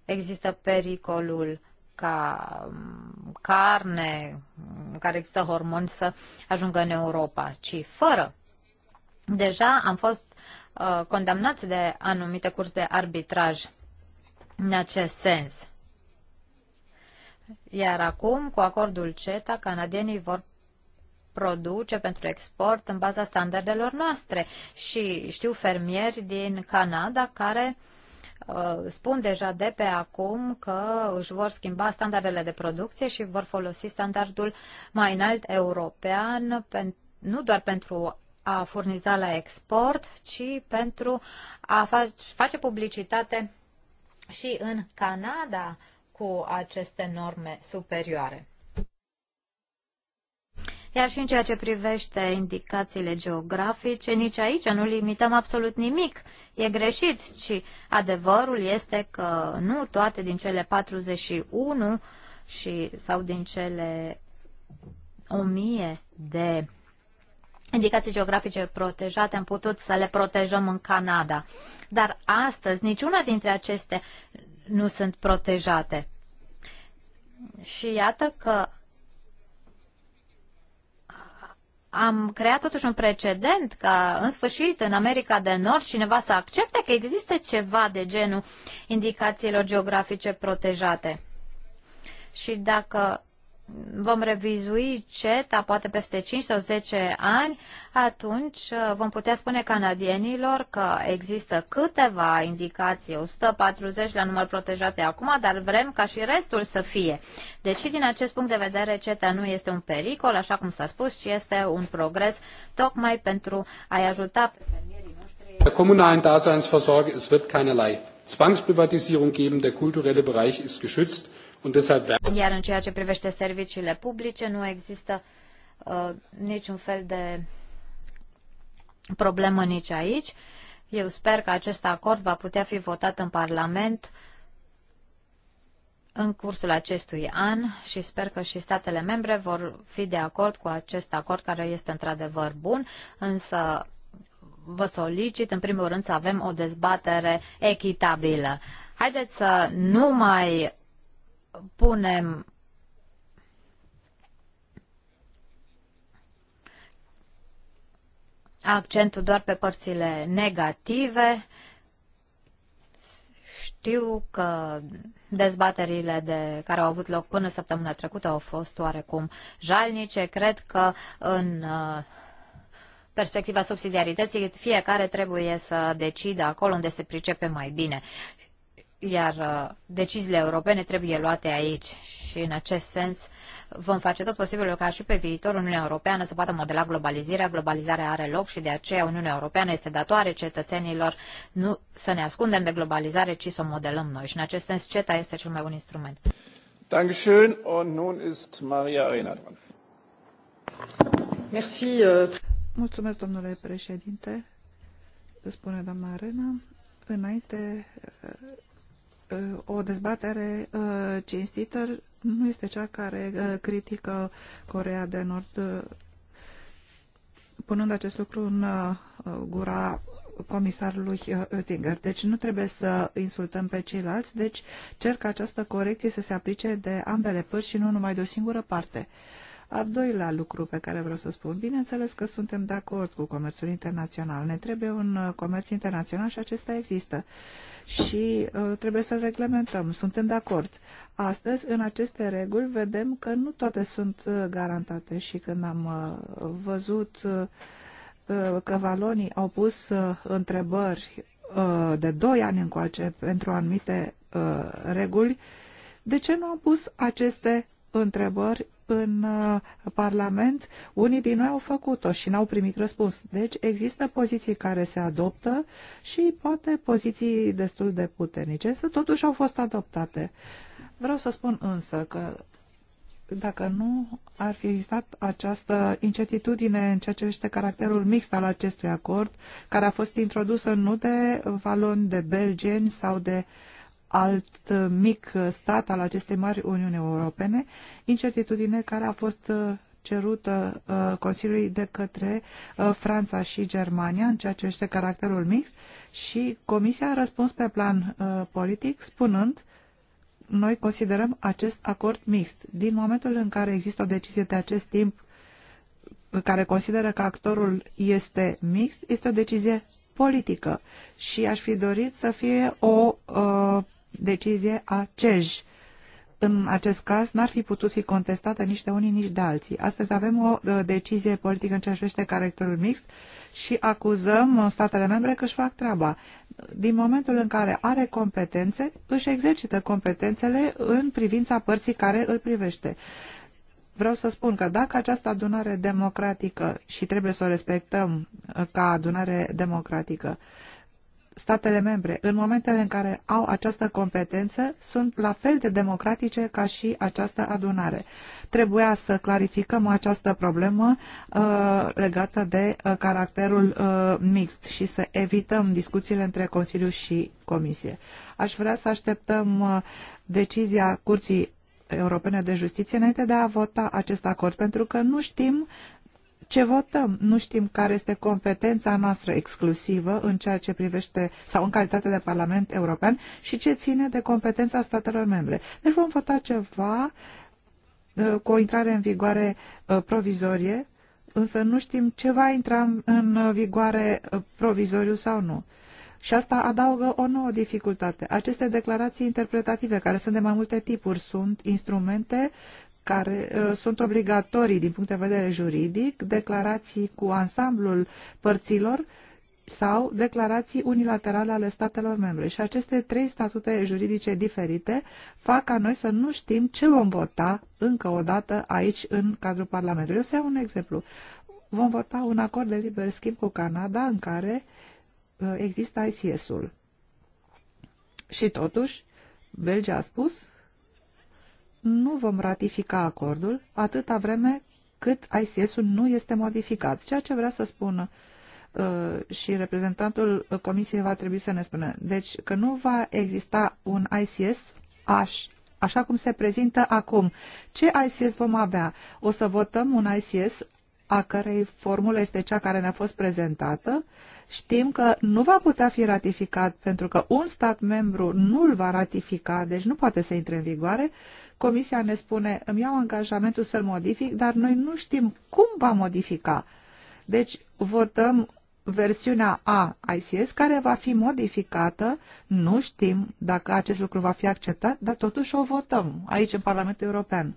există pericolul ca mm, carne, care există hormoni, să ajungă în Europa, ci fără. Deja am fost uh, condamnați de anumite curs de arbitraj în acest sens. Iar acum, cu acordul CETA, canadienii vor produce pentru export în baza standardelor noastre. Și știu fermieri din Canada care uh, spun deja de pe acum că își vor schimba standardele de producție și vor folosi standardul mai înalt european, nu doar pentru a furniza la export, ci pentru a face publicitate și în Canada cu aceste norme superioare. Iar și în ceea ce privește indicațiile geografice, nici aici nu limităm absolut nimic. E greșit, ci adevărul este că nu toate din cele 41 și, sau din cele 1000 de indicații geografice protejate, am putut să le protejăm în Canada. Dar astăzi niciuna dintre acestea nu sunt protejate. Și iată că am creat totuși un precedent ca în sfârșit în America de Nord cineva să accepte că există ceva de genul indicațiilor geografice protejate. Și dacă vom revizui CETA poate peste 5 sau 10 ani, atunci uh, vom putea spune canadienilor că există câteva indicații, 140 la număr protejate acum, dar vrem ca și restul să fie. Deși deci din acest punct de vedere CETA nu este un pericol, așa cum s-a spus, ci este un progres tocmai pentru a-i ajuta pe noștri. Der kommunalen Daseinsvorsorge, es wird keinerlei Zwangsprivatisierung geben, der kulturelle Bereich ist geschützt iar în ceea ce privește serviciile publice, nu există uh, niciun fel de problemă nici aici. Eu sper că acest acord va putea fi votat în Parlament în cursul acestui an și sper că și statele membre vor fi de acord cu acest acord care este într-adevăr bun, însă vă solicit în primul rând să avem o dezbatere echitabilă. Haideți să nu mai punem accentul doar pe părțile negative. Știu că dezbaterile de care au avut loc până săptămâna trecută au fost oarecum jalnice. Cred că în uh, perspectiva subsidiarității, fiecare trebuie să decidă acolo unde se pricepe mai bine iar uh, deciziile europene trebuie luate aici și în acest sens vom face tot posibilul ca și pe viitor Uniunea Europeană să poată modela globalizarea. Globalizarea are loc și de aceea Uniunea Europeană este datoare cetățenilor nu să ne ascundem de globalizare, ci să o modelăm noi. Și în acest sens CETA este cel mai bun instrument. Dankeschön und nun ist Maria Arena dran. Merci. Uh. Mulțumesc, domnule președinte, spune doamna Arena. Înainte uh, o dezbatere uh, cinstită nu este cea care uh, critică Corea de Nord uh, punând acest lucru în gura comisarului Oettinger. Deci nu trebuie să insultăm pe ceilalți, deci cer ca această corecție să se aplice de ambele părți și nu numai de o singură parte. Al doilea lucru pe care vreau să spun, bineînțeles că suntem de acord cu comerțul internațional. Ne trebuie un uh, comerț internațional și acesta există. Și uh, trebuie să-l reglementăm. Suntem de acord. Astăzi, în aceste reguli, vedem că nu toate sunt uh, garantate și când am uh, văzut uh, uh că valonii au pus întrebări de 2 ani încoace pentru anumite reguli, de ce nu au pus aceste întrebări în uh, Parlament, unii din noi au făcut-o și n-au primit răspuns. Deci există poziții care se adoptă și poate poziții destul de puternice, să totuși au fost adoptate. Vreau să spun însă că dacă nu ar fi existat această incertitudine în ceea ce privește caracterul mixt al acestui acord, care a fost introdusă nu de valoni, de belgeni sau de uh, alt mic stat al acestei mari Uniuni Europene, incertitudine care a fost uh, cerută uh, Consiliului de către uh, Franța și Germania în ceea ce este caracterul mix și Comisia a răspuns pe plan politic spunând noi considerăm acest acord mixt. Din momentul în care există o decizie de acest timp care consideră că actorul este mixt, este o decizie politică și aș fi dorit să fie o uh, decizie a CEJ. În acest caz n-ar fi putut fi contestată nici de unii, nici de alții. Astăzi avem o uh, decizie politică în ce caracterul mixt și acuzăm uh, statele membre că își fac treaba. Din momentul în care are competențe, își exercită competențele în privința părții care îl privește vreau să spun că dacă această adunare democratică, și trebuie să o respectăm uh, ca adunare democratică, statele membre, în momentele în care au această competență, sunt la fel de democratice ca și această adunare. Trebuia să clarificăm această problemă uh, legată de uh, caracterul uh, mixt și să evităm discuțiile între Consiliu și Comisie. Aș vrea să așteptăm uh, decizia Curții Europene de Justiție înainte de a vota acest acord, pentru că nu știm ce votăm. Nu știm care este competența noastră exclusivă în ceea ce privește sau în calitate de Parlament European și ce ține de competența statelor membre. Deci vom vota ceva uh, cu o intrare în vigoare uh, provizorie, însă nu știm ce va intra în vigoare uh, provizoriu sau nu. Și asta adaugă o nouă dificultate. Aceste declarații interpretative, care sunt de mai multe tipuri, sunt instrumente care uh, sunt obligatorii din punct de vedere juridic, declarații cu ansamblul părților sau declarații unilaterale ale statelor membre. Și aceste trei statute juridice diferite fac ca noi să nu știm ce vom vota încă o dată aici în cadrul Parlamentului. Eu să iau un exemplu. Vom vota un acord de liber schimb cu Canada în care uh, există ICS-ul. Și totuși, Belgia a spus nu vom ratifica acordul atâta vreme cât ICS-ul nu este modificat. Ceea ce vrea să spună uh, și reprezentantul Comisiei va trebui să ne spună. Deci că nu va exista un ICS aș, așa cum se prezintă acum. Ce ICS vom avea? O să votăm un ICS a cărei formulă este cea care ne-a fost prezentată, știm că nu va putea fi ratificat pentru că un stat membru nu îl va ratifica, deci nu poate să intre în vigoare. Comisia ne spune, îmi iau angajamentul să-l modific, dar noi nu știm cum va modifica. Deci votăm versiunea A ICS care va fi modificată, nu știm dacă acest lucru va fi acceptat, dar totuși o votăm aici în Parlamentul European.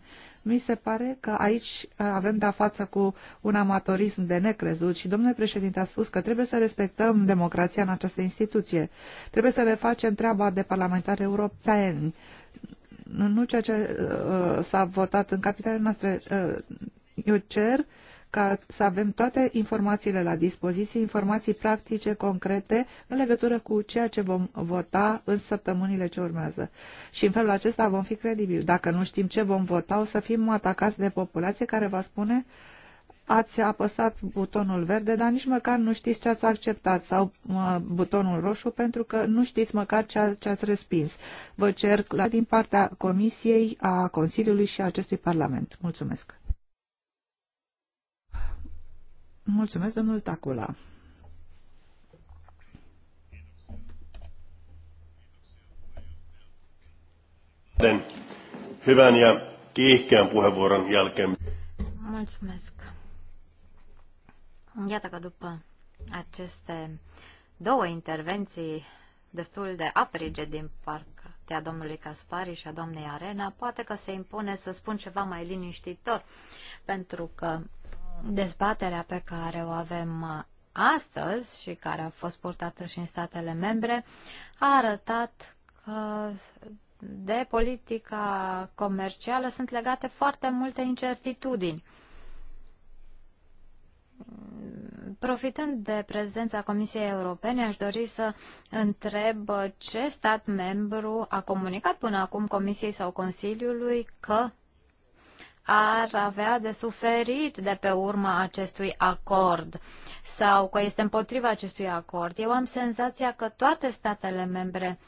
Mi se pare că aici uh, avem de-a față cu un amatorism de necrezut și domnule președinte a spus că trebuie să respectăm democrația în această instituție. Trebuie să refacem treaba de parlamentari europeni. Nu ceea ce uh, s-a votat în capitalele noastre. Uh, eu cer uh, ca să avem toate informațiile la dispoziție, informații practice, concrete, în legătură cu ceea ce vom vota în săptămânile ce urmează. Și în felul acesta vom fi credibili. Dacă nu știm ce vom vota, o să fim atacați de populație care va spune ați apăsat butonul verde, dar nici măcar nu știți ce ați acceptat sau mă, butonul roșu pentru că nu știți măcar ce, a, ce ați respins. Vă cer la din partea Comisiei, a Consiliului și a acestui Parlament. Mulțumesc! Mulțumesc, domnul Tacula. Hyvän ja kiihkeän puheenvuoron jälkeen. Mulțumesc. Iată că după aceste două intervenții destul de aprige din a domnului Caspari și a doamnei Arena, poate că se impune să spun ceva mai liniștitor, pentru că dezbaterea pe care o avem uh, astăzi și care a fost purtată și în statele membre a arătat că de politica comercială sunt legate foarte multe incertitudini. Profitând de prezența Comisiei Europene, aș dori să întreb ce stat membru a comunicat până acum Comisiei sau Consiliului că ar avea de suferit de pe urma acestui acord sau că este împotriva acestui acord. Eu am senzația că toate statele membre,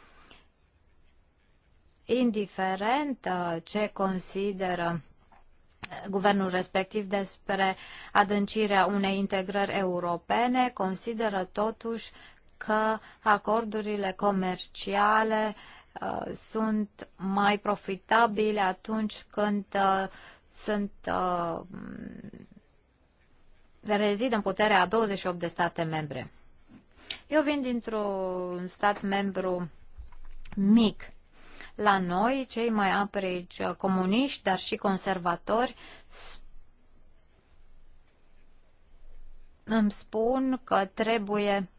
indiferent uh, ce consideră guvernul respectiv despre adâncirea unei integrări europene, consideră totuși că acordurile comerciale uh, sunt mai profitabile atunci când uh, sunt uh, rezid în puterea a 28 de state membre. Eu vin dintr-un stat membru mic. La noi, cei mai aprici uh, comuniști, dar și conservatori, îmi spun că trebuie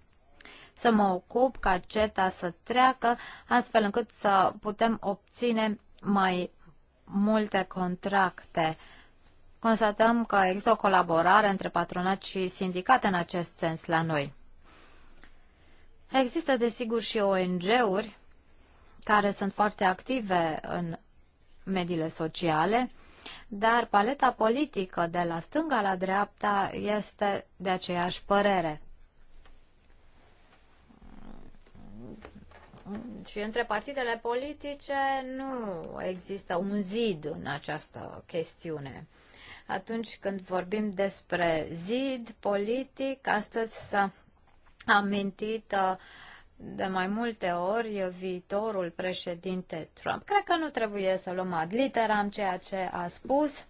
să mă ocup ca CETA să treacă, astfel încât să putem obține mai multe contracte. Constatăm că există o colaborare între patronat și sindicate în acest sens la noi. Există, desigur, și ONG-uri care sunt foarte active în mediile sociale, dar paleta politică de la stânga la dreapta este de aceeași părere. și între partidele politice nu există un zid în această chestiune. Atunci când vorbim despre zid politic, astăzi s-a amintit uh, de mai multe ori viitorul președinte Trump. Cred că nu trebuie să luăm ad literam ceea ce a spus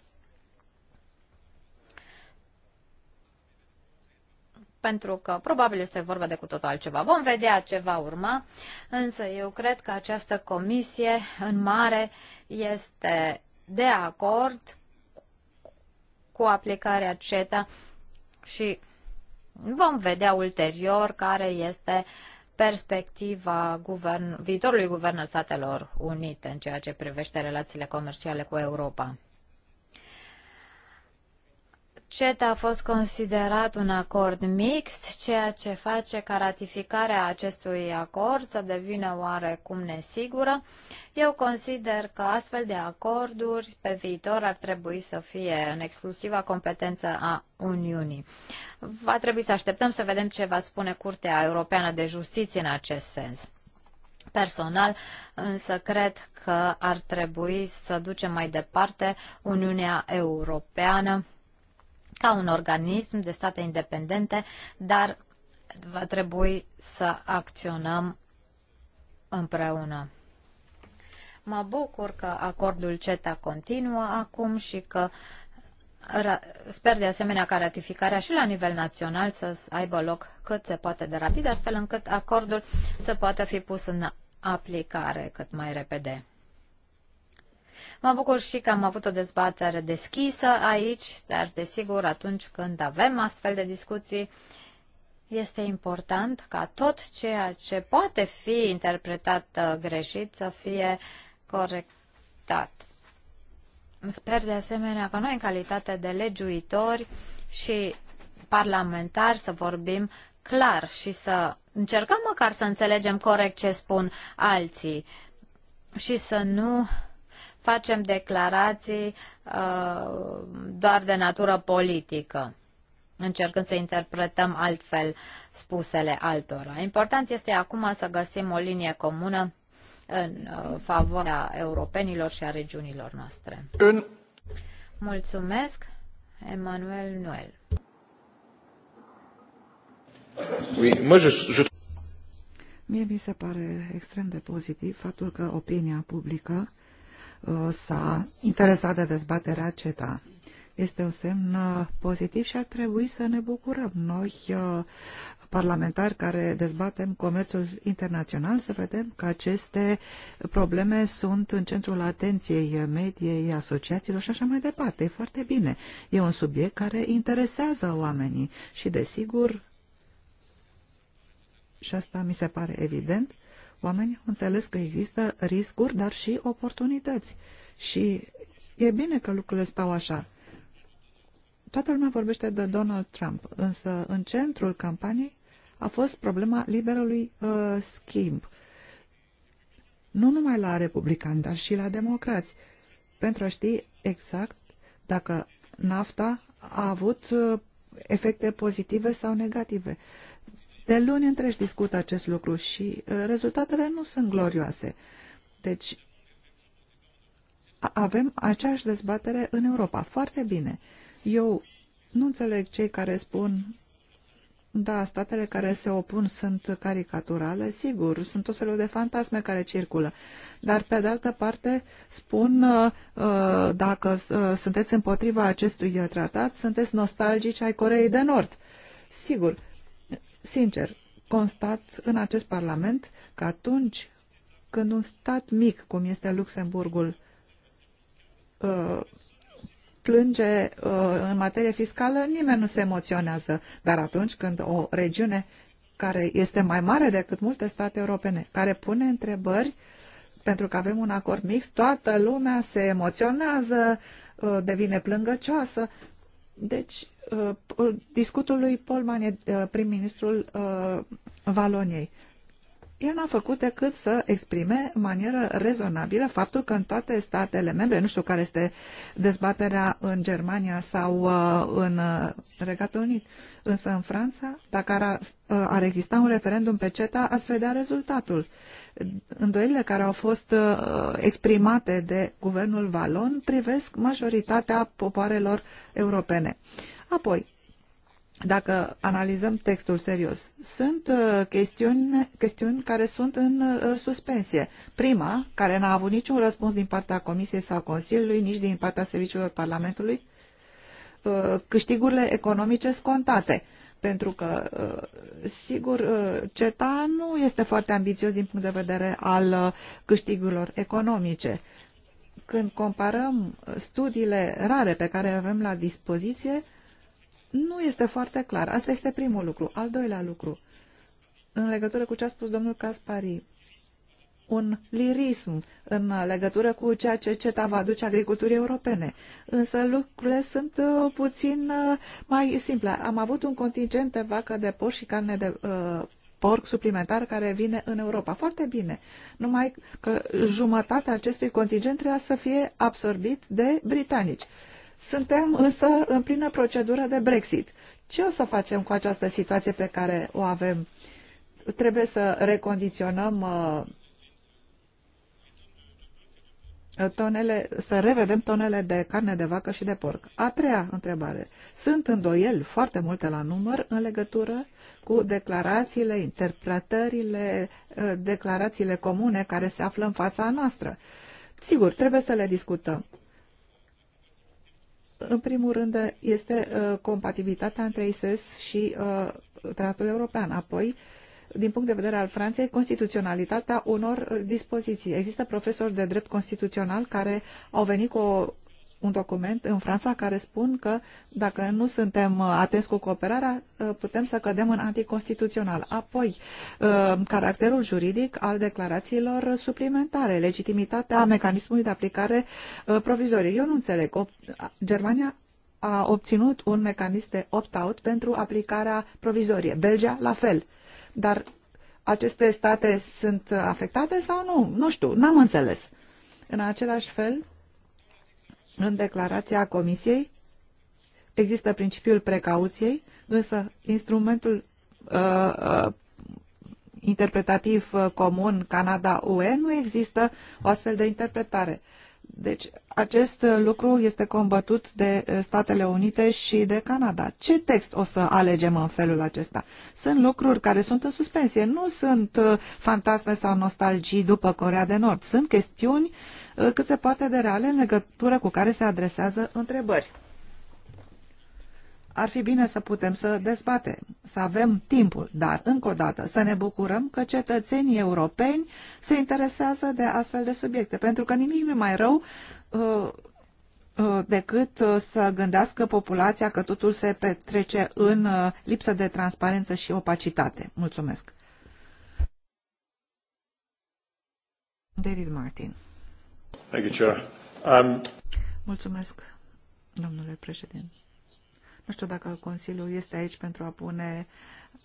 pentru că probabil este vorba de cu totul altceva. Vom vedea ce va urma, însă eu cred că această comisie în mare este de acord cu aplicarea CETA și vom vedea ulterior care este perspectiva guvern, viitorului guvern al Statelor Unite în ceea ce privește relațiile comerciale cu Europa. CETA a fost considerat un acord mixt, ceea ce face ca ratificarea acestui acord să devină oarecum nesigură. Eu consider că astfel de acorduri pe viitor ar trebui să fie în exclusiva competență a Uniunii. Va trebui să așteptăm să vedem ce va spune Curtea Europeană de Justiție în acest sens. Personal, însă cred că ar trebui să ducem mai departe Uniunea Europeană ca un organism de state independente, dar va trebui să acționăm împreună. Mă bucur că acordul CETA continuă acum și că sper de asemenea ca ratificarea și la nivel național să aibă loc cât se poate de rapid, astfel încât acordul să poată fi pus în aplicare cât mai repede. Mă bucur și că am avut o dezbatere deschisă aici, dar desigur atunci când avem astfel de discuții, este important ca tot ceea ce poate fi interpretat uh, greșit să fie corectat. Sper de asemenea că noi, în calitate de legiuitori și parlamentari, să vorbim clar și să încercăm măcar să înțelegem corect ce spun alții și să nu facem declarații uh, doar de natură politică, încercând să interpretăm altfel spusele altora. Important este acum să găsim o linie comună în uh, favoarea europenilor și a regiunilor noastre. În... Mulțumesc, Emmanuel Noel. Oui, moi je, je... Mie mi se pare extrem de pozitiv faptul că opinia publică Uh, s-a interesat de dezbaterea CETA. Este un semn uh, pozitiv și ar trebui să ne bucurăm noi, uh, parlamentari care dezbatem comerțul internațional, să vedem că aceste probleme sunt în centrul atenției mediei, asociațiilor și așa mai departe. E foarte bine. E un subiect care interesează oamenii și, desigur, și asta mi se pare evident, Oamenii au înțeles că există riscuri, dar și oportunități. Și e bine că lucrurile stau așa. Toată lumea vorbește de Donald Trump, însă în centrul campaniei a fost problema liberului uh, schimb. Nu numai la republicani, dar și la democrați, pentru a ști exact dacă NAFTA a avut uh, efecte pozitive sau negative. De luni întregi discut acest lucru și uh, rezultatele nu sunt glorioase. Deci, avem aceeași dezbatere în Europa. Foarte bine. Eu nu înțeleg cei care spun da, statele care se opun sunt caricaturale, sigur, sunt tot felul de fantasme care circulă. Dar, pe de altă parte, spun, uh, uh, dacă sunteți împotriva acestui tratat, sunteți nostalgici ai Coreei de Nord. Sigur, Sincer, constat în acest Parlament că atunci când un stat mic, cum este Luxemburgul, uh, plânge uh, în materie fiscală, nimeni nu se emoționează. Dar atunci când o regiune care este mai mare decât multe state europene, care pune întrebări, pentru că avem un acord mix, toată lumea se emoționează, uh, devine plângăcioasă. Deci, Uh, discutul lui Paul Manie, uh, prim-ministrul uh, Valoniei. El n-a făcut decât să exprime în manieră rezonabilă faptul că în toate statele membre, nu știu care este dezbaterea în Germania sau în Regatul Unit, însă în Franța, dacă ar, ar exista un referendum pe CETA, ați vedea rezultatul. Îndoielile care au fost exprimate de guvernul Valon privesc majoritatea popoarelor europene. Apoi, dacă analizăm textul serios, sunt uh, chestiuni, chestiuni care sunt în uh, suspensie. Prima, care n-a avut niciun răspuns din partea Comisiei sau Consiliului, nici din partea serviciilor Parlamentului, uh, câștigurile economice scontate. Pentru că, uh, sigur, uh, CETA nu este foarte ambițios din punct de vedere al uh, câștigurilor economice. Când comparăm studiile rare pe care le avem la dispoziție, nu este foarte clar. Asta este primul lucru. Al doilea lucru, în legătură cu ce a spus domnul Caspari, un lirism în legătură cu ceea ce CETA va aduce agriculturii europene. Însă lucrurile sunt uh, puțin uh, mai simple. Am avut un contingent de vacă de porc și carne de uh, porc suplimentar care vine în Europa. Foarte bine. Numai că jumătatea acestui contingent trebuie să fie absorbit de britanici. Uh, suntem însă în plină procedură de Brexit. Ce o să facem cu această situație pe care o avem? Trebuie să recondiționăm uh, tonele, să revedem tonele de carne de vacă și de porc. A treia întrebare. Sunt îndoieli foarte multe la număr în legătură cu declarațiile, interpretările, uh, declarațiile comune care se află în fața noastră. Sigur, trebuie să le discutăm. În primul rând este uh, compatibilitatea între ISS și uh, tratatul european. Apoi, din punct de vedere al Franței, constituționalitatea unor uh, dispoziții. Există profesori de drept constituțional care au venit cu o un document în Franța care spun că dacă nu suntem uh, atenți cu cooperarea, uh, putem să cădem în anticonstituțional. Apoi, uh, caracterul juridic al declarațiilor suplimentare, legitimitatea mecanismului de aplicare provizorie. Eu nu înțeleg. Germania a obținut un mecanism de opt-out pentru aplicarea provizorie. Belgia, la fel. Dar aceste state sunt afectate sau nu? Nu știu, n-am înțeles. În același fel, în declarația Comisiei există principiul precauției, însă instrumentul uh, uh, interpretativ uh, comun Canada-UE nu există o astfel de interpretare. Uh, deci acest lucru este combătut de eh, Statele Unite și de Canada. Ce text o să alegem în felul acesta? Sunt lucruri care sunt în suspensie, nu sunt eh, fantasme sau nostalgii după Corea de Nord. Sunt chestiuni eh, cât se poate de reale în legătură cu care se adresează întrebări ar fi bine să putem să dezbatem, să avem timpul, dar, încă o dată, să ne bucurăm că cetățenii europeni se interesează de astfel de subiecte, pentru că nimic nu mai rău uh, uh, decât uh, să gândească populația că totul se petrece în uh, lipsă de transparență și opacitate. Mulțumesc! David Martin. Thank you, Chair. Um... Mulțumesc, domnule președinte. Nu știu dacă Consiliul este aici pentru a pune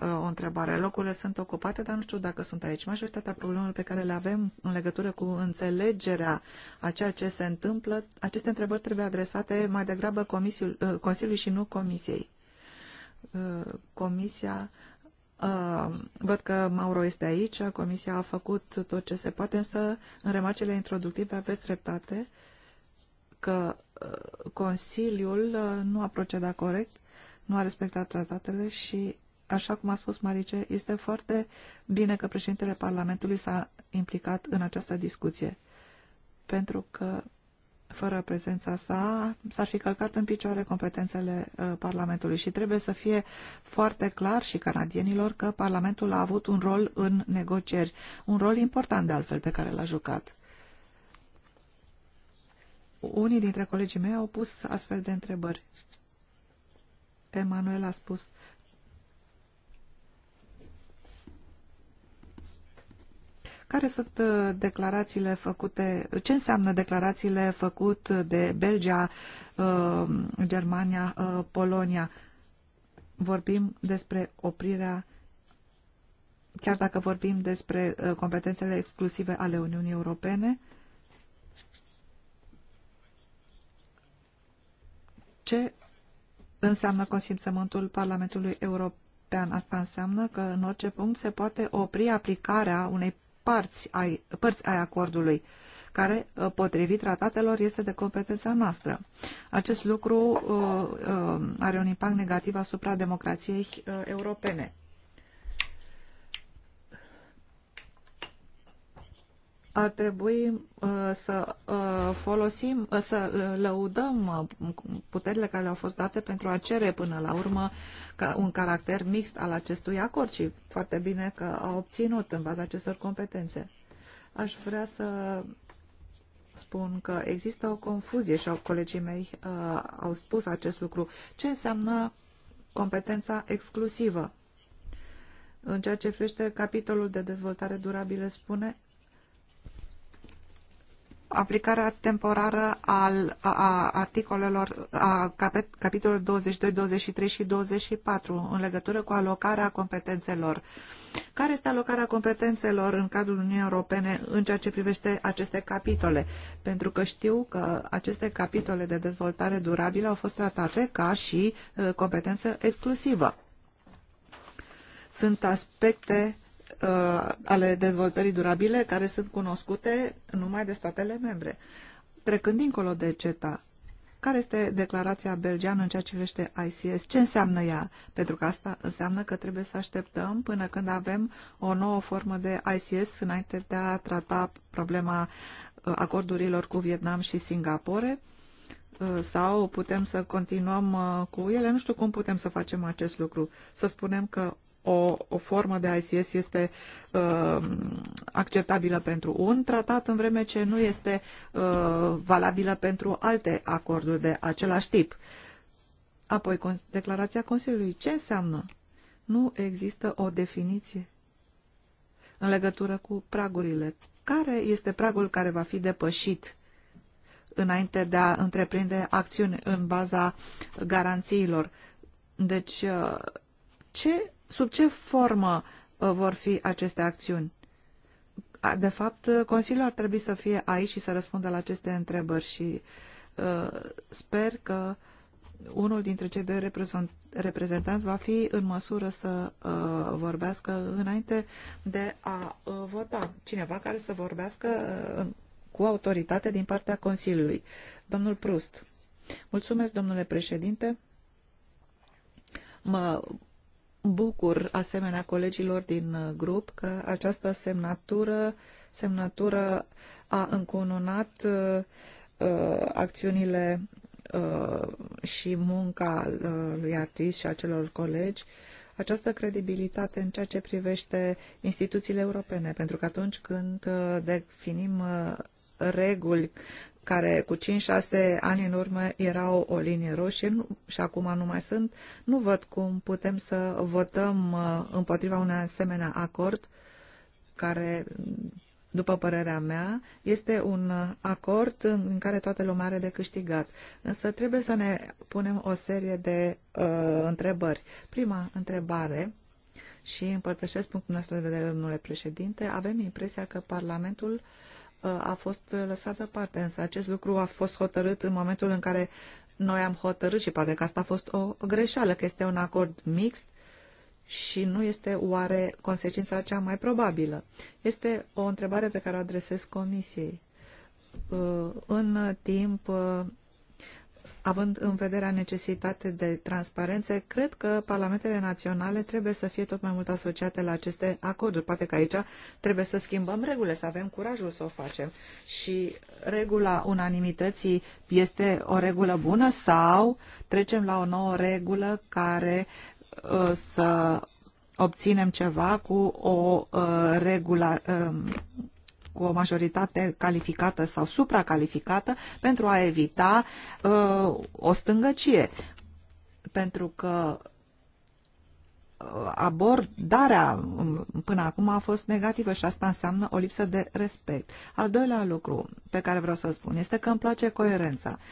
uh, o întrebare. Locurile sunt ocupate, dar nu știu dacă sunt aici. Majoritatea problemelor pe care le avem în legătură cu înțelegerea a ceea ce se întâmplă, aceste întrebări trebuie adresate mai degrabă comisiul, uh, Consiliului și nu Comisiei. Uh, comisia Uh, văd că Mauro este aici, comisia a făcut tot ce se poate, însă în remarcele introductive aveți dreptate. Uh, că uh, Consiliul uh, nu a procedat corect, nu a respectat tratatele și, așa cum a spus Marice, este foarte bine că președintele Parlamentului s-a implicat în această discuție, pentru că fără prezența sa, s-ar fi călcat în picioare competențele uh, Parlamentului și trebuie să fie foarte clar și canadienilor că Parlamentul a avut un rol în negocieri, un rol important de altfel pe care l-a jucat. Unii dintre colegii mei au pus astfel de întrebări. Emanuel a spus Care sunt uh, declarațiile făcute, ce înseamnă declarațiile făcute de Belgia, uh, Germania, uh, Polonia? Vorbim despre oprirea, chiar dacă vorbim despre competențele exclusive ale Uniunii Europene, ce înseamnă consimțământul Parlamentului European. Asta înseamnă că în orice punct se poate opri aplicarea unei părți ai, părți ai acordului care, ă, potrivit tratatelor, este de competența noastră. Acest lucru uh, uh, are un impact negativ asupra democrației uh, europene. ar trebui uh, să uh, folosim, uh, să lăudăm puterile care au fost date pentru a cere până la urmă un caracter mixt al acestui acord și foarte bine că a obținut în baza acestor competențe. Aș vrea să spun că există o confuzie și colegii mei uh, au spus acest lucru. Ce înseamnă competența exclusivă? În ceea ce privește capitolul de dezvoltare durabilă spune aplicarea temporară al, a, articolelor, a capet, capitolul 22, 23 și 24 în legătură cu alocarea competențelor. Care este alocarea competențelor în cadrul Uniunii Europene în ceea ce privește aceste capitole? Pentru că știu că aceste capitole de dezvoltare durabilă au fost tratate ca și uh, competență exclusivă. Sunt aspecte Uh, ale dezvoltării durabile care sunt cunoscute numai de statele membre. Trecând dincolo de CETA, care este declarația belgeană în ceea ce privește ICS? Ce înseamnă ea? Pentru că asta înseamnă că trebuie să așteptăm până când avem o nouă formă de ICS înainte de a trata problema uh, acordurilor cu Vietnam și Singapore uh, sau putem să continuăm cu ele. Nu știu cum putem să facem acest lucru. Să spunem că o, o formă de ICS este uh, acceptabilă pentru un tratat, în vreme ce nu este uh, valabilă pentru alte acorduri de același tip. Apoi, declarația Consiliului. Ce înseamnă? Nu există o definiție în legătură cu pragurile. Care este pragul care va fi depășit înainte de a întreprinde acțiuni în baza garanțiilor? Deci, uh, ce Sub ce formă uh, vor fi aceste acțiuni? De fapt, uh, Consiliul ar trebui să fie aici și să răspundă la aceste întrebări și uh, sper că unul dintre cei doi reprezentanți va fi în măsură să uh, vorbească înainte de a uh, vota. Cineva care să vorbească uh, cu autoritate din partea Consiliului. Domnul Prust. Mulțumesc, domnule președinte. Mă bucur, asemenea colegilor din uh, grup, că această semnatură, semnatură a încununat uh, uh acțiunile uh, și munca uh, lui Artis și a celor colegi această credibilitate în ceea ce privește instituțiile europene, pentru că atunci când definim reguli care cu 5-6 ani în urmă erau o linie roșie nu, și acum nu mai sunt, nu văd cum putem să votăm uh, împotriva unui asemenea acord care, după părerea mea, este un uh, acord în care toată lumea are de câștigat. Însă trebuie să ne punem o serie de uh, întrebări. Prima întrebare și împărtășesc punctul nostru de vedere, domnule președinte, avem impresia că Parlamentul uh, Uh, a fost lăsată parte, însă acest lucru a fost hotărât în momentul în care noi am hotărât și poate că asta a fost o greșeală, că este un acord mixt și nu este oare consecința cea mai probabilă. Este o întrebare pe care o adresez Comisiei. Uh, în timp, uh, având în vederea necesitatea de transparență, cred că parlamentele naționale trebuie să fie tot mai mult asociate la aceste acorduri. Poate că aici trebuie să schimbăm regulile, să avem curajul să o facem. Și regula unanimității este o regulă bună sau trecem la o nouă regulă care uh, să obținem ceva cu o uh, regulă uh, cu o majoritate calificată sau supracalificată pentru a evita uh, o stângăcie. Pentru că uh, abordarea um, până acum a fost negativă și asta înseamnă o lipsă de respect. Al doilea lucru pe care vreau să-l spun este că îmi place coerența. Uh,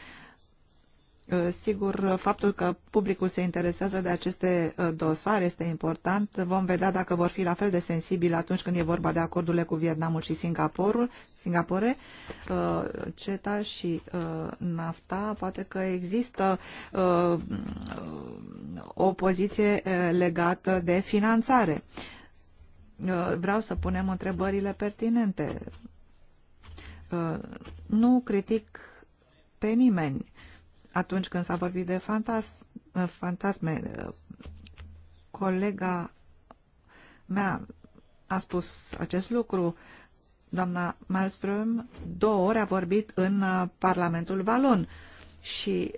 Uh, sigur, uh, faptul că publicul se interesează de aceste uh, dosare este important. Vom vedea dacă vor fi la fel de sensibili atunci când e vorba de acordurile cu Vietnamul și Singaporul, Singapore, CETA și NAFTA. Poate că există o poziție legată de finanțare. Vreau să punem întrebările pertinente. Nu critic pe nimeni atunci când s-a vorbit de fantas, eh, fantasme. Eh, colega mea a spus acest lucru. Doamna Malmström două ori a vorbit în eh, Parlamentul Valon și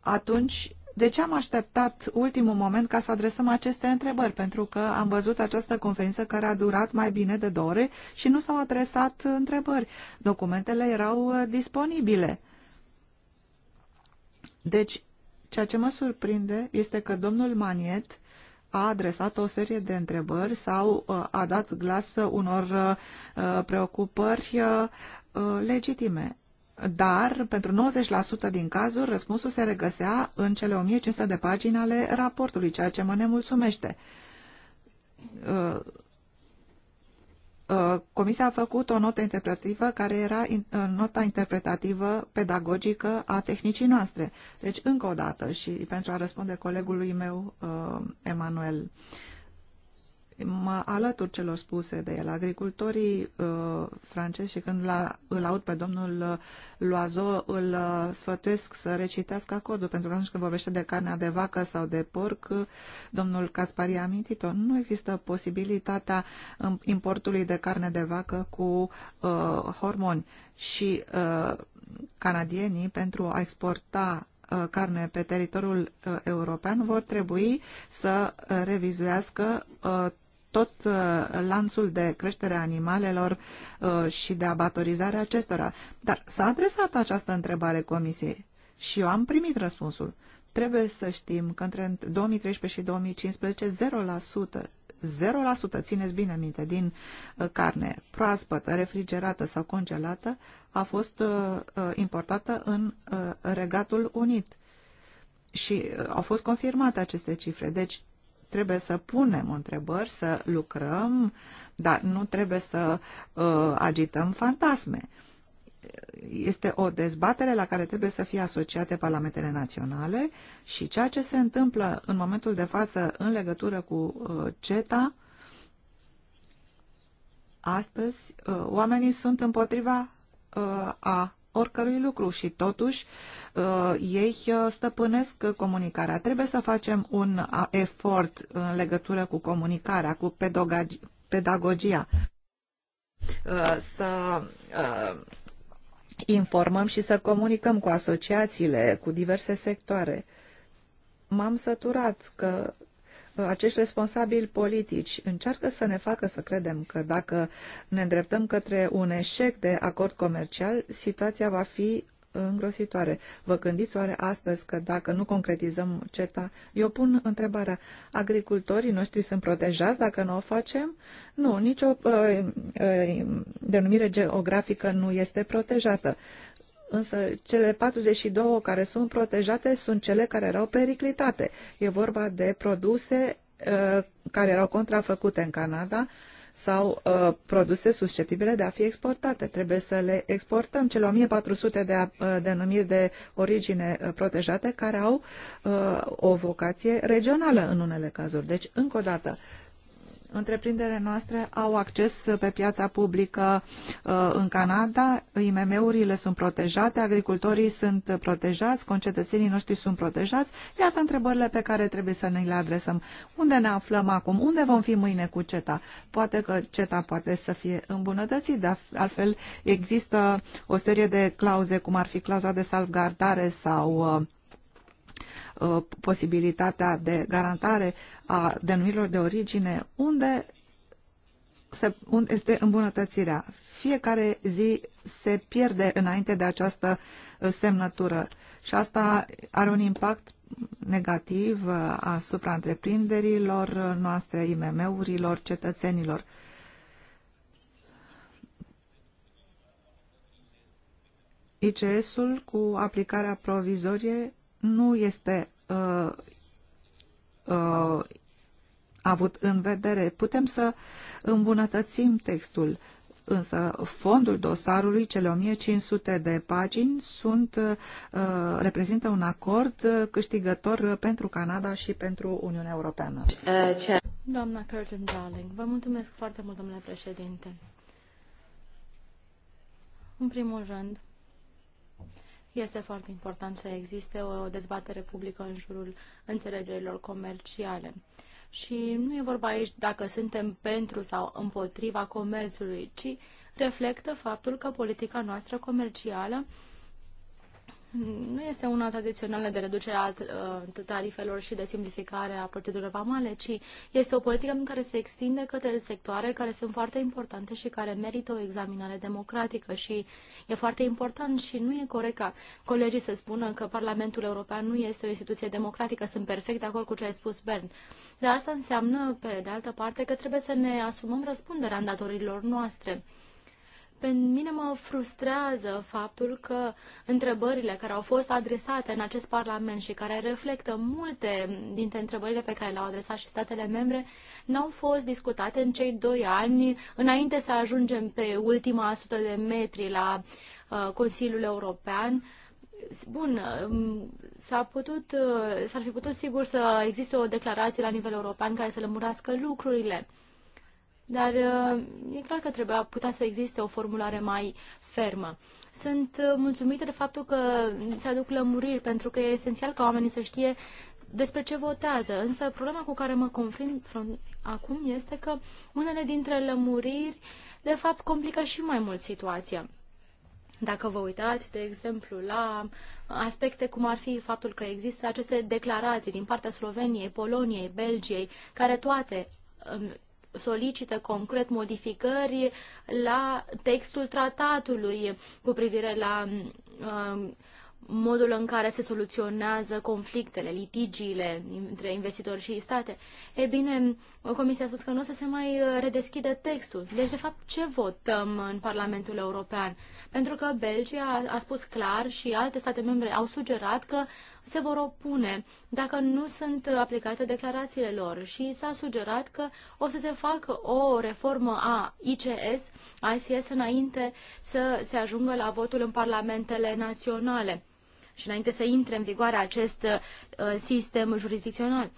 atunci de ce am așteptat ultimul moment ca să adresăm aceste întrebări? Pentru că am văzut această conferință care a durat mai bine de două ore și nu s-au adresat întrebări. Documentele erau disponibile. Deci, ceea ce mă surprinde este că domnul Maniet a adresat o serie de întrebări sau uh, a dat glas unor uh, preocupări uh, legitime. Dar, pentru 90% din cazuri, răspunsul se regăsea în cele 1500 de pagini ale raportului, ceea ce mă nemulțumește Uh, Comisia a făcut o notă interpretativă care era uh, nota interpretativă pedagogică a tehnicii noastre. Deci, încă o dată, și pentru a răspunde colegului meu, uh, Emanuel, uh, mă alătur celor spuse de el. Agricultorii uh, francezi și când la, îl aud pe domnul uh, Loazo, îl uh, sfătuiesc să recitească acordul, pentru că atunci când vorbește de carnea de vacă sau de porc, uh, domnul Caspari a amintit-o, nu există posibilitatea um, importului de carne de vacă cu uh, hormoni. Și uh, canadienii, pentru a exporta uh, carne pe teritoriul european vor trebui să revizuiască tot uh, lanțul de creștere a animalelor uh, și de abatorizare acestora. Dar s-a adresat această întrebare comisiei și eu am primit răspunsul. Trebuie să știm că între 2013 și 2015 0% 0%, țineți bine minte, din uh, carne proaspătă, refrigerată sau congelată a fost importată în Regatul Unit. Și au fost confirmate aceste cifre. Deci Trebuie să punem întrebări, să lucrăm, dar nu trebuie să uh, agităm fantasme. Este o dezbatere la care trebuie să fie asociate parlamentele naționale și ceea ce se întâmplă în momentul de față în legătură cu uh, CETA, astăzi uh, oamenii sunt împotriva uh, a oricărui lucru și totuși uh, ei uh, stăpânesc comunicarea. Trebuie să facem un efort în legătură cu comunicarea, cu pedagogia, uh, să informăm și să comunicăm cu asociațiile, cu diverse sectoare. M-am săturat că acești responsabili politici încearcă să ne facă să credem că dacă ne îndreptăm către un eșec de acord comercial, situația va fi îngrositoare. Vă gândiți oare astăzi că dacă nu concretizăm CETA? Eu pun întrebarea, agricultorii noștri sunt protejați dacă nu o facem? Nu, nicio uh, uh, denumire geografică nu este protejată. Însă cele 42 care sunt protejate sunt cele care erau periclitate. E vorba de produse uh, care erau contrafăcute în Canada sau uh, produse susceptibile de a fi exportate. Trebuie să le exportăm cele 1400 de uh, denumiri de origine uh, protejate care au uh, o vocație regională în unele cazuri. Deci, încă o dată, uh, Întreprinderile noastre au acces pe piața publică uh, în Canada, IMM-urile sunt protejate, agricultorii sunt protejați, concetățenii noștri sunt protejați. Iată întrebările pe care trebuie să ne le adresăm. Unde ne aflăm acum? Unde vom fi mâine cu CETA? Poate că CETA poate să fie îmbunătățit, dar altfel există o serie de clauze, cum ar fi clauza de salvgardare sau uh, Uh, posibilitatea de garantare a denumirilor de origine, unde, se, unde este îmbunătățirea. Fiecare zi se pierde înainte de această uh, semnătură și asta are un impact negativ uh, asupra întreprinderilor noastre, IMM-urilor, cetățenilor. ICS-ul cu aplicarea provizorie nu este uh, uh, avut în vedere. Putem să îmbunătățim textul, însă fondul dosarului, cele 1500 de pagini, sunt, uh, reprezintă un acord câștigător pentru Canada și pentru Uniunea Europeană. Uh, Doamna Curtin Darling, vă mulțumesc foarte mult, domnule președinte. În primul rând, este foarte important să existe o dezbatere publică în jurul înțelegerilor comerciale. Și nu e vorba aici dacă suntem pentru sau împotriva comerțului, ci reflectă faptul că politica noastră comercială nu este una tradițională de reducere a uh, tarifelor și de simplificare a procedurilor vamale, ci este o politică în care se extinde către sectoare care sunt foarte importante și care merită o examinare democratică și e foarte important și nu e corect ca colegii să spună că Parlamentul European nu este o instituție democratică. Sunt perfect de acord cu ce ai spus, Bern. Dar asta înseamnă, pe de altă parte, că trebuie să ne asumăm răspunderea îndatoririlor noastre. Pe mine mă frustrează faptul că întrebările care au fost adresate în acest Parlament și care reflectă multe dintre întrebările pe care le-au adresat și statele membre n-au fost discutate în cei doi ani înainte să ajungem pe ultima sută de metri la uh, Consiliul European bun, um, s putut, uh, s-ar fi putut sigur să existe o declarație la nivel european care să lămurească lucrurile. Dar uh, e clar că trebuia putea să existe o formulare mai fermă. Sunt uh, mulțumită de faptul că se aduc lămuriri, pentru că e esențial ca oamenii să știe despre ce votează. Însă problema cu care mă confrunt acum este că unele dintre lămuriri, de fapt, complică și mai mult situația. Dacă vă uitați, de exemplu, la aspecte cum ar fi faptul că există aceste declarații din partea Sloveniei, Poloniei, Belgiei, care toate um, solicită concret modificări la textul tratatului cu privire la um, modul în care se soluționează conflictele, litigiile între investitori și state. E bine, Comisia a spus că nu o să se mai uh, redeschide textul. Deci, de fapt, ce votăm în Parlamentul European? Pentru că Belgia a spus clar și alte state membre au sugerat că se vor opune dacă nu sunt aplicate declarațiile lor și s-a sugerat că o să se facă o reformă a ICS, ICS, înainte să se ajungă la votul în parlamentele naționale și înainte să intre în vigoare acest uh, sistem jurisdicțional.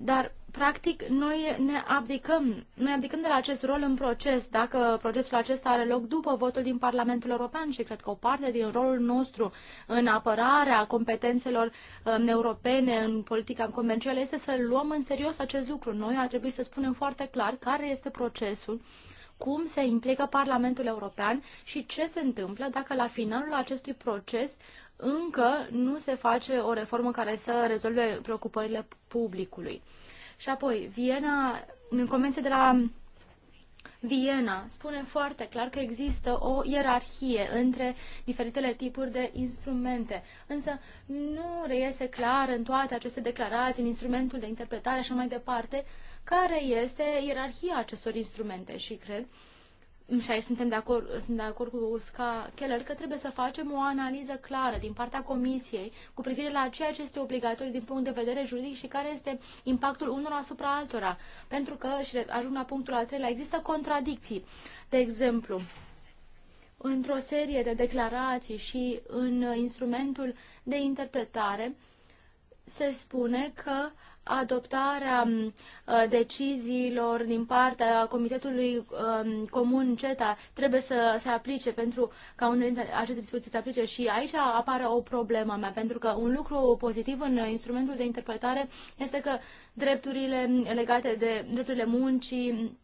Dar, practic, noi ne abdicăm, noi abdicăm de la acest rol în proces, dacă procesul acesta are loc după votul din Parlamentul European și cred că o parte din rolul nostru în apărarea competențelor um, europene în politica comercială este să luăm în serios acest lucru. Noi ar trebui să spunem foarte clar care este procesul cum se implică Parlamentul European și ce se întâmplă dacă la finalul acestui proces încă nu se face o reformă care să rezolve preocupările publicului. Și apoi, Viena, în convenție de la Viena spune foarte clar că există o ierarhie între diferitele tipuri de instrumente, însă nu reiese clar în toate aceste declarații, în instrumentul de interpretare și așa mai departe, care este ierarhia acestor instrumente și cred și aici suntem de acord, sunt de acord cu Usca Keller, că trebuie să facem o analiză clară din partea Comisiei cu privire la ceea ce este obligatoriu din punct de vedere juridic și care este impactul unor asupra altora. Pentru că, și ajung la punctul al treilea, există contradicții. De exemplu, într-o serie de declarații și în instrumentul de interpretare, se spune că uh, adoptarea mm, uh, deciziilor din partea Comitetului um, Comun CETA trebuie să se aplice pentru ca unele dintre aceste dispoziții să se aplice și aici apare o problemă mea, pentru că un lucru pozitiv în instrumentul de interpretare este că drepturile legate de drepturile muncii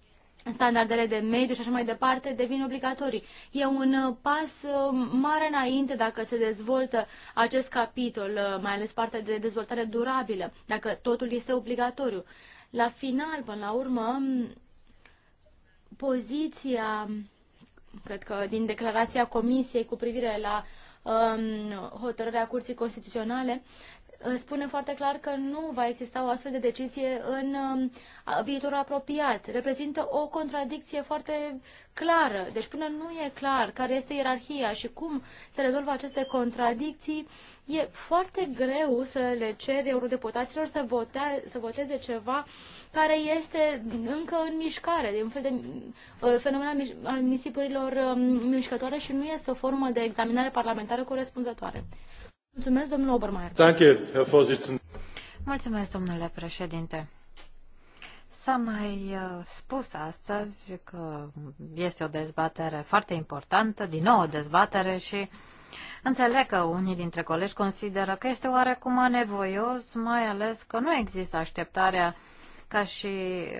standardele de mediu și așa mai departe devin obligatorii. E un uh, pas uh, mare înainte dacă se dezvoltă acest capitol, uh, mai ales partea de dezvoltare durabilă, dacă totul este obligatoriu. La final, până la urmă, poziția, cred că din declarația Comisiei cu privire la um, hotărârea Curții Constituționale, spune foarte clar că nu va exista o astfel de decizie în um, viitorul apropiat. Reprezintă o contradicție foarte clară. Deci până nu e clar care este ierarhia și cum se rezolvă aceste contradicții, e foarte greu să le ceri eurodeputaților să, vote, să voteze ceva care este încă în mișcare, de un fel de uh, fenomen al municipiilor um, mișcătoare și nu este o formă de examinare parlamentară corespunzătoare. Mulțumesc, domnul Obermeier. Herr Mulțumesc, domnule președinte. S-a mai uh, spus astăzi că este o dezbatere foarte importantă, din nou o dezbatere și înțeleg că unii dintre colegi consideră că este oarecum anevoios, mai ales că nu există așteptarea ca și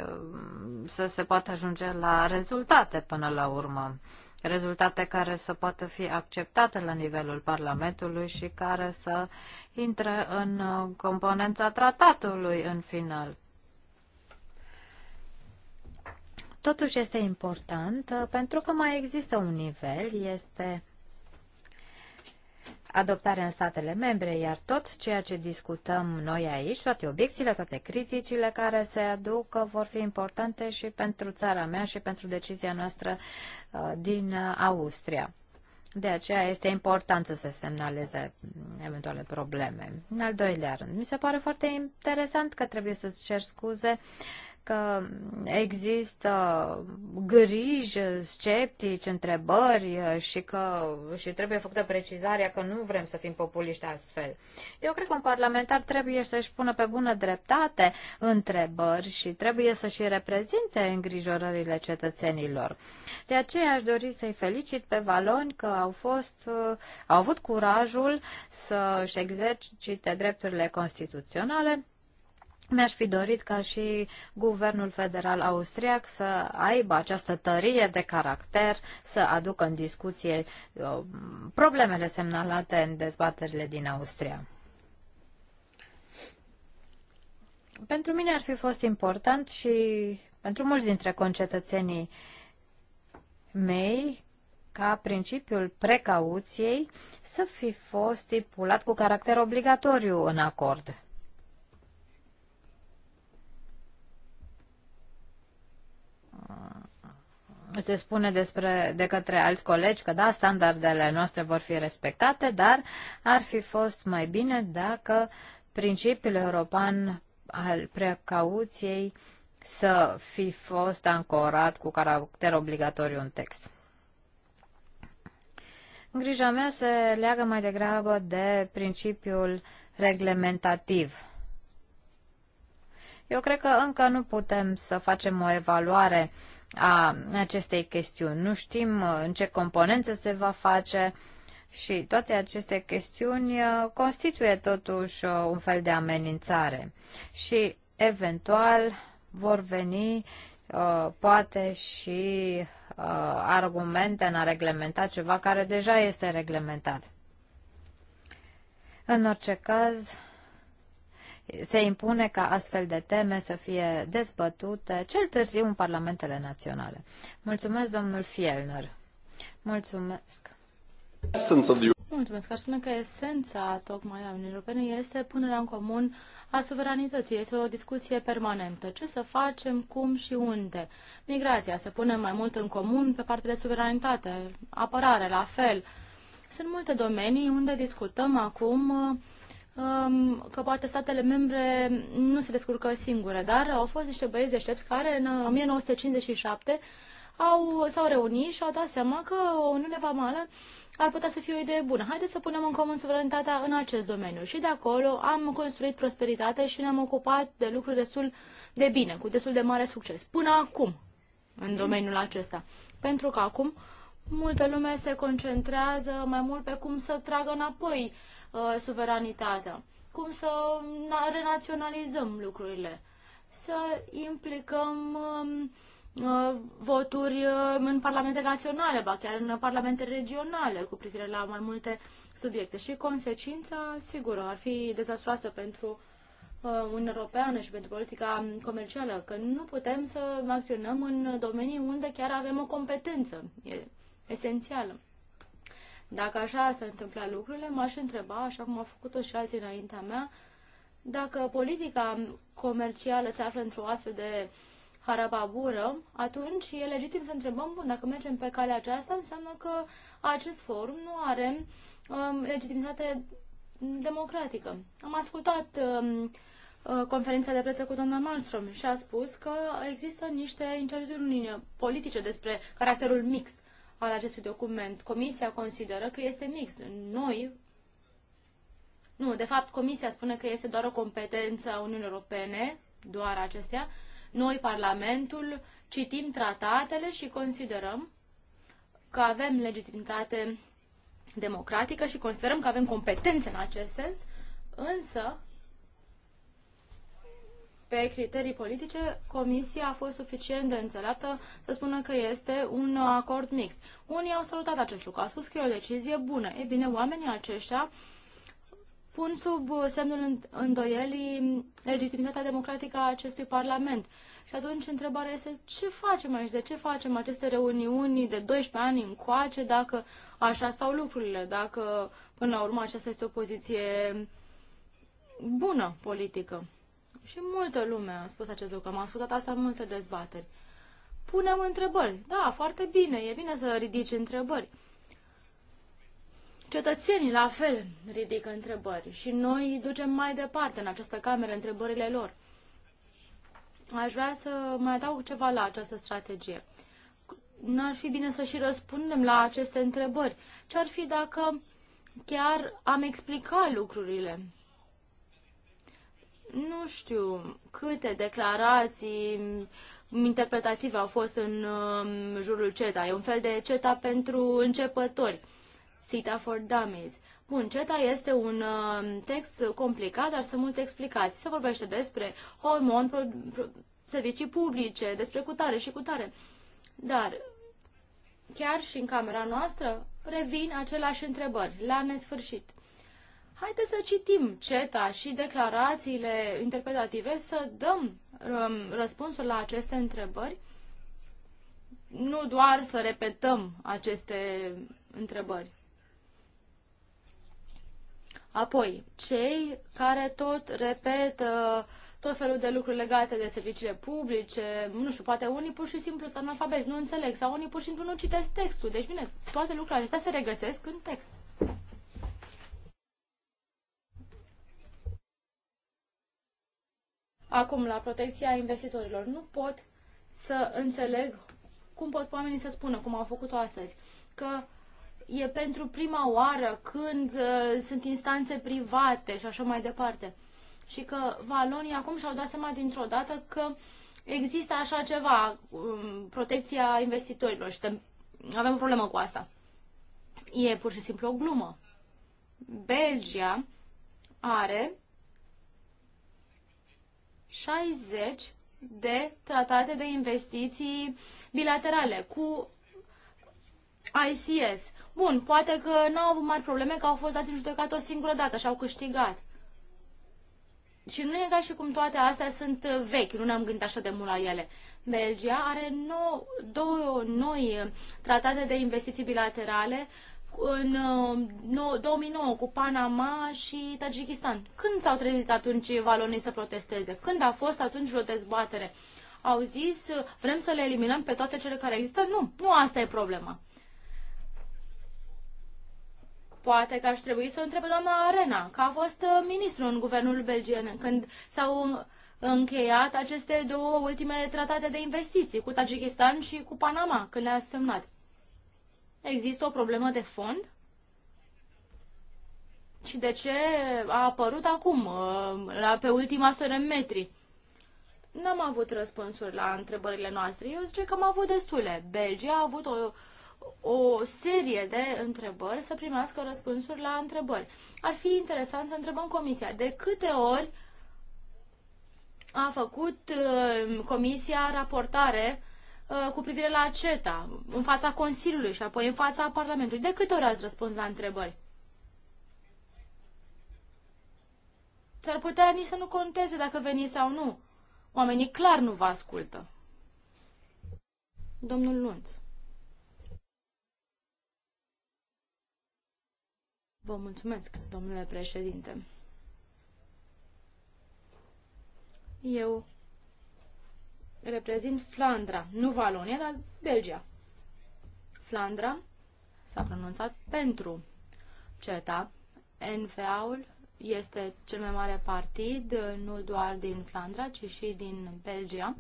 uh, să se poată ajunge la rezultate până la urmă rezultate care să poată fi acceptate la nivelul Parlamentului și care să intre în uh, componența tratatului în final. Totuși este important uh, pentru că mai există un nivel, este Adoptarea în statele membre, iar tot ceea ce discutăm noi aici, toate obiecțiile, toate criticile care se aduc uh, vor fi importante și pentru țara mea și pentru decizia noastră uh, din uh, Austria. De aceea este important să se semnaleze mm, eventuale probleme. În al doilea rând, mi se pare foarte interesant că trebuie să-ți cer scuze uh, că există griji, sceptici, întrebări uh, și că și trebuie făcută precizarea că nu vrem să fim populiști astfel. Eu cred că un parlamentar trebuie să-și pună pe bună dreptate întrebări și trebuie să și reprezinte îngrijorările cetățenilor. De aceea aș dori să-i felicit pe valoni că au, fost, uh, au avut curajul să-și exercite drepturile constituționale mi-aș fi dorit ca și guvernul federal austriac să aibă această tărie de caracter, să aducă în discuție uh, problemele semnalate în dezbaterile din Austria. Pentru mine ar fi fost important și pentru mulți dintre concetățenii mei ca principiul precauției să fi fost stipulat cu caracter obligatoriu în acord. se spune despre, de către alți colegi că da, standardele noastre vor fi respectate, dar ar fi fost mai bine dacă principiul european al precauției să fi fost ancorat cu caracter obligatoriu în text. Grija mea se leagă mai degrabă de principiul reglementativ. Eu cred că încă nu putem să facem o evaluare uh, a acestei chestiuni. Nu știm uh, în ce componență se va face și toate aceste chestiuni uh, constituie totuși uh, un fel de amenințare și eventual vor veni poate și argumente în a reglementa ceva care deja este reglementat. În orice caz, se impune ca astfel de teme să fie dezbătute cel târziu în parlamentele naționale. Mulțumesc, domnul Fielner. Mulțumesc. Mulțumesc. Aș spune că esența tocmai a Uniunii Europene este punerea în comun a suveranității. Este o discuție permanentă. Ce să facem, cum și unde? Migrația se pune mai mult în comun pe partea de suveranitate, apărare, la fel. Sunt multe domenii unde discutăm acum uh, Um, că poate statele membre nu se descurcă singure, dar au fost niște băieți deștepți care în 1957 uh, au, s-au reunit și au dat seama că o Uniune Vamală ar putea să fie o idee bună. Haideți să punem în comun suveranitatea în acest domeniu. Și de acolo am construit prosperitate și ne-am ocupat de lucruri destul de bine, cu destul de mare succes. Până acum, în domeniul acesta. Pentru că acum multă lume se concentrează mai mult pe cum să tragă înapoi uh, Uh, suveranitatea, cum să renaționalizăm lucrurile, să implicăm um, uh, voturi uh, în parlamente naționale, ba chiar în parlamente regionale cu privire la mai multe subiecte. Și consecința, sigur, ar fi dezastroasă pentru Uniunea Europeană și pentru politica comercială, că nu putem să acționăm în domenii unde chiar avem o competență e esențială. Dacă așa s întâmpla lucrurile, m-aș întreba, așa cum au făcut-o și alții înaintea mea, dacă politica comercială se află într-o astfel de harababură, atunci e legitim să întrebăm, bun, dacă mergem pe calea aceasta, înseamnă că acest forum nu are um, legitimitate democratică. Am ascultat um, uh, conferința de preță cu doamna Malmström și a spus că există niște incertitudini politice despre caracterul mixt al acestui document. Comisia consideră că este mix. Noi, nu, de fapt, Comisia spune că este doar o competență a Uniunii Europene, doar acestea. Noi, Parlamentul, citim tratatele și considerăm că avem legitimitate democratică și considerăm că avem competențe în acest sens, însă pe criterii politice, Comisia a fost suficient de înțeleaptă să spună că este un acord mixt. Unii au salutat acest lucru, au spus că e o decizie bună. E bine, oamenii aceștia pun sub semnul îndoielii legitimitatea democratică a acestui Parlament. Și atunci întrebarea este ce facem aici, de ce facem aceste reuniuni de 12 ani încoace dacă așa stau lucrurile, dacă până la urmă aceasta este o poziție bună politică. Și multă lume a spus acest lucru, am ascultat asta în multe dezbateri. Punem întrebări. Da, foarte bine, e bine să ridici întrebări. Cetățenii, la fel, ridică întrebări și noi ducem mai departe în această cameră întrebările lor. Aș vrea să mai adaug ceva la această strategie. N-ar fi bine să și răspundem la aceste întrebări. Ce ar fi dacă chiar am explicat lucrurile? nu știu câte declarații interpretative au fost în um, jurul CETA. E un fel de CETA pentru începători. CETA for Dummies. Bun, CETA este un um, text complicat, dar sunt multe explicații. Se vorbește despre hormon, pro, pro, servicii publice, despre cutare și cutare. Dar chiar și în camera noastră revin aceleași întrebări, la nesfârșit. Haideți să citim CETA și declarațiile interpretative, să dăm um, răspunsul la aceste întrebări, nu doar să repetăm aceste întrebări. Apoi, cei care tot repetă tot felul de lucruri legate de serviciile publice, nu știu, poate unii pur și simplu sunt analfabeti, nu înțeleg, sau unii pur și simplu nu citesc textul. Deci, bine, toate lucrurile acestea se regăsesc în text. Acum, la protecția investitorilor, nu pot să înțeleg cum pot oamenii să spună, cum au făcut-o astăzi, că e pentru prima oară când uh, sunt instanțe private și așa mai departe. Și că valonii acum și-au dat seama dintr-o dată că există așa ceva, um, protecția investitorilor și avem o problemă cu asta. E pur și simplu o glumă. Belgia are 60 de tratate de investiții bilaterale cu ICS. Bun, poate că n-au avut mari probleme, că au fost dați în judecată o singură dată și au câștigat. Și nu e ca și cum toate astea sunt vechi, nu ne-am gândit așa de mult la ele. Belgia are nou, două noi tratate de investiții bilaterale în 2009 uh, cu Panama și Tajikistan. Când s-au trezit atunci valonii să protesteze? Când a fost atunci vreo dezbatere? Au zis, uh, vrem să le eliminăm pe toate cele care există? Nu, nu asta e problema. Poate că aș trebui să o întrebe doamna Arena, că a fost uh, ministru în guvernul belgian când s-au încheiat aceste două ultime tratate de investiții cu Tajikistan și cu Panama, când le-a semnat există o problemă de fond? Și de ce a apărut acum, ă, la, pe ultima sără metri? N-am avut răspunsuri la întrebările noastre. Eu zice că am avut destule. Belgia a avut o, o serie de întrebări să primească răspunsuri la întrebări. Ar fi interesant să întrebăm comisia de câte ori a făcut uh, comisia raportare Uh, cu privire la CETA, în fața Consiliului și apoi în fața Parlamentului. De câte ori ați răspuns la întrebări? S-ar putea nici să nu conteze dacă veniți sau nu. Oamenii clar nu vă ascultă. Domnul Lunț. Vă mulțumesc, domnule președinte. Eu reprezint Flandra, nu Valonia, dar Belgia. Flandra s-a pronunțat pentru CETA. NVA-ul este cel mai mare partid, nu doar din Flandra, ci și din Belgia.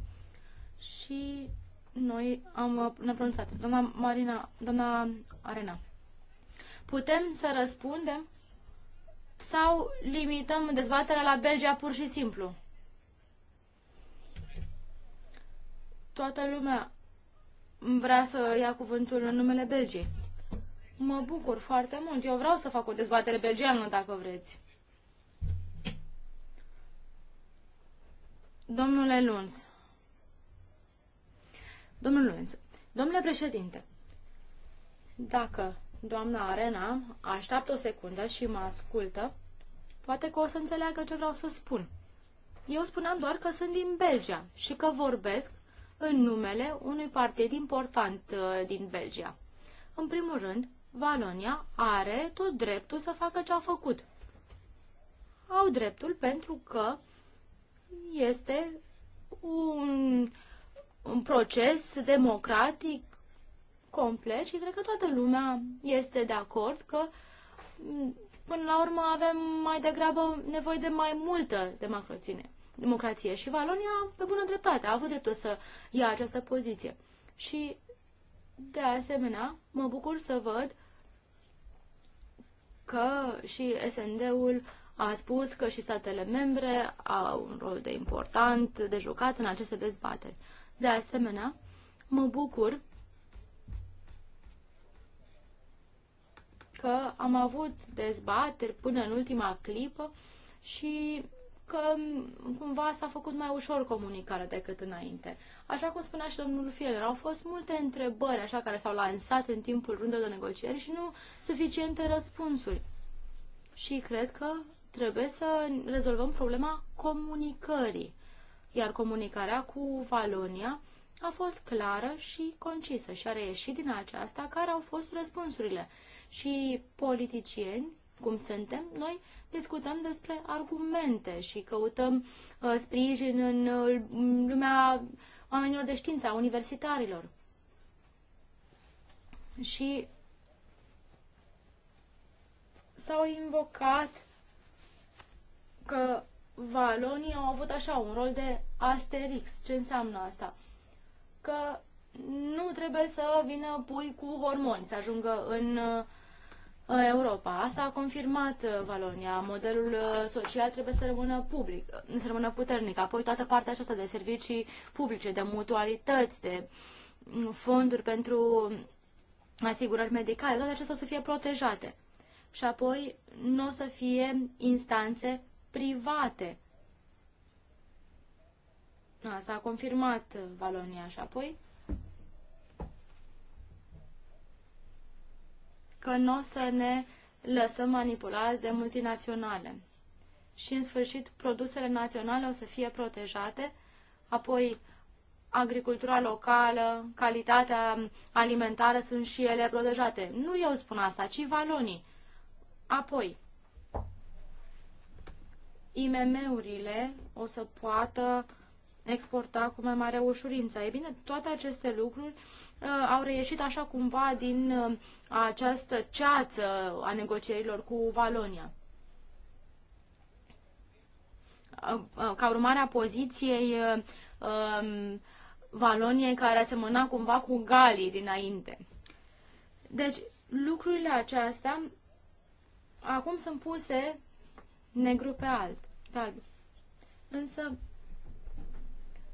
Și noi am ne pronunțat. Doamna Marina, doamna Arena. Putem să răspundem sau limităm dezbaterea la Belgia pur și simplu? Toată lumea vrea să ia cuvântul în numele Belgiei. Mă bucur foarte mult. Eu vreau să fac o dezbatere belgiană, dacă vreți. Domnule Lunz. Domnul Lunz. Domnule președinte, dacă doamna Arena așteaptă o secundă și mă ascultă, poate că o să înțeleagă ce vreau să spun. Eu spuneam doar că sunt din Belgia și că vorbesc în numele unui partid important uh, din Belgia. În primul rând, Valonia are tot dreptul să facă ce au făcut. Au dreptul pentru că este un, un proces democratic complet și cred că toată lumea este de acord că mm, până la urmă avem mai degrabă nevoie de mai multă democrație democrație. Și Valonia, pe bună dreptate, a avut dreptul să ia această poziție. Și, de asemenea, mă bucur să văd că și SND-ul a spus că și statele membre au un rol de important de jucat în aceste dezbateri. De asemenea, mă bucur că am avut dezbateri până în ultima clipă și că mm, cumva s-a făcut mai ușor comunicarea decât înainte. Așa cum spunea și domnul Fieler, au fost multe întrebări așa care s-au lansat în timpul rundelor de negocieri și nu suficiente răspunsuri. Și cred că trebuie să rezolvăm problema comunicării. Iar comunicarea cu Valonia a fost clară și concisă și a reieșit din aceasta care au fost răspunsurile. Și politicieni, cum suntem, noi discutăm despre argumente și căutăm uh, sprijin uh, în lumea oamenilor de știință, a universitarilor. Și s-au invocat că valonii au avut așa un rol de asterix. Ce înseamnă asta? Că nu trebuie să vină pui cu hormoni, să ajungă în uh, Europa. Asta a confirmat uh, Valonia. Modelul uh, social trebuie să rămână public, să rămână puternic. Apoi toată partea aceasta de servicii publice, de mutualități, de mm, fonduri pentru asigurări medicale, toate acestea o să fie protejate. Și apoi nu o să fie instanțe private. Asta a confirmat uh, Valonia și apoi că nu o să ne lăsăm manipulați de multinaționale. Și, în sfârșit, produsele naționale o să fie protejate, apoi agricultura locală, calitatea alimentară sunt și ele protejate. Nu eu spun asta, ci valonii. Apoi, IMM-urile o să poată exporta cu mai mare ușurință. E bine, toate aceste lucruri uh, au reieșit așa cumva din uh, această ceață a negocierilor cu Valonia. Uh, uh, ca urmare a poziției uh, uh, Valoniei care asemăna cumva cu Galii dinainte. Deci, lucrurile acestea acum sunt puse negru pe alt. Dar, Însă,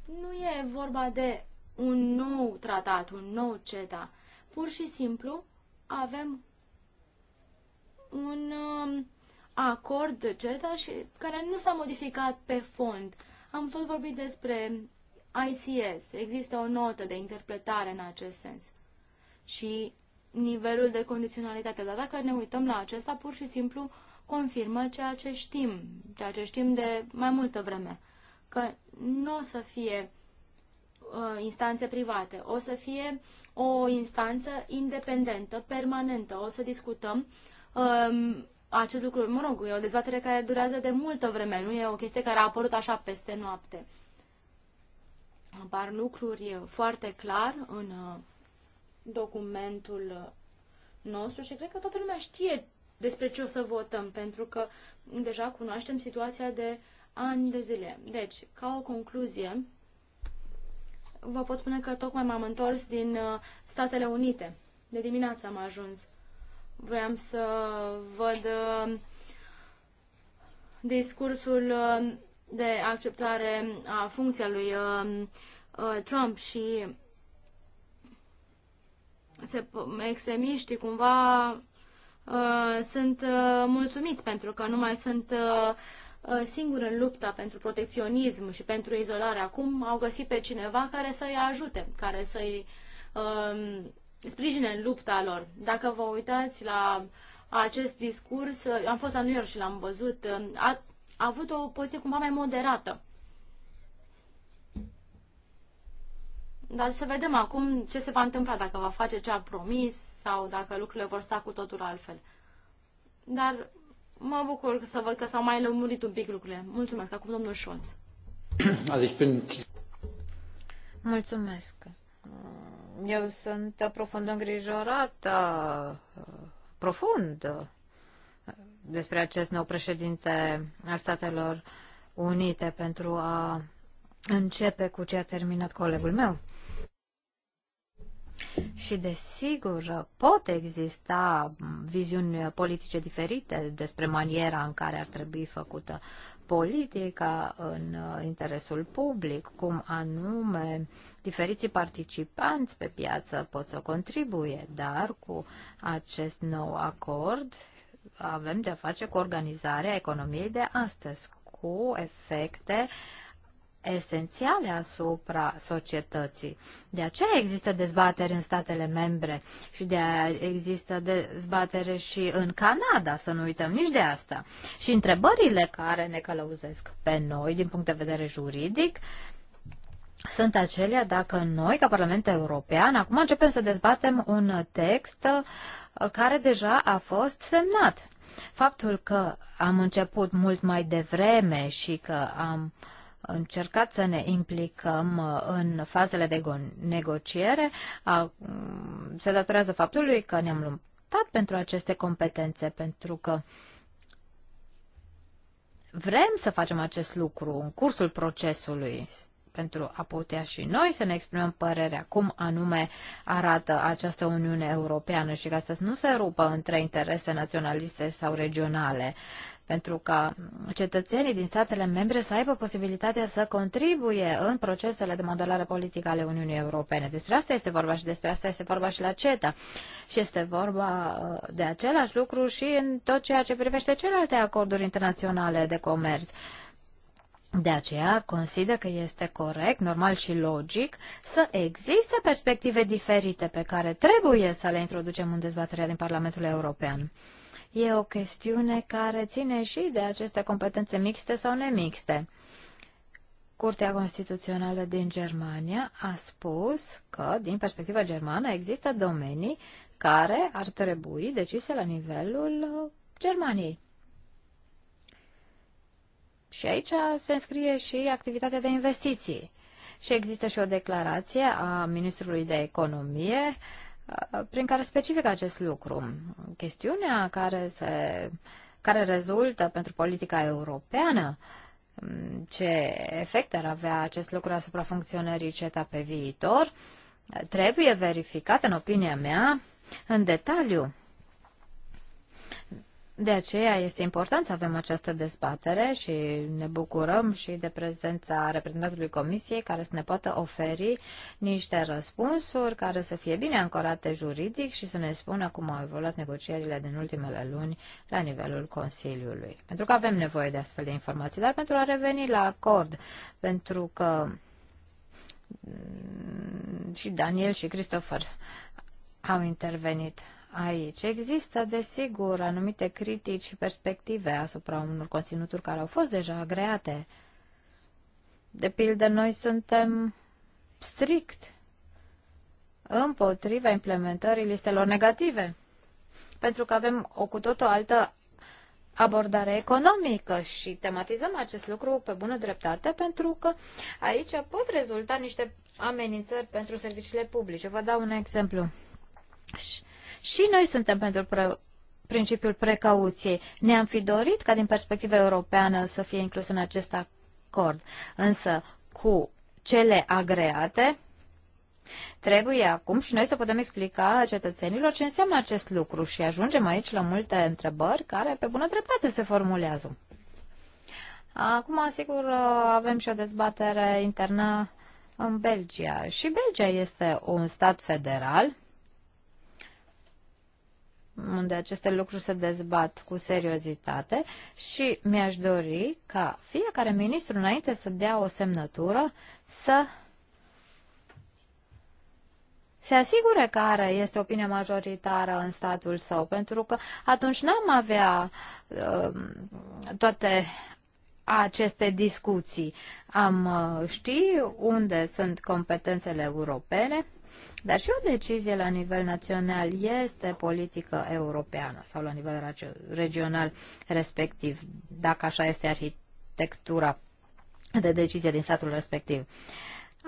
nu e vorba de un nou tratat, un nou CETA. Pur și simplu avem un um, acord acord CETA și, care nu s-a modificat pe fond. Am tot vorbit despre ICS. Există o notă de interpretare în acest sens. Și nivelul de condiționalitate. Dar dacă ne uităm la acesta, pur și simplu confirmă ceea ce știm, ceea ce știm de mai multă vreme că nu o să fie uh, instanțe private, o să fie o instanță independentă, permanentă. O să discutăm um, acest lucru. Mă rog, e o dezbatere care durează de multă vreme, nu e o chestie care a apărut așa peste noapte. Apar lucruri foarte clar în uh, documentul nostru și cred că toată lumea știe despre ce o să votăm, pentru că deja cunoaștem situația de ani de zile. Deci, ca o concluzie, vă pot spune că tocmai m-am întors din uh, Statele Unite. De dimineață am ajuns. Vreau să văd uh, discursul uh, de acceptare a funcției lui Trump și se, extremiștii cumva sunt mulțumiți pentru că nu mai sunt Uh, singur în lupta pentru protecționism și pentru izolare. Acum au găsit pe cineva care să-i ajute, care să-i um, sprijine în lupta lor. Dacă vă uitați la acest discurs, uh, am fost la New York și l-am văzut, uh, a, a avut o poziție cumva mai moderată. Dar să vedem acum ce se va întâmpla, dacă va face ce a promis sau dacă lucrurile vor sta cu totul altfel. Dar Mă bucur să văd că s-au mai lămurit un pic lucrurile. Mulțumesc. Acum domnul Scholz. <clears throat> Mulțumesc. Eu sunt profund îngrijorată, profund, despre acest nou președinte al Statelor Unite pentru a începe cu ce a terminat colegul meu. Și desigur pot exista viziuni politice diferite despre maniera în care ar trebui făcută politica în interesul public, cum anume diferiții participanți pe piață pot să contribuie, dar cu acest nou acord avem de-a face cu organizarea economiei de astăzi, cu efecte uh, esențiale asupra societății. De aceea există dezbatere în statele membre și de aceea există dezbatere și în Canada, să nu uităm nici de asta. Și întrebările care ne călăuzesc pe noi din punct de vedere juridic sunt acelea dacă noi, ca Parlament European, acum începem să dezbatem un text uh, care deja a fost semnat. Faptul că am început mult mai devreme și că am uh, încercat să ne implicăm uh, în fazele de negociere a, mm, se datorează faptului că ne-am luptat pentru aceste competențe, pentru că vrem să facem acest lucru în cursul procesului pentru a putea și noi să ne exprimăm părerea cum anume arată această Uniune Europeană și ca să nu se rupă între interese naționaliste sau regionale. Uh, pentru ca cetățenii din statele membre să aibă posibilitatea să contribuie în procesele de modelare politică ale Uniunii Europene. Despre asta este vorba și despre asta este vorba și la CETA. Și este vorba uh, de același lucru și în tot ceea ce privește celelalte acorduri internaționale de comerț. De aceea consider că este corect, normal și logic să existe perspective diferite pe care trebuie să le introducem în dezbaterea din Parlamentul European e o chestiune care ține și de aceste competențe mixte sau nemixte. Curtea Constituțională din Germania a spus că, din perspectiva germană, există domenii care ar trebui decise la nivelul uh, Germaniei. Și aici se înscrie și activitatea de investiții. Și există și o declarație a Ministrului de Economie prin care specifică acest lucru. Chestiunea care, se, care rezultă pentru politica europeană, ce efecte ar avea acest lucru asupra funcționării CETA pe viitor, trebuie verificată, în opinia mea, în detaliu de aceea este important să avem această dezbatere și ne bucurăm și de prezența reprezentantului Comisiei care să ne poată oferi niște răspunsuri care să fie bine ancorate juridic și să ne spună cum au evoluat negocierile din ultimele luni la nivelul Consiliului. Pentru că avem nevoie de astfel de informații, dar pentru a reveni la acord, pentru că și Daniel și Christopher au intervenit aici. Există, desigur, anumite critici și perspective asupra unor conținuturi care au fost deja agreate. De pildă, noi suntem strict împotriva implementării listelor negative, pentru că avem o cu tot o altă abordare economică și tematizăm acest lucru pe bună dreptate pentru că aici pot rezulta niște amenințări pentru serviciile publice. Vă dau un exemplu. Și și noi suntem pentru pre- principiul precauției. Ne-am fi dorit ca din perspectiva europeană să fie inclus în acest acord. Însă cu cele agreate, Trebuie acum și noi să putem explica cetățenilor ce înseamnă acest lucru și ajungem aici la multe întrebări care pe bună dreptate se formulează. Acum, sigur, avem și o dezbatere internă în Belgia și Belgia este un stat federal unde aceste lucruri se dezbat cu seriozitate și mi-aș dori ca fiecare ministru, înainte să dea o semnătură, să se asigure că are este opinia majoritară în statul său, pentru că atunci n-am avea uh, toate aceste discuții. Am uh, ști unde sunt competențele europene dar și o decizie la nivel național este politică europeană sau la nivel regional respectiv, dacă așa este arhitectura de decizie din statul respectiv.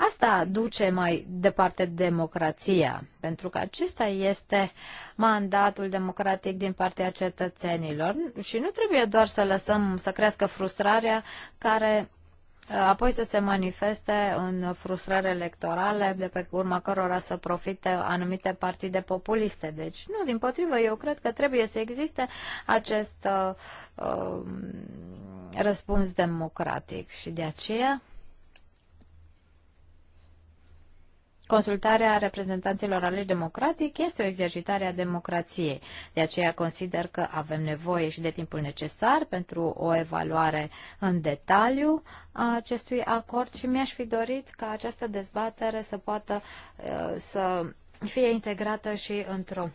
Asta duce mai departe democrația, pentru că acesta este mandatul democratic din partea cetățenilor și nu trebuie doar să lăsăm să crească frustrarea care apoi să se manifeste în frustrări electorale de pe urma cărora să profite anumite partide populiste. Deci, nu, din potrivă, eu cred că trebuie să existe acest uh, uh, răspuns democratic și de aceea Consultarea reprezentanților aleși democratic este o exercitare a democrației. De aceea consider că avem nevoie și de timpul necesar pentru o evaluare în detaliu a acestui acord și mi-aș fi dorit ca această dezbatere să poată uh, să fie integrată și într-o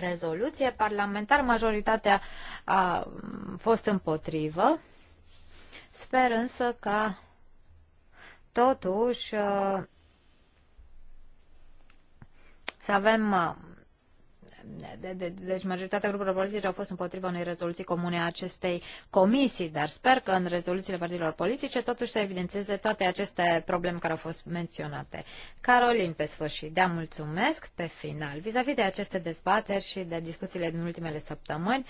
rezoluție parlamentar. Majoritatea a mm, fost împotrivă. Sper însă ca totuși uh, să avem uh, de, de, deci majoritatea grupurilor politice au fost împotriva unei rezoluții comune a acestei comisii, dar sper că în rezoluțiile partidelor politice totuși să evidențieze toate aceste probleme care au fost menționate. Carolin, pe sfârșit, da, mulțumesc pe final. Vis-a-vis -vis de aceste dezbateri și de discuțiile din ultimele săptămâni,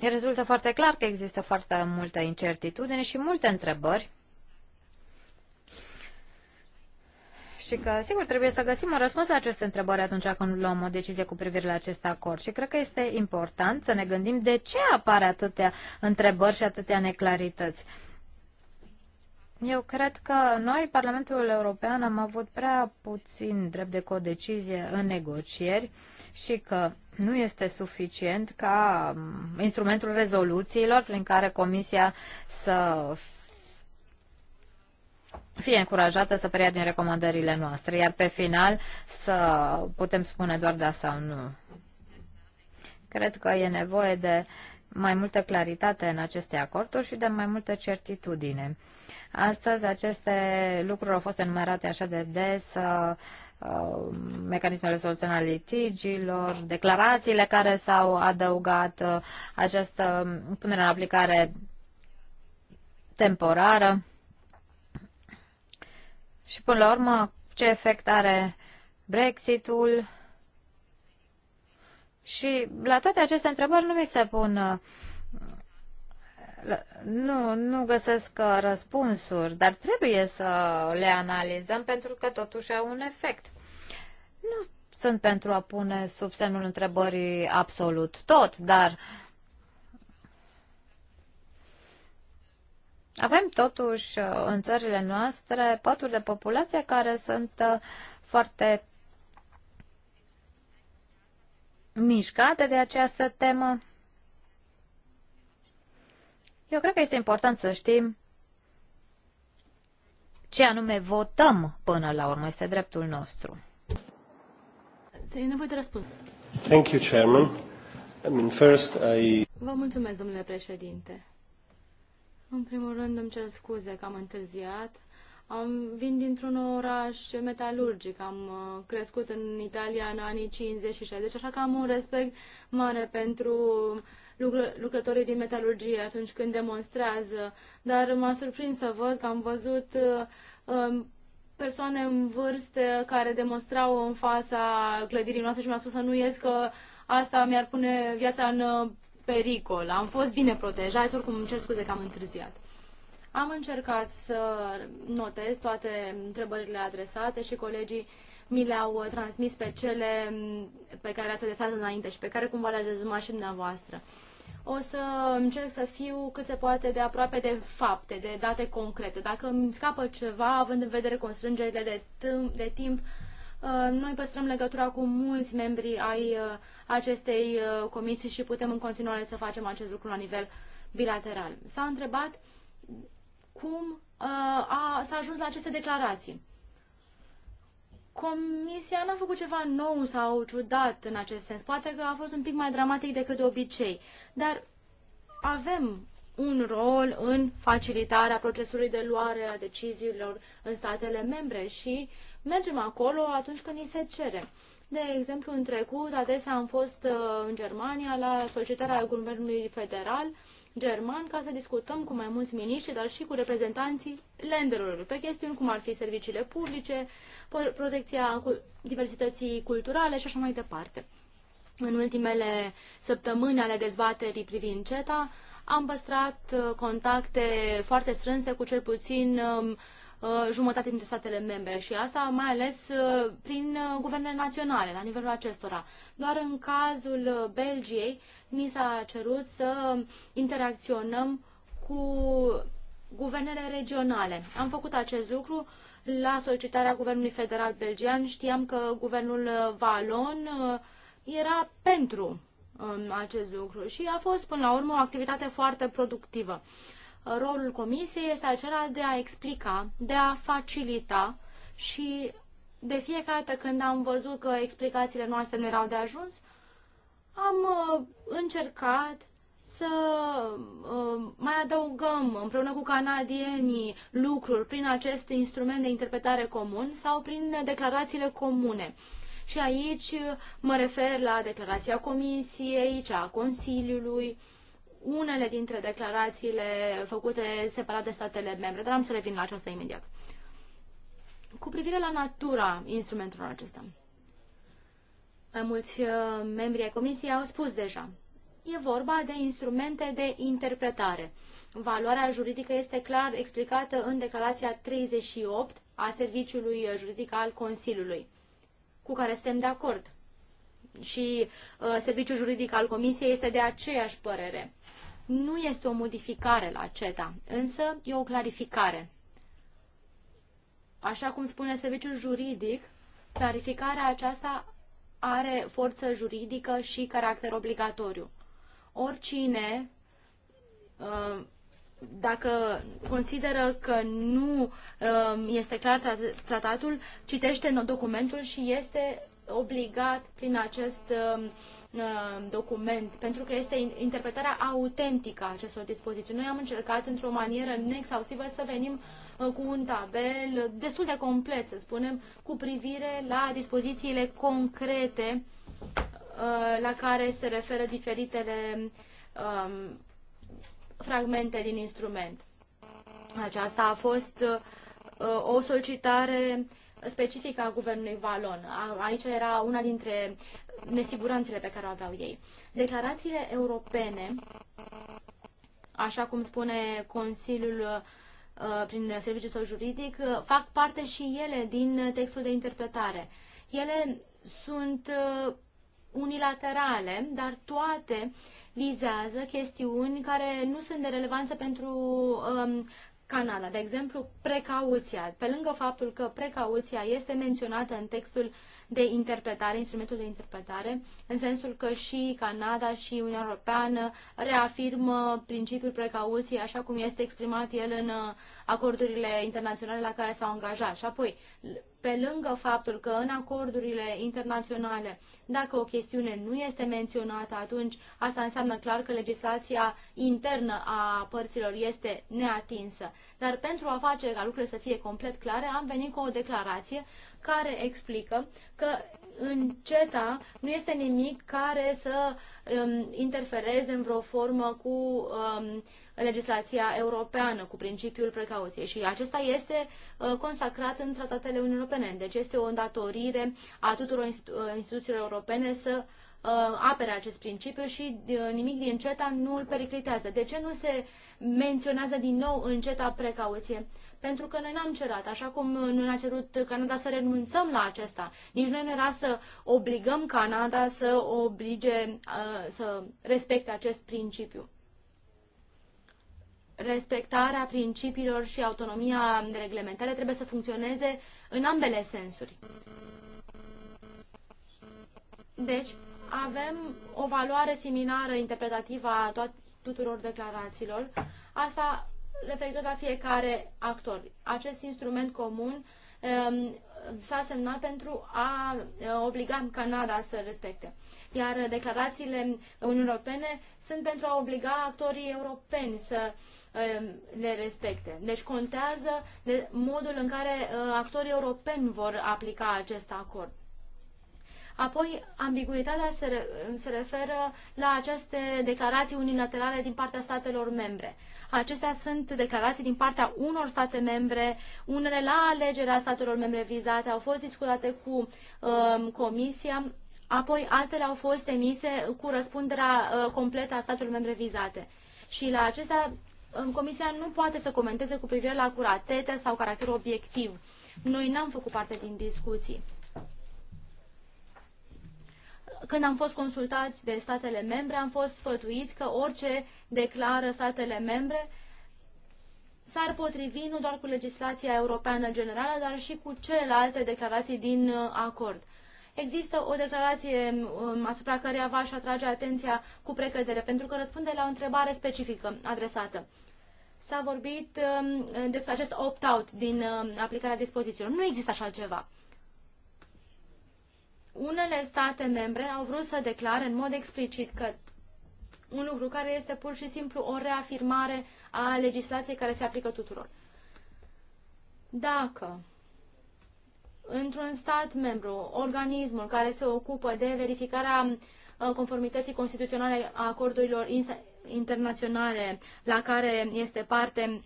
rezultă foarte clar că există foarte multă incertitudine și multe întrebări și că, sigur, trebuie să găsim un răspuns la aceste întrebări atunci când luăm o decizie cu privire la acest acord. Și cred că este important să ne gândim de ce apare atâtea întrebări și atâtea neclarități. Eu cred că noi, Parlamentul European, am avut prea puțin drept de codecizie în negocieri și că nu este suficient ca mm, instrumentul rezoluțiilor prin care Comisia să fie încurajată să preia din recomandările noastre, iar pe final să putem spune doar da sau nu. Cred că e nevoie de mai multă claritate în aceste acorduri și de mai multă certitudine. Astăzi aceste lucruri au fost enumerate așa de des, uh, mecanismele soluționare litigiilor, declarațiile care s-au adăugat, uh, această punere în aplicare temporară. Și până la urmă, ce efect are Brexitul? Și la toate aceste întrebări nu mi se pun uh, nu, nu găsesc uh, răspunsuri, dar trebuie să le analizăm pentru că totuși au un efect. Nu sunt pentru a pune sub semnul întrebării absolut tot, dar uh, Avem totuși uh, în țările noastre paturi de populație care sunt uh, foarte mișcate de această temă. Eu cred că este important să știm ce anume votăm până la urmă. Este dreptul nostru. nevoie de răspuns. Thank you, Chairman. I mean, first I... Vă mulțumesc, domnule președinte. În primul rând îmi cer scuze că am întârziat. Am, vin dintr-un oraș metalurgic, am uh, crescut în Italia în anii 50 și 60, deci așa că am un respect mare pentru lucrătorii din metalurgie atunci când demonstrează, dar m-a surprins să văd că am văzut uh, um, persoane în vârstă care demonstrau în fața clădirii noastre și mi-a spus să nu ies că asta mi-ar pune viața în uh, pericol. Am fost bine protejați, oricum îmi cer scuze că am întârziat. Am încercat să notez toate întrebările adresate și colegii mi le-au uh, transmis pe cele pe care le-ați adresat înainte și pe care cumva le-ați rezumat și dumneavoastră. O să încerc să fiu cât se poate de aproape de fapte, de date concrete. Dacă îmi scapă ceva, având în vedere constrângerile de, de timp, Uh, noi păstrăm legătura cu mulți membri ai uh, acestei uh, comisii și putem în continuare să facem acest lucru la nivel bilateral. S-a întrebat cum s-a ajuns la aceste declarații. Comisia n-a făcut ceva nou sau ciudat în acest sens. Poate că a fost un pic mai dramatic decât de obicei, dar avem un rol în facilitarea procesului de luare a deciziilor în statele membre și uh, mergem acolo atunci când ni se cere. De exemplu, în trecut, adesea am fost uh, în Germania la solicitarea Guvernului Federal german ca să discutăm cu mai mulți miniștri, dar și cu reprezentanții lenderilor pe chestiuni cum ar fi serviciile publice, protecția diversității culturale și așa mai departe. În ultimele săptămâni ale dezbaterii privind CETA, am păstrat uh, contacte foarte strânse cu cel puțin um, Uh, jumătate dintre statele membre și asta mai ales uh, prin uh, guvernele naționale, la nivelul acestora. Doar în cazul Belgiei ni s-a cerut să interacționăm cu guvernele regionale. Am făcut acest lucru la solicitarea Guvernului Federal Belgian. Știam că guvernul Valon era pentru um, acest lucru și a fost până la urmă o activitate foarte productivă rolul comisiei este acela de a explica, de a facilita și de fiecare dată când am văzut că explicațiile noastre nu erau de ajuns, am uh, încercat să uh, mai adăugăm împreună cu canadienii lucruri prin acest instrument de interpretare comun sau prin declarațiile comune. Și aici mă refer la declarația Comisiei, cea a Consiliului, uh, unele dintre declarațiile făcute separat de statele membre, dar am să revin la aceasta imediat. Cu privire la natura instrumentului acesta, mai mulți uh, membri ai Comisiei au spus deja, e vorba de instrumente de interpretare. Valoarea juridică este clar explicată în declarația 38 a Serviciului Juridic al Consiliului, cu care suntem de acord. Și uh, Serviciul Juridic al Comisiei este de aceeași părere. Nu este o modificare la CETA, însă e o clarificare. Așa cum spune serviciul juridic, clarificarea aceasta are forță juridică și caracter obligatoriu. Oricine, uh, dacă consideră că nu uh, este clar tratatul, citește documentul și este obligat prin acest um, um, document, pentru că este interpretarea autentică a acestor dispoziții. Noi am încercat într-o manieră neexhaustivă să venim uh, cu un tabel destul de complet, să spunem, cu privire la dispozițiile concrete uh, la care se referă diferitele um, fragmente din instrument. Aceasta a fost uh, o solicitare specifică a guvernului Valon. Aici era una dintre nesiguranțele pe care o aveau ei. Declarațiile europene, așa cum spune Consiliul uh, prin serviciul său juridic, uh, fac parte și ele din textul de interpretare. Ele sunt uh, unilaterale, dar toate vizează chestiuni care nu sunt de relevanță pentru um, canală. De exemplu, precauția. Pe lângă faptul că precauția este menționată în textul de interpretare, instrumentul de interpretare, în sensul că și Canada și Uniunea Europeană reafirmă principiul precauției așa cum este exprimat el în uh, acordurile internaționale la care s-au angajat. Și apoi, pe lângă faptul că în acordurile internaționale, dacă o chestiune nu este menționată, atunci asta înseamnă clar că legislația internă a părților este neatinsă. Dar pentru a face ca lucrurile să fie complet clare, am venit cu o declarație care explică că în CETA nu este nimic care să um, interfereze în vreo formă cu um, legislația europeană, cu principiul precauției. Și acesta este uh, consacrat în tratatele Uniunii Europene. Deci este o îndatorire a tuturor institu- uh, instituțiilor europene să uh, Uh, apere acest principiu și uh, nimic din CETA nu îl periclitează. De ce nu se menționează din nou în CETA precauție? Pentru că noi n-am cerat, așa cum uh, nu ne-a cerut Canada să renunțăm la acesta. Nici noi nu era să obligăm Canada să oblige, să respecte acest principiu respectarea principiilor și autonomia de reglementare trebuie să funcționeze în ambele sensuri. Deci, avem o valoare similară interpretativă a tuturor declarațiilor, asta referitor la fiecare actor. Acest instrument comun um, s-a semnat pentru a uh, obliga Canada să respecte. Iar declarațiile Uniunii Europene sunt pentru a obliga actorii europeni să um, le respecte. Deci contează modul în care uh, actorii europeni vor aplica acest acord. Apoi, ambiguitatea se, re, se referă la aceste declarații unilaterale din partea statelor membre. Acestea sunt declarații din partea unor state membre, unele la alegerea statelor membre vizate, au fost discutate cu um, Comisia, apoi altele au fost emise cu răspunderea uh, completă a statelor membre vizate. Și la acestea, um, Comisia nu poate să comenteze cu privire la curatețea sau caracterul obiectiv. Noi n-am făcut parte din discuții când am fost consultați de statele membre, am fost sfătuiți că orice declară statele membre s-ar potrivi nu doar cu legislația europeană generală, dar și cu celelalte declarații din uh, acord. Există o declarație um, asupra căreia v-aș atrage atenția cu precădere, pentru că răspunde la o întrebare specifică adresată. S-a vorbit um, despre acest opt-out din uh, aplicarea dispozițiilor. Nu există așa ceva. Unele state membre au vrut să declare în mod explicit că un lucru care este pur și simplu o reafirmare a legislației care se aplică tuturor. Dacă într-un stat membru, organismul care se ocupă de verificarea uh, conformității constituționale a acordurilor internaționale la care este parte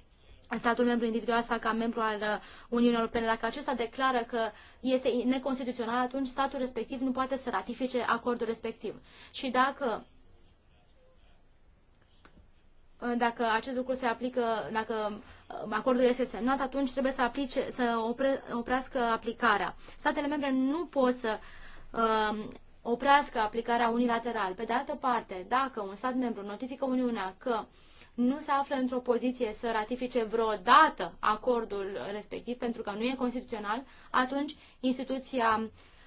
statul membru individual sau ca membru al uh, Uniunii Europene, dacă acesta declară că este neconstituțional, atunci statul respectiv nu poate să ratifice acordul respectiv. Și dacă uh, dacă acest lucru se aplică, dacă uh, acordul este semnat, atunci trebuie să, aplice, să opre, oprească aplicarea. Statele membre nu pot să uh, oprească aplicarea unilateral. Pe de altă parte, dacă un stat membru notifică Uniunea că uh, nu se află într-o poziție să ratifice vreodată acordul respectiv, pentru că nu e constituțional, atunci instituția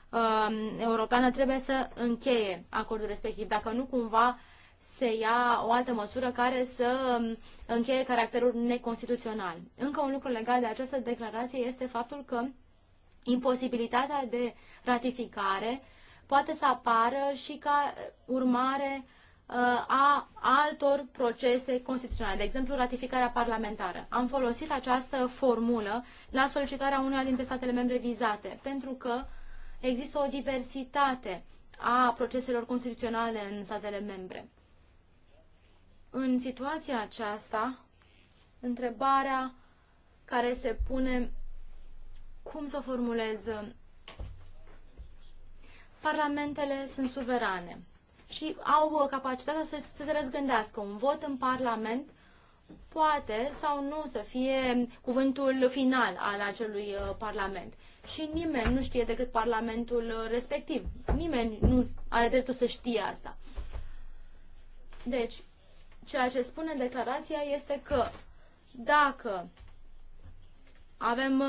um, europeană trebuie să încheie acordul respectiv, dacă nu cumva se ia o altă măsură care să um, încheie caracterul neconstituțional. Încă un lucru legat de această declarație este faptul că imposibilitatea de ratificare poate să apară și ca urmare Uh, a altor procese constituționale, de exemplu ratificarea parlamentară. Am folosit această formulă la solicitarea unei dintre statele membre vizate, pentru că există o diversitate a proceselor constituționale în statele membre. În situația aceasta, întrebarea care se pune cum să o formulez. Parlamentele sunt suverane și au uh, capacitatea să, să se răzgândească. Un vot în Parlament poate sau nu să fie cuvântul final al acelui uh, Parlament. Și nimeni nu știe decât Parlamentul uh, respectiv. Nimeni nu are dreptul să știe asta. Deci, ceea ce spune declarația este că dacă avem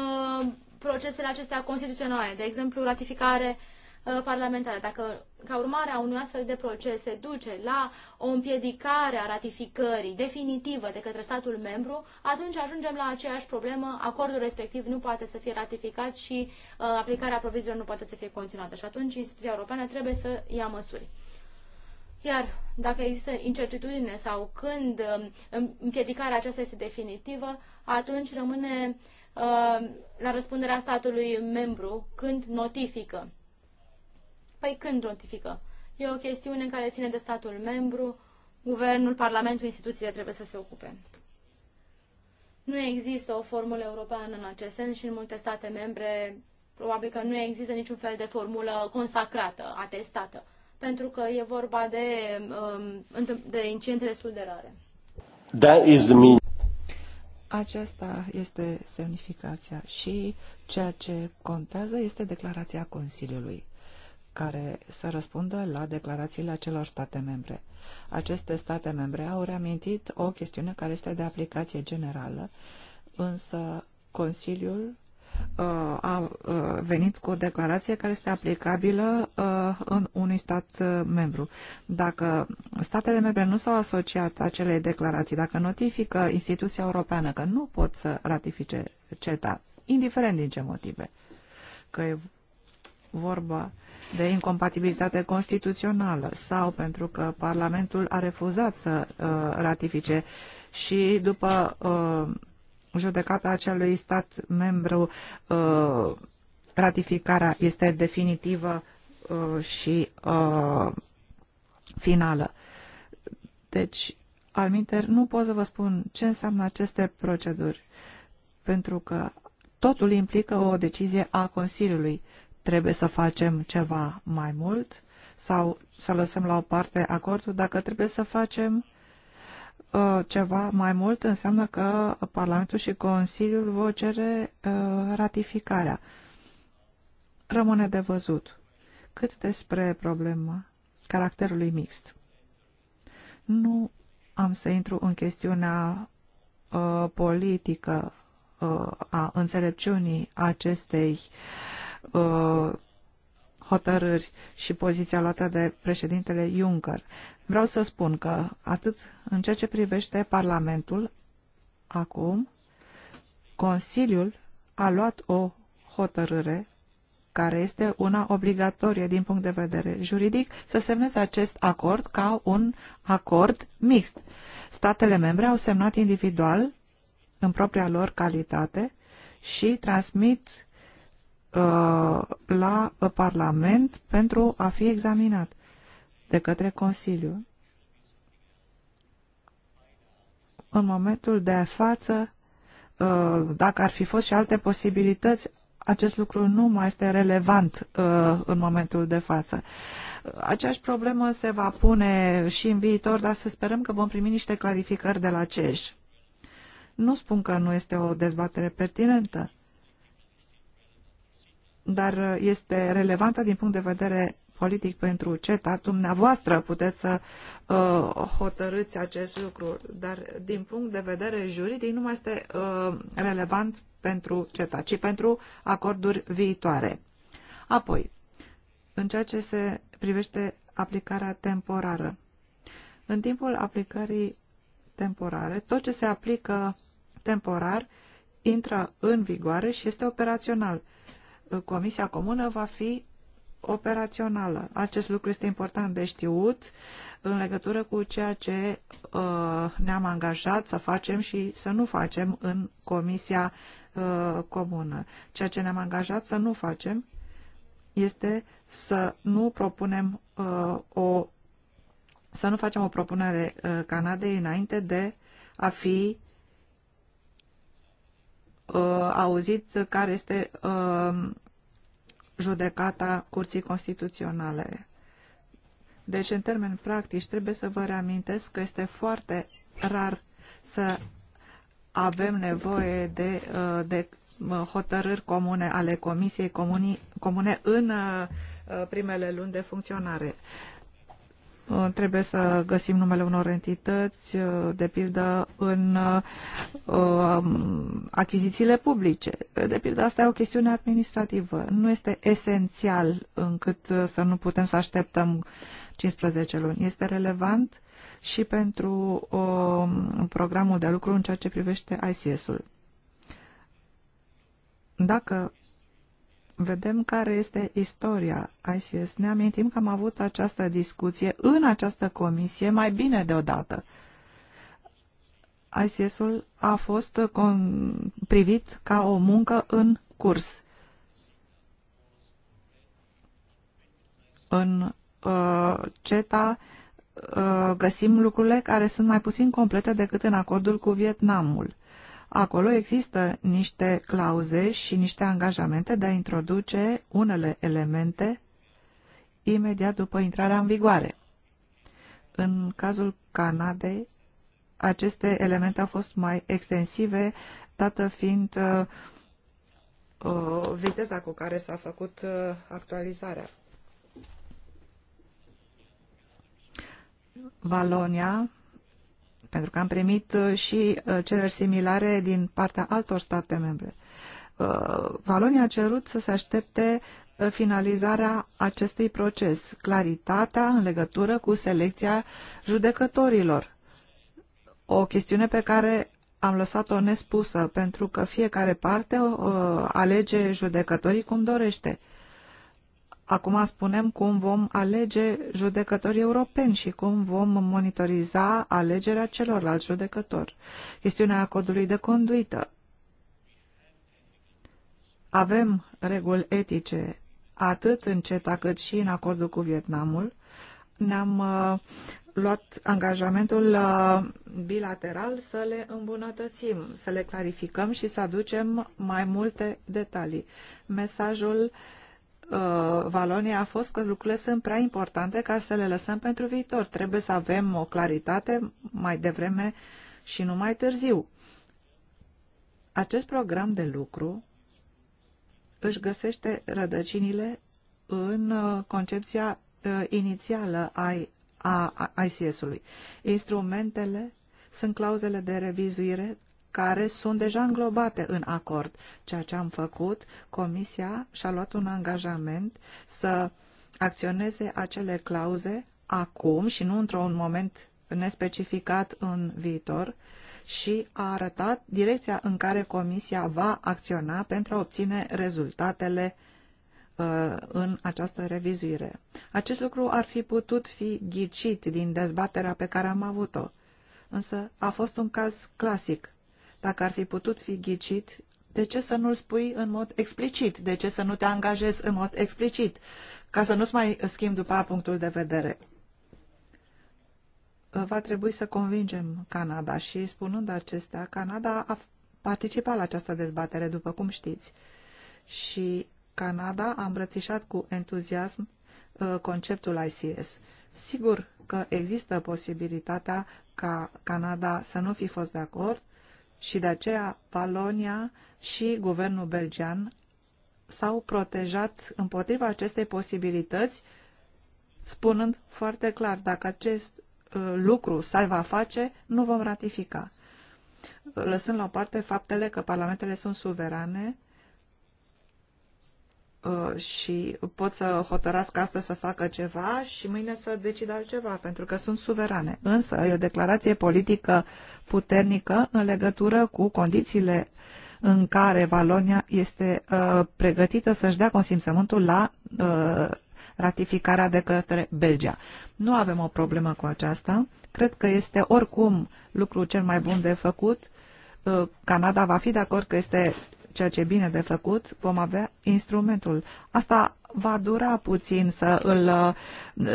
procesele acestea constituționale, de exemplu ratificare Uh, parlamentare. Dacă, ca urmare a unui astfel de proces, se duce la o împiedicare a ratificării definitivă de către statul membru, atunci ajungem la aceeași problemă, acordul respectiv nu poate să fie ratificat și uh, aplicarea proviziilor nu poate să fie continuată. Și atunci instituția europeană trebuie să ia măsuri. Iar dacă există incertitudine sau când um, împiedicarea aceasta este definitivă, atunci rămâne uh, la răspunderea statului membru când notifică. Păi când notifică? E o chestiune care ține de statul membru, guvernul, parlamentul, instituțiile trebuie să se ocupe. Nu există o formulă europeană în acest sens și în multe state membre probabil că nu există niciun fel de formulă consacrată, atestată, pentru că e vorba de, um, de incidente destul de rare. That is the mean. Aceasta este semnificația și ceea ce contează este declarația Consiliului care să răspundă la declarațiile acelor state membre. Aceste state membre au reamintit o chestiune care este de aplicație generală, însă Consiliul uh, a uh, venit cu o declarație care este aplicabilă uh, în unui stat membru. Dacă statele membre nu s-au asociat acelei declarații, dacă notifică instituția europeană că nu pot să ratifice CETA, indiferent din ce motive, că e vorba de incompatibilitate constituțională sau pentru că Parlamentul a refuzat să uh, ratifice și după uh, judecata acelui stat membru uh, ratificarea este definitivă uh, și uh, finală. Deci, alminter, nu pot să vă spun ce înseamnă aceste proceduri, pentru că totul implică o decizie a Consiliului trebuie să facem ceva mai mult sau să lăsăm la o parte acordul, dacă trebuie să facem uh, ceva mai mult, înseamnă că Parlamentul și Consiliul vor cere uh, ratificarea. Rămâne de văzut. Cât despre problema caracterului mixt. Nu am să intru în chestiunea uh, politică uh, a înțelepciunii acestei uh, Uh, hotărâri și poziția luată de președintele Juncker. Vreau să spun că atât în ceea ce privește Parlamentul, acum Consiliul a luat o hotărâre care este una obligatorie din punct de vedere juridic, să semneze acest acord ca un acord mixt. Statele membre au semnat individual, în propria lor calitate, și transmit Uh, la Parlament pentru a fi examinat de către Consiliu. În momentul de față, uh, dacă ar fi fost și alte posibilități, acest lucru nu mai este relevant uh, în momentul de față. Aceeași problemă se va pune și în viitor, dar să sperăm că vom primi niște clarificări de la CEJ. Nu spun că nu este o dezbatere pertinentă, dar uh, este relevantă din punct de vedere politic pentru CETA. Dumneavoastră puteți să uh, hotărâți acest lucru, dar din punct de vedere juridic nu mai este uh, relevant pentru CETA, ci pentru acorduri viitoare. Apoi, în ceea ce se privește aplicarea temporară. În timpul aplicării temporare, tot ce se aplică temporar intră în vigoare și este operațional. Comisia Comună va fi operațională. Acest lucru este important de știut în legătură cu ceea ce uh, ne-am angajat să facem și să nu facem în Comisia uh, Comună. Ceea ce ne-am angajat să nu facem este să nu propunem uh, o să nu facem o propunere uh, Canadei înainte de a fi Uh, auzit care este uh, judecata Curții Constituționale. Deci, în termeni practici, trebuie să vă reamintesc că este foarte rar să avem nevoie de, uh, de hotărâri comune ale Comisiei Comunii, Comune în primele luni de funcționare. Uh, trebuie să găsim numele unor entități, uh, de pildă în uh, achizițiile publice. De pildă, asta e o chestiune administrativă. Nu este esențial încât să nu putem să așteptăm 15 luni. Este relevant și pentru um, programul de lucru în ceea ce privește ICS-ul. Dacă vedem care este istoria ICS. Ne amintim că am avut această discuție în această comisie mai bine deodată. ICS-ul a fost privit ca o muncă în curs. În uh, CETA uh, găsim lucrurile care sunt mai puțin complete decât în acordul cu Vietnamul. Uh, Acolo există niște clauze și niște angajamente de a introduce unele elemente imediat după intrarea în vigoare. În cazul Canadei, aceste elemente au fost mai extensive, dată fiind uh, uh, viteza cu care s-a făcut uh, actualizarea. Valonia pentru că am primit uh, și uh, cereri similare din partea altor state membre. Uh, Valonia a cerut să se aștepte finalizarea acestui proces, claritatea în legătură cu selecția judecătorilor. O chestiune pe care am lăsat-o nespusă, pentru că fiecare parte alege judecătorii cum dorește. Acum spunem cum vom alege judecători europeni și cum vom monitoriza alegerea celorlalți judecători. Chestiunea codului de conduită. Avem reguli etice atât în CETA cât și în acordul cu Vietnamul. Ne-am uh, luat angajamentul uh, bilateral să le îmbunătățim, să le clarificăm și să aducem mai multe detalii. Mesajul uh, Uh, Valonia a fost că lucrurile sunt prea importante ca să le lăsăm pentru viitor. Trebuie să avem o claritate mai devreme și nu mai târziu. Acest program de lucru își găsește rădăcinile în uh, concepția uh, inițială a ICS-ului. Instrumentele sunt clauzele de revizuire care sunt deja înglobate în acord. Ceea ce am făcut, Comisia și-a luat un angajament să acționeze acele clauze acum și nu într-un moment nespecificat în viitor și a arătat direcția în care Comisia va acționa pentru a obține rezultatele uh, în această revizuire. Acest lucru ar fi putut fi ghicit din dezbaterea pe care am avut-o, însă a fost un caz clasic dacă ar fi putut fi ghicit, de ce să nu-l spui în mod explicit? De ce să nu te angajezi în mod explicit? Ca să nu-ți mai schimbi după a punctul de vedere. Va trebui să convingem Canada și, spunând acestea, Canada a participat la această dezbatere, după cum știți. Și Canada a îmbrățișat cu entuziasm uh, conceptul ICS. Sigur că există posibilitatea ca Canada să nu fi fost de acord, și de aceea Valonia și guvernul belgian s-au protejat împotriva acestei posibilități, spunând foarte clar, dacă acest uh, lucru s-ar va face, nu vom ratifica. Lăsând la o parte faptele că parlamentele sunt suverane Uh, și pot să hotărască astăzi să facă ceva și mâine să decidă altceva, pentru că sunt suverane. Însă e o declarație politică puternică în legătură cu condițiile în care Valonia este uh, pregătită să-și dea consimțământul la uh, ratificarea de către Belgia. Nu avem o problemă cu aceasta. Cred că este oricum lucru cel mai bun de făcut. Uh, Canada va fi de acord că este ceea ce e bine de făcut, vom avea instrumentul. Asta va dura puțin să, îl,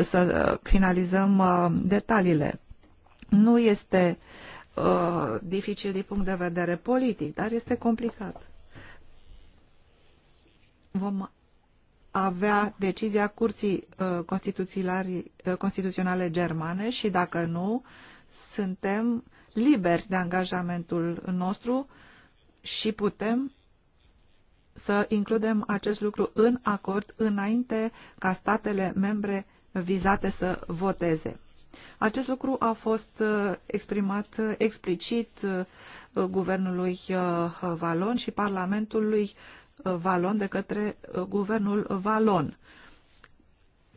să finalizăm uh, detaliile. Nu este uh, dificil din punct de vedere politic, dar este complicat. Vom avea decizia Curții uh, uh Constituționale Germane și dacă nu, suntem liberi de angajamentul nostru și putem să includem acest lucru în acord înainte ca statele membre vizate să voteze. Acest lucru a fost uh, exprimat uh, explicit uh, guvernului Valon și Parlamentului Valon de către guvernul Valon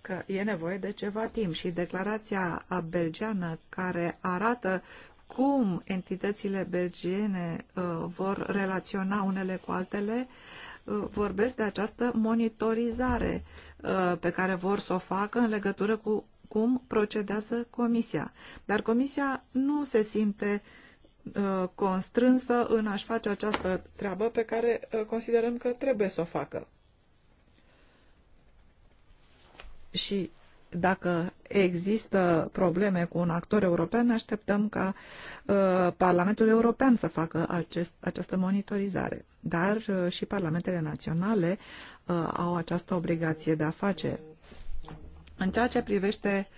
că e nevoie de ceva timp și declarația belgeană care arată cum entitățile belgiene vor relaționa unele cu altele vorbesc de această monitorizare uh, pe care vor să o facă în legătură cu cum procedează Comisia. Dar Comisia nu se simte uh, constrânsă în a-și face această treabă pe care uh, considerăm că trebuie să o facă. Și dacă există probleme cu un actor european, așteptăm ca uh, Parlamentul European să facă acest, această monitorizare. Dar uh, și Parlamentele naționale uh, au această obligație de a face. În ceea ce privește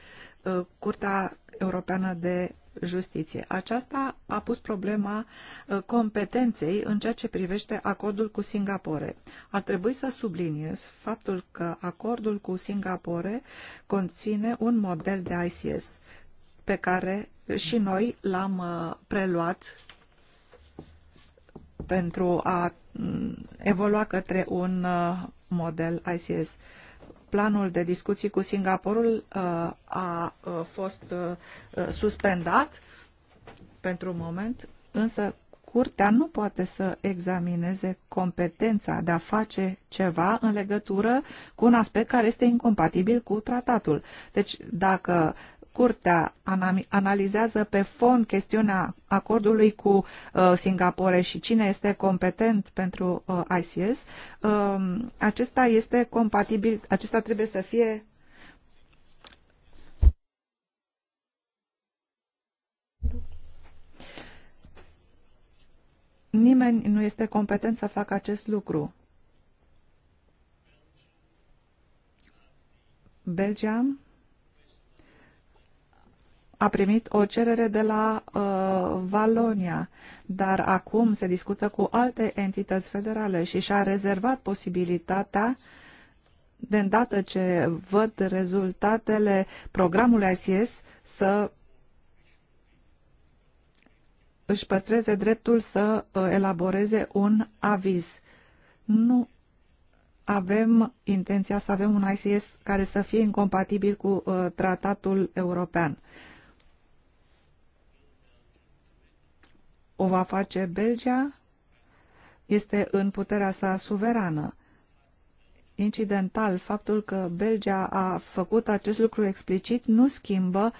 uh, Curtea Europeană de Justiție. Aceasta a pus problema ă, competenței în ceea ce privește acordul cu Singapore. Ar trebui să subliniez faptul că acordul cu Singapore conține un model de ICS pe care și noi l-am ă, preluat pentru a evolua către un ă, model ICS planul de discuții cu Singaporul uh, a uh, fost uh, suspendat pentru un moment, însă Curtea nu poate să examineze competența de a face ceva în legătură cu un aspect care este incompatibil cu tratatul. Deci, dacă Curtea analizează pe fond chestiunea acordului cu uh, Singapore și cine este competent pentru uh, ICS, um, acesta este compatibil, acesta trebuie să fie Nimeni nu este competent să facă acest lucru. Belgium a primit o cerere de la uh, Valonia, dar acum se discută cu alte entități federale și și-a rezervat posibilitatea de îndată ce văd rezultatele programului ICS să își păstreze dreptul să uh, elaboreze un aviz. Nu avem intenția să avem un ICS care să fie incompatibil cu uh, tratatul european. o va face Belgia, este în puterea sa suverană. Incidental, faptul că Belgia a făcut acest lucru explicit nu schimbă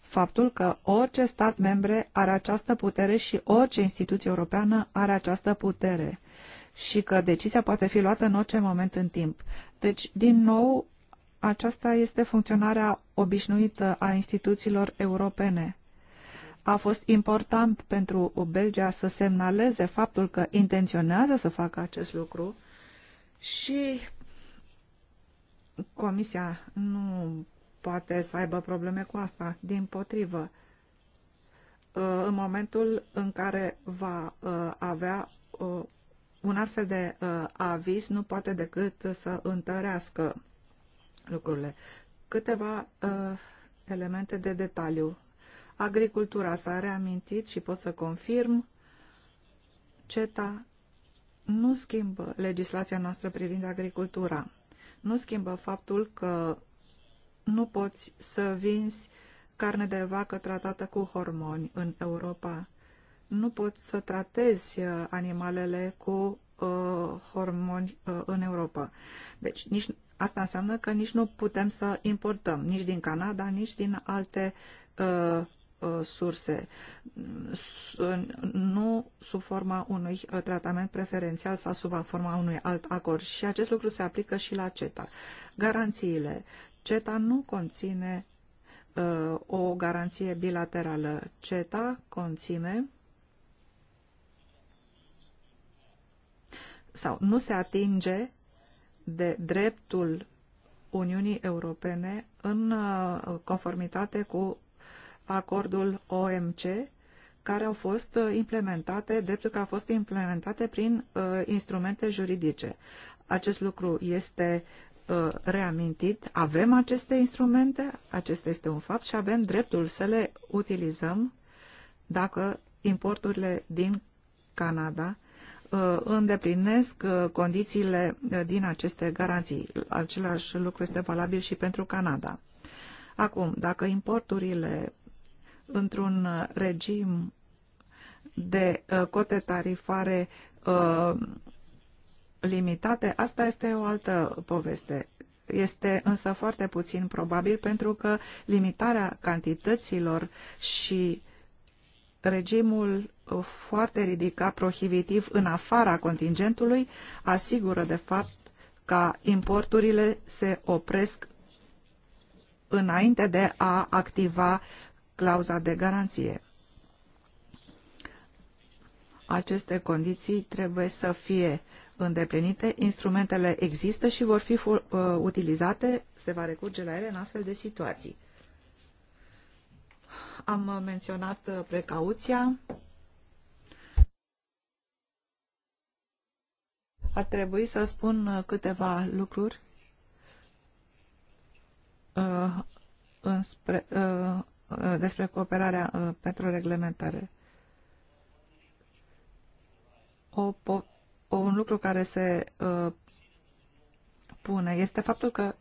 faptul că orice stat membre are această putere și orice instituție europeană are această putere și că decizia poate fi luată în orice moment în timp. Deci, din nou, aceasta este funcționarea obișnuită a instituțiilor europene a fost important pentru Belgia să semnaleze faptul că intenționează să facă acest lucru și Comisia nu poate să aibă probleme cu asta, din potrivă. Uh, în momentul în care va uh, avea uh, un astfel de aviz, nu poate decât să întărească lucrurile. Câteva elemente de detaliu Agricultura s-a reamintit și pot să confirm, CETA nu schimbă legislația noastră privind agricultura. Nu schimbă faptul că nu poți să vinzi carne de vacă tratată cu hormoni în Europa. Nu poți să tratezi uh, animalele cu uh, hormoni uh, în Europa. Deci nici, asta înseamnă că nici nu putem să importăm nici din Canada, nici din alte uh, Uh, surse, nu sub forma unui uh, tratament preferențial sau sub forma unui alt acord. Și acest lucru se aplică și la CETA. Garanțiile. CETA nu conține uh, o garanție bilaterală. CETA conține sau nu se atinge de dreptul Uniunii Europene în uh, conformitate cu acordul OMC, care au fost uh, implementate, dreptul care au fost implementate prin uh, instrumente juridice. Acest lucru este uh, reamintit, avem aceste instrumente, acesta este un fapt și avem dreptul să le utilizăm dacă importurile din Canada uh, îndeplinesc uh, condițiile din aceste garanții. Același lucru este valabil și pentru Canada. Acum, dacă importurile într-un uh, regim de uh, cote tarifare uh, limitate, asta este o altă poveste. Este însă foarte puțin probabil pentru că limitarea cantităților și regimul foarte ridicat prohibitiv în afara contingentului asigură de fapt ca importurile se opresc înainte de a activa clauza de garanție. Aceste condiții trebuie să fie îndeplinite, instrumentele există și vor fi uh, utilizate, se va recurge la ele în astfel de situații. Am menționat uh, precauția. Ar trebui să spun uh, câteva lucruri înspre, Uh, despre cooperarea uh, pentru reglementare. O, o, un lucru care se uh, pune este faptul că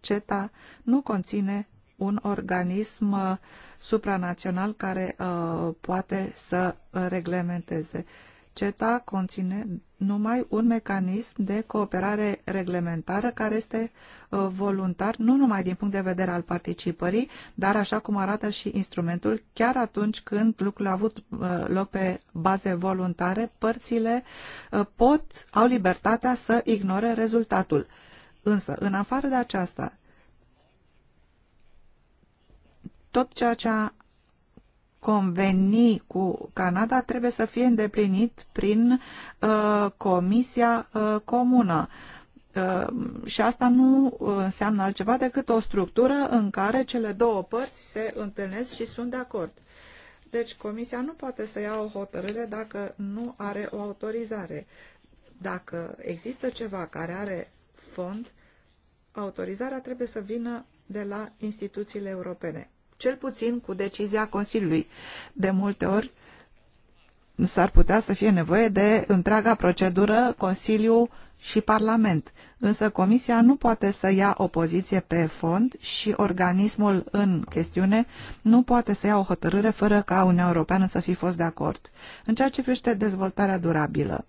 CETA nu conține un organism uh, supranațional care uh, poate să uh, reglementeze. Uh, CETA conține numai un mecanism de cooperare reglementară care este uh, voluntar, nu numai din punct de vedere al participării, dar așa cum arată și instrumentul, chiar atunci când lucrurile au avut uh, loc pe baze voluntare, părțile uh, pot, au libertatea să ignore rezultatul. Însă, în afară de aceasta, tot ceea ce conveni cu Canada trebuie să fie îndeplinit prin uh, Comisia uh, Comună. Uh, și asta nu înseamnă altceva decât o structură în care cele două părți se întâlnesc și sunt de acord. Deci Comisia nu poate să ia o hotărâre dacă nu are o autorizare. Dacă există ceva care are fond, autorizarea trebuie să vină de la instituțiile europene cel puțin cu decizia Consiliului. De multe ori s-ar putea să fie nevoie de întreaga procedură Consiliu și Parlament. Însă Comisia nu poate să ia o poziție pe fond și organismul în chestiune nu poate să ia o hotărâre fără ca Uniunea Europeană să fi fost de acord. În ceea ce privește dezvoltarea durabilă,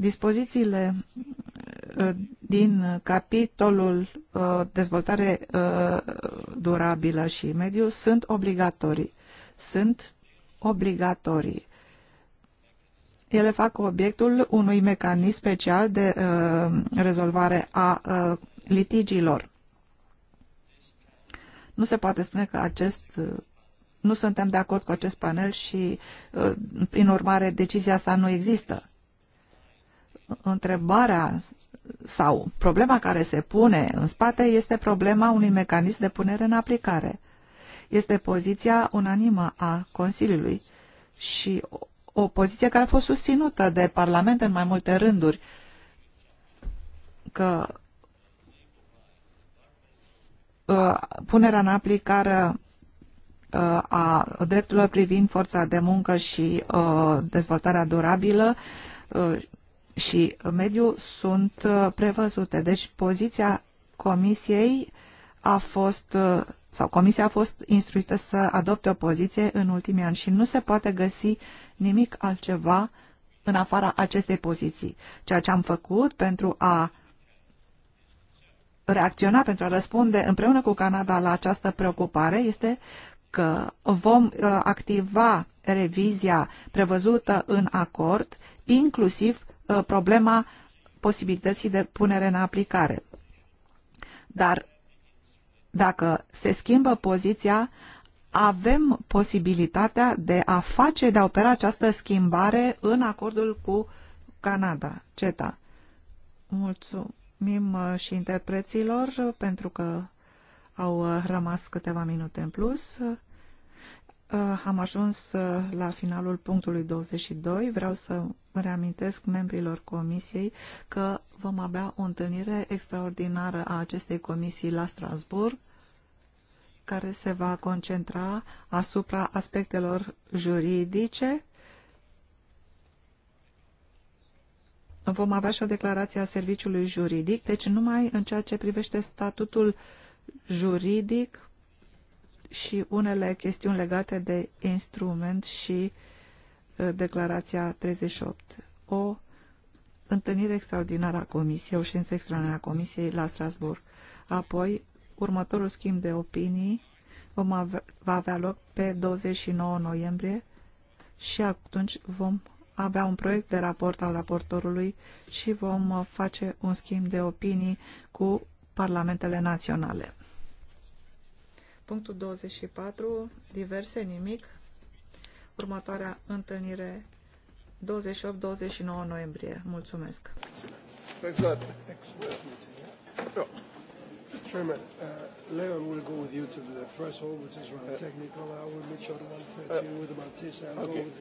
Dispozițiile uh, din capitolul uh, dezvoltare uh, durabilă și mediu sunt obligatorii. Sunt obligatorii. Ele fac obiectul unui mecanism special de rezolvare a litigiilor. Nu se poate spune că acest nu suntem de acord cu acest panel și, prin urmare, decizia sa nu există întrebarea sau problema care se pune în spate este problema unui mecanism de punere în aplicare. Este poziția unanimă a Consiliului și o poziție care a fost susținută de Parlament în mai multe rânduri că uh, punerea în aplicare uh, a drepturilor privind forța de muncă și uh, dezvoltarea durabilă și mediu sunt uh, prevăzute. Deci poziția comisiei a fost uh, sau comisia a fost instruită să adopte o poziție în ultimii ani și nu se poate găsi nimic altceva în afara acestei poziții. Ceea ce am făcut pentru a reacționa, pentru a răspunde împreună cu Canada la această preocupare este că vom uh, activa revizia prevăzută în acord, inclusiv Uh, problema posibilității de punere în aplicare. Dar dacă se schimbă poziția, avem posibilitatea de a face, de a opera această schimbare în acordul cu Canada, CETA. Mulțumim uh, și interpreților pentru că au uh, rămas câteva minute în plus. Uh, am ajuns uh, la finalul punctului 22. Vreau să reamintesc membrilor comisiei că vom avea o întâlnire extraordinară a acestei comisii la Strasburg, care se va concentra asupra aspectelor juridice. Vom avea și o declarație a serviciului juridic, deci numai în ceea ce privește statutul juridic și unele chestiuni legate de instrument și uh, declarația 38. O întâlnire extraordinară a Comisiei, o ședință extraordinară a Comisiei la Strasburg. Apoi, următorul schimb de opinii vom avea, va avea loc pe 29 noiembrie și atunci vom avea un proiect de raport al raportorului și vom uh, face un schimb de opinii cu parlamentele naționale. Punctul 24, diverse, nimic. Următoarea întâlnire 28-29 noiembrie. Mulțumesc. Thanks exact. a Chairman, uh, Leon will go with you to the threshold, which is rather uh, technical. I will meet uh, you at 1.30 with Matisse. I'll okay. go with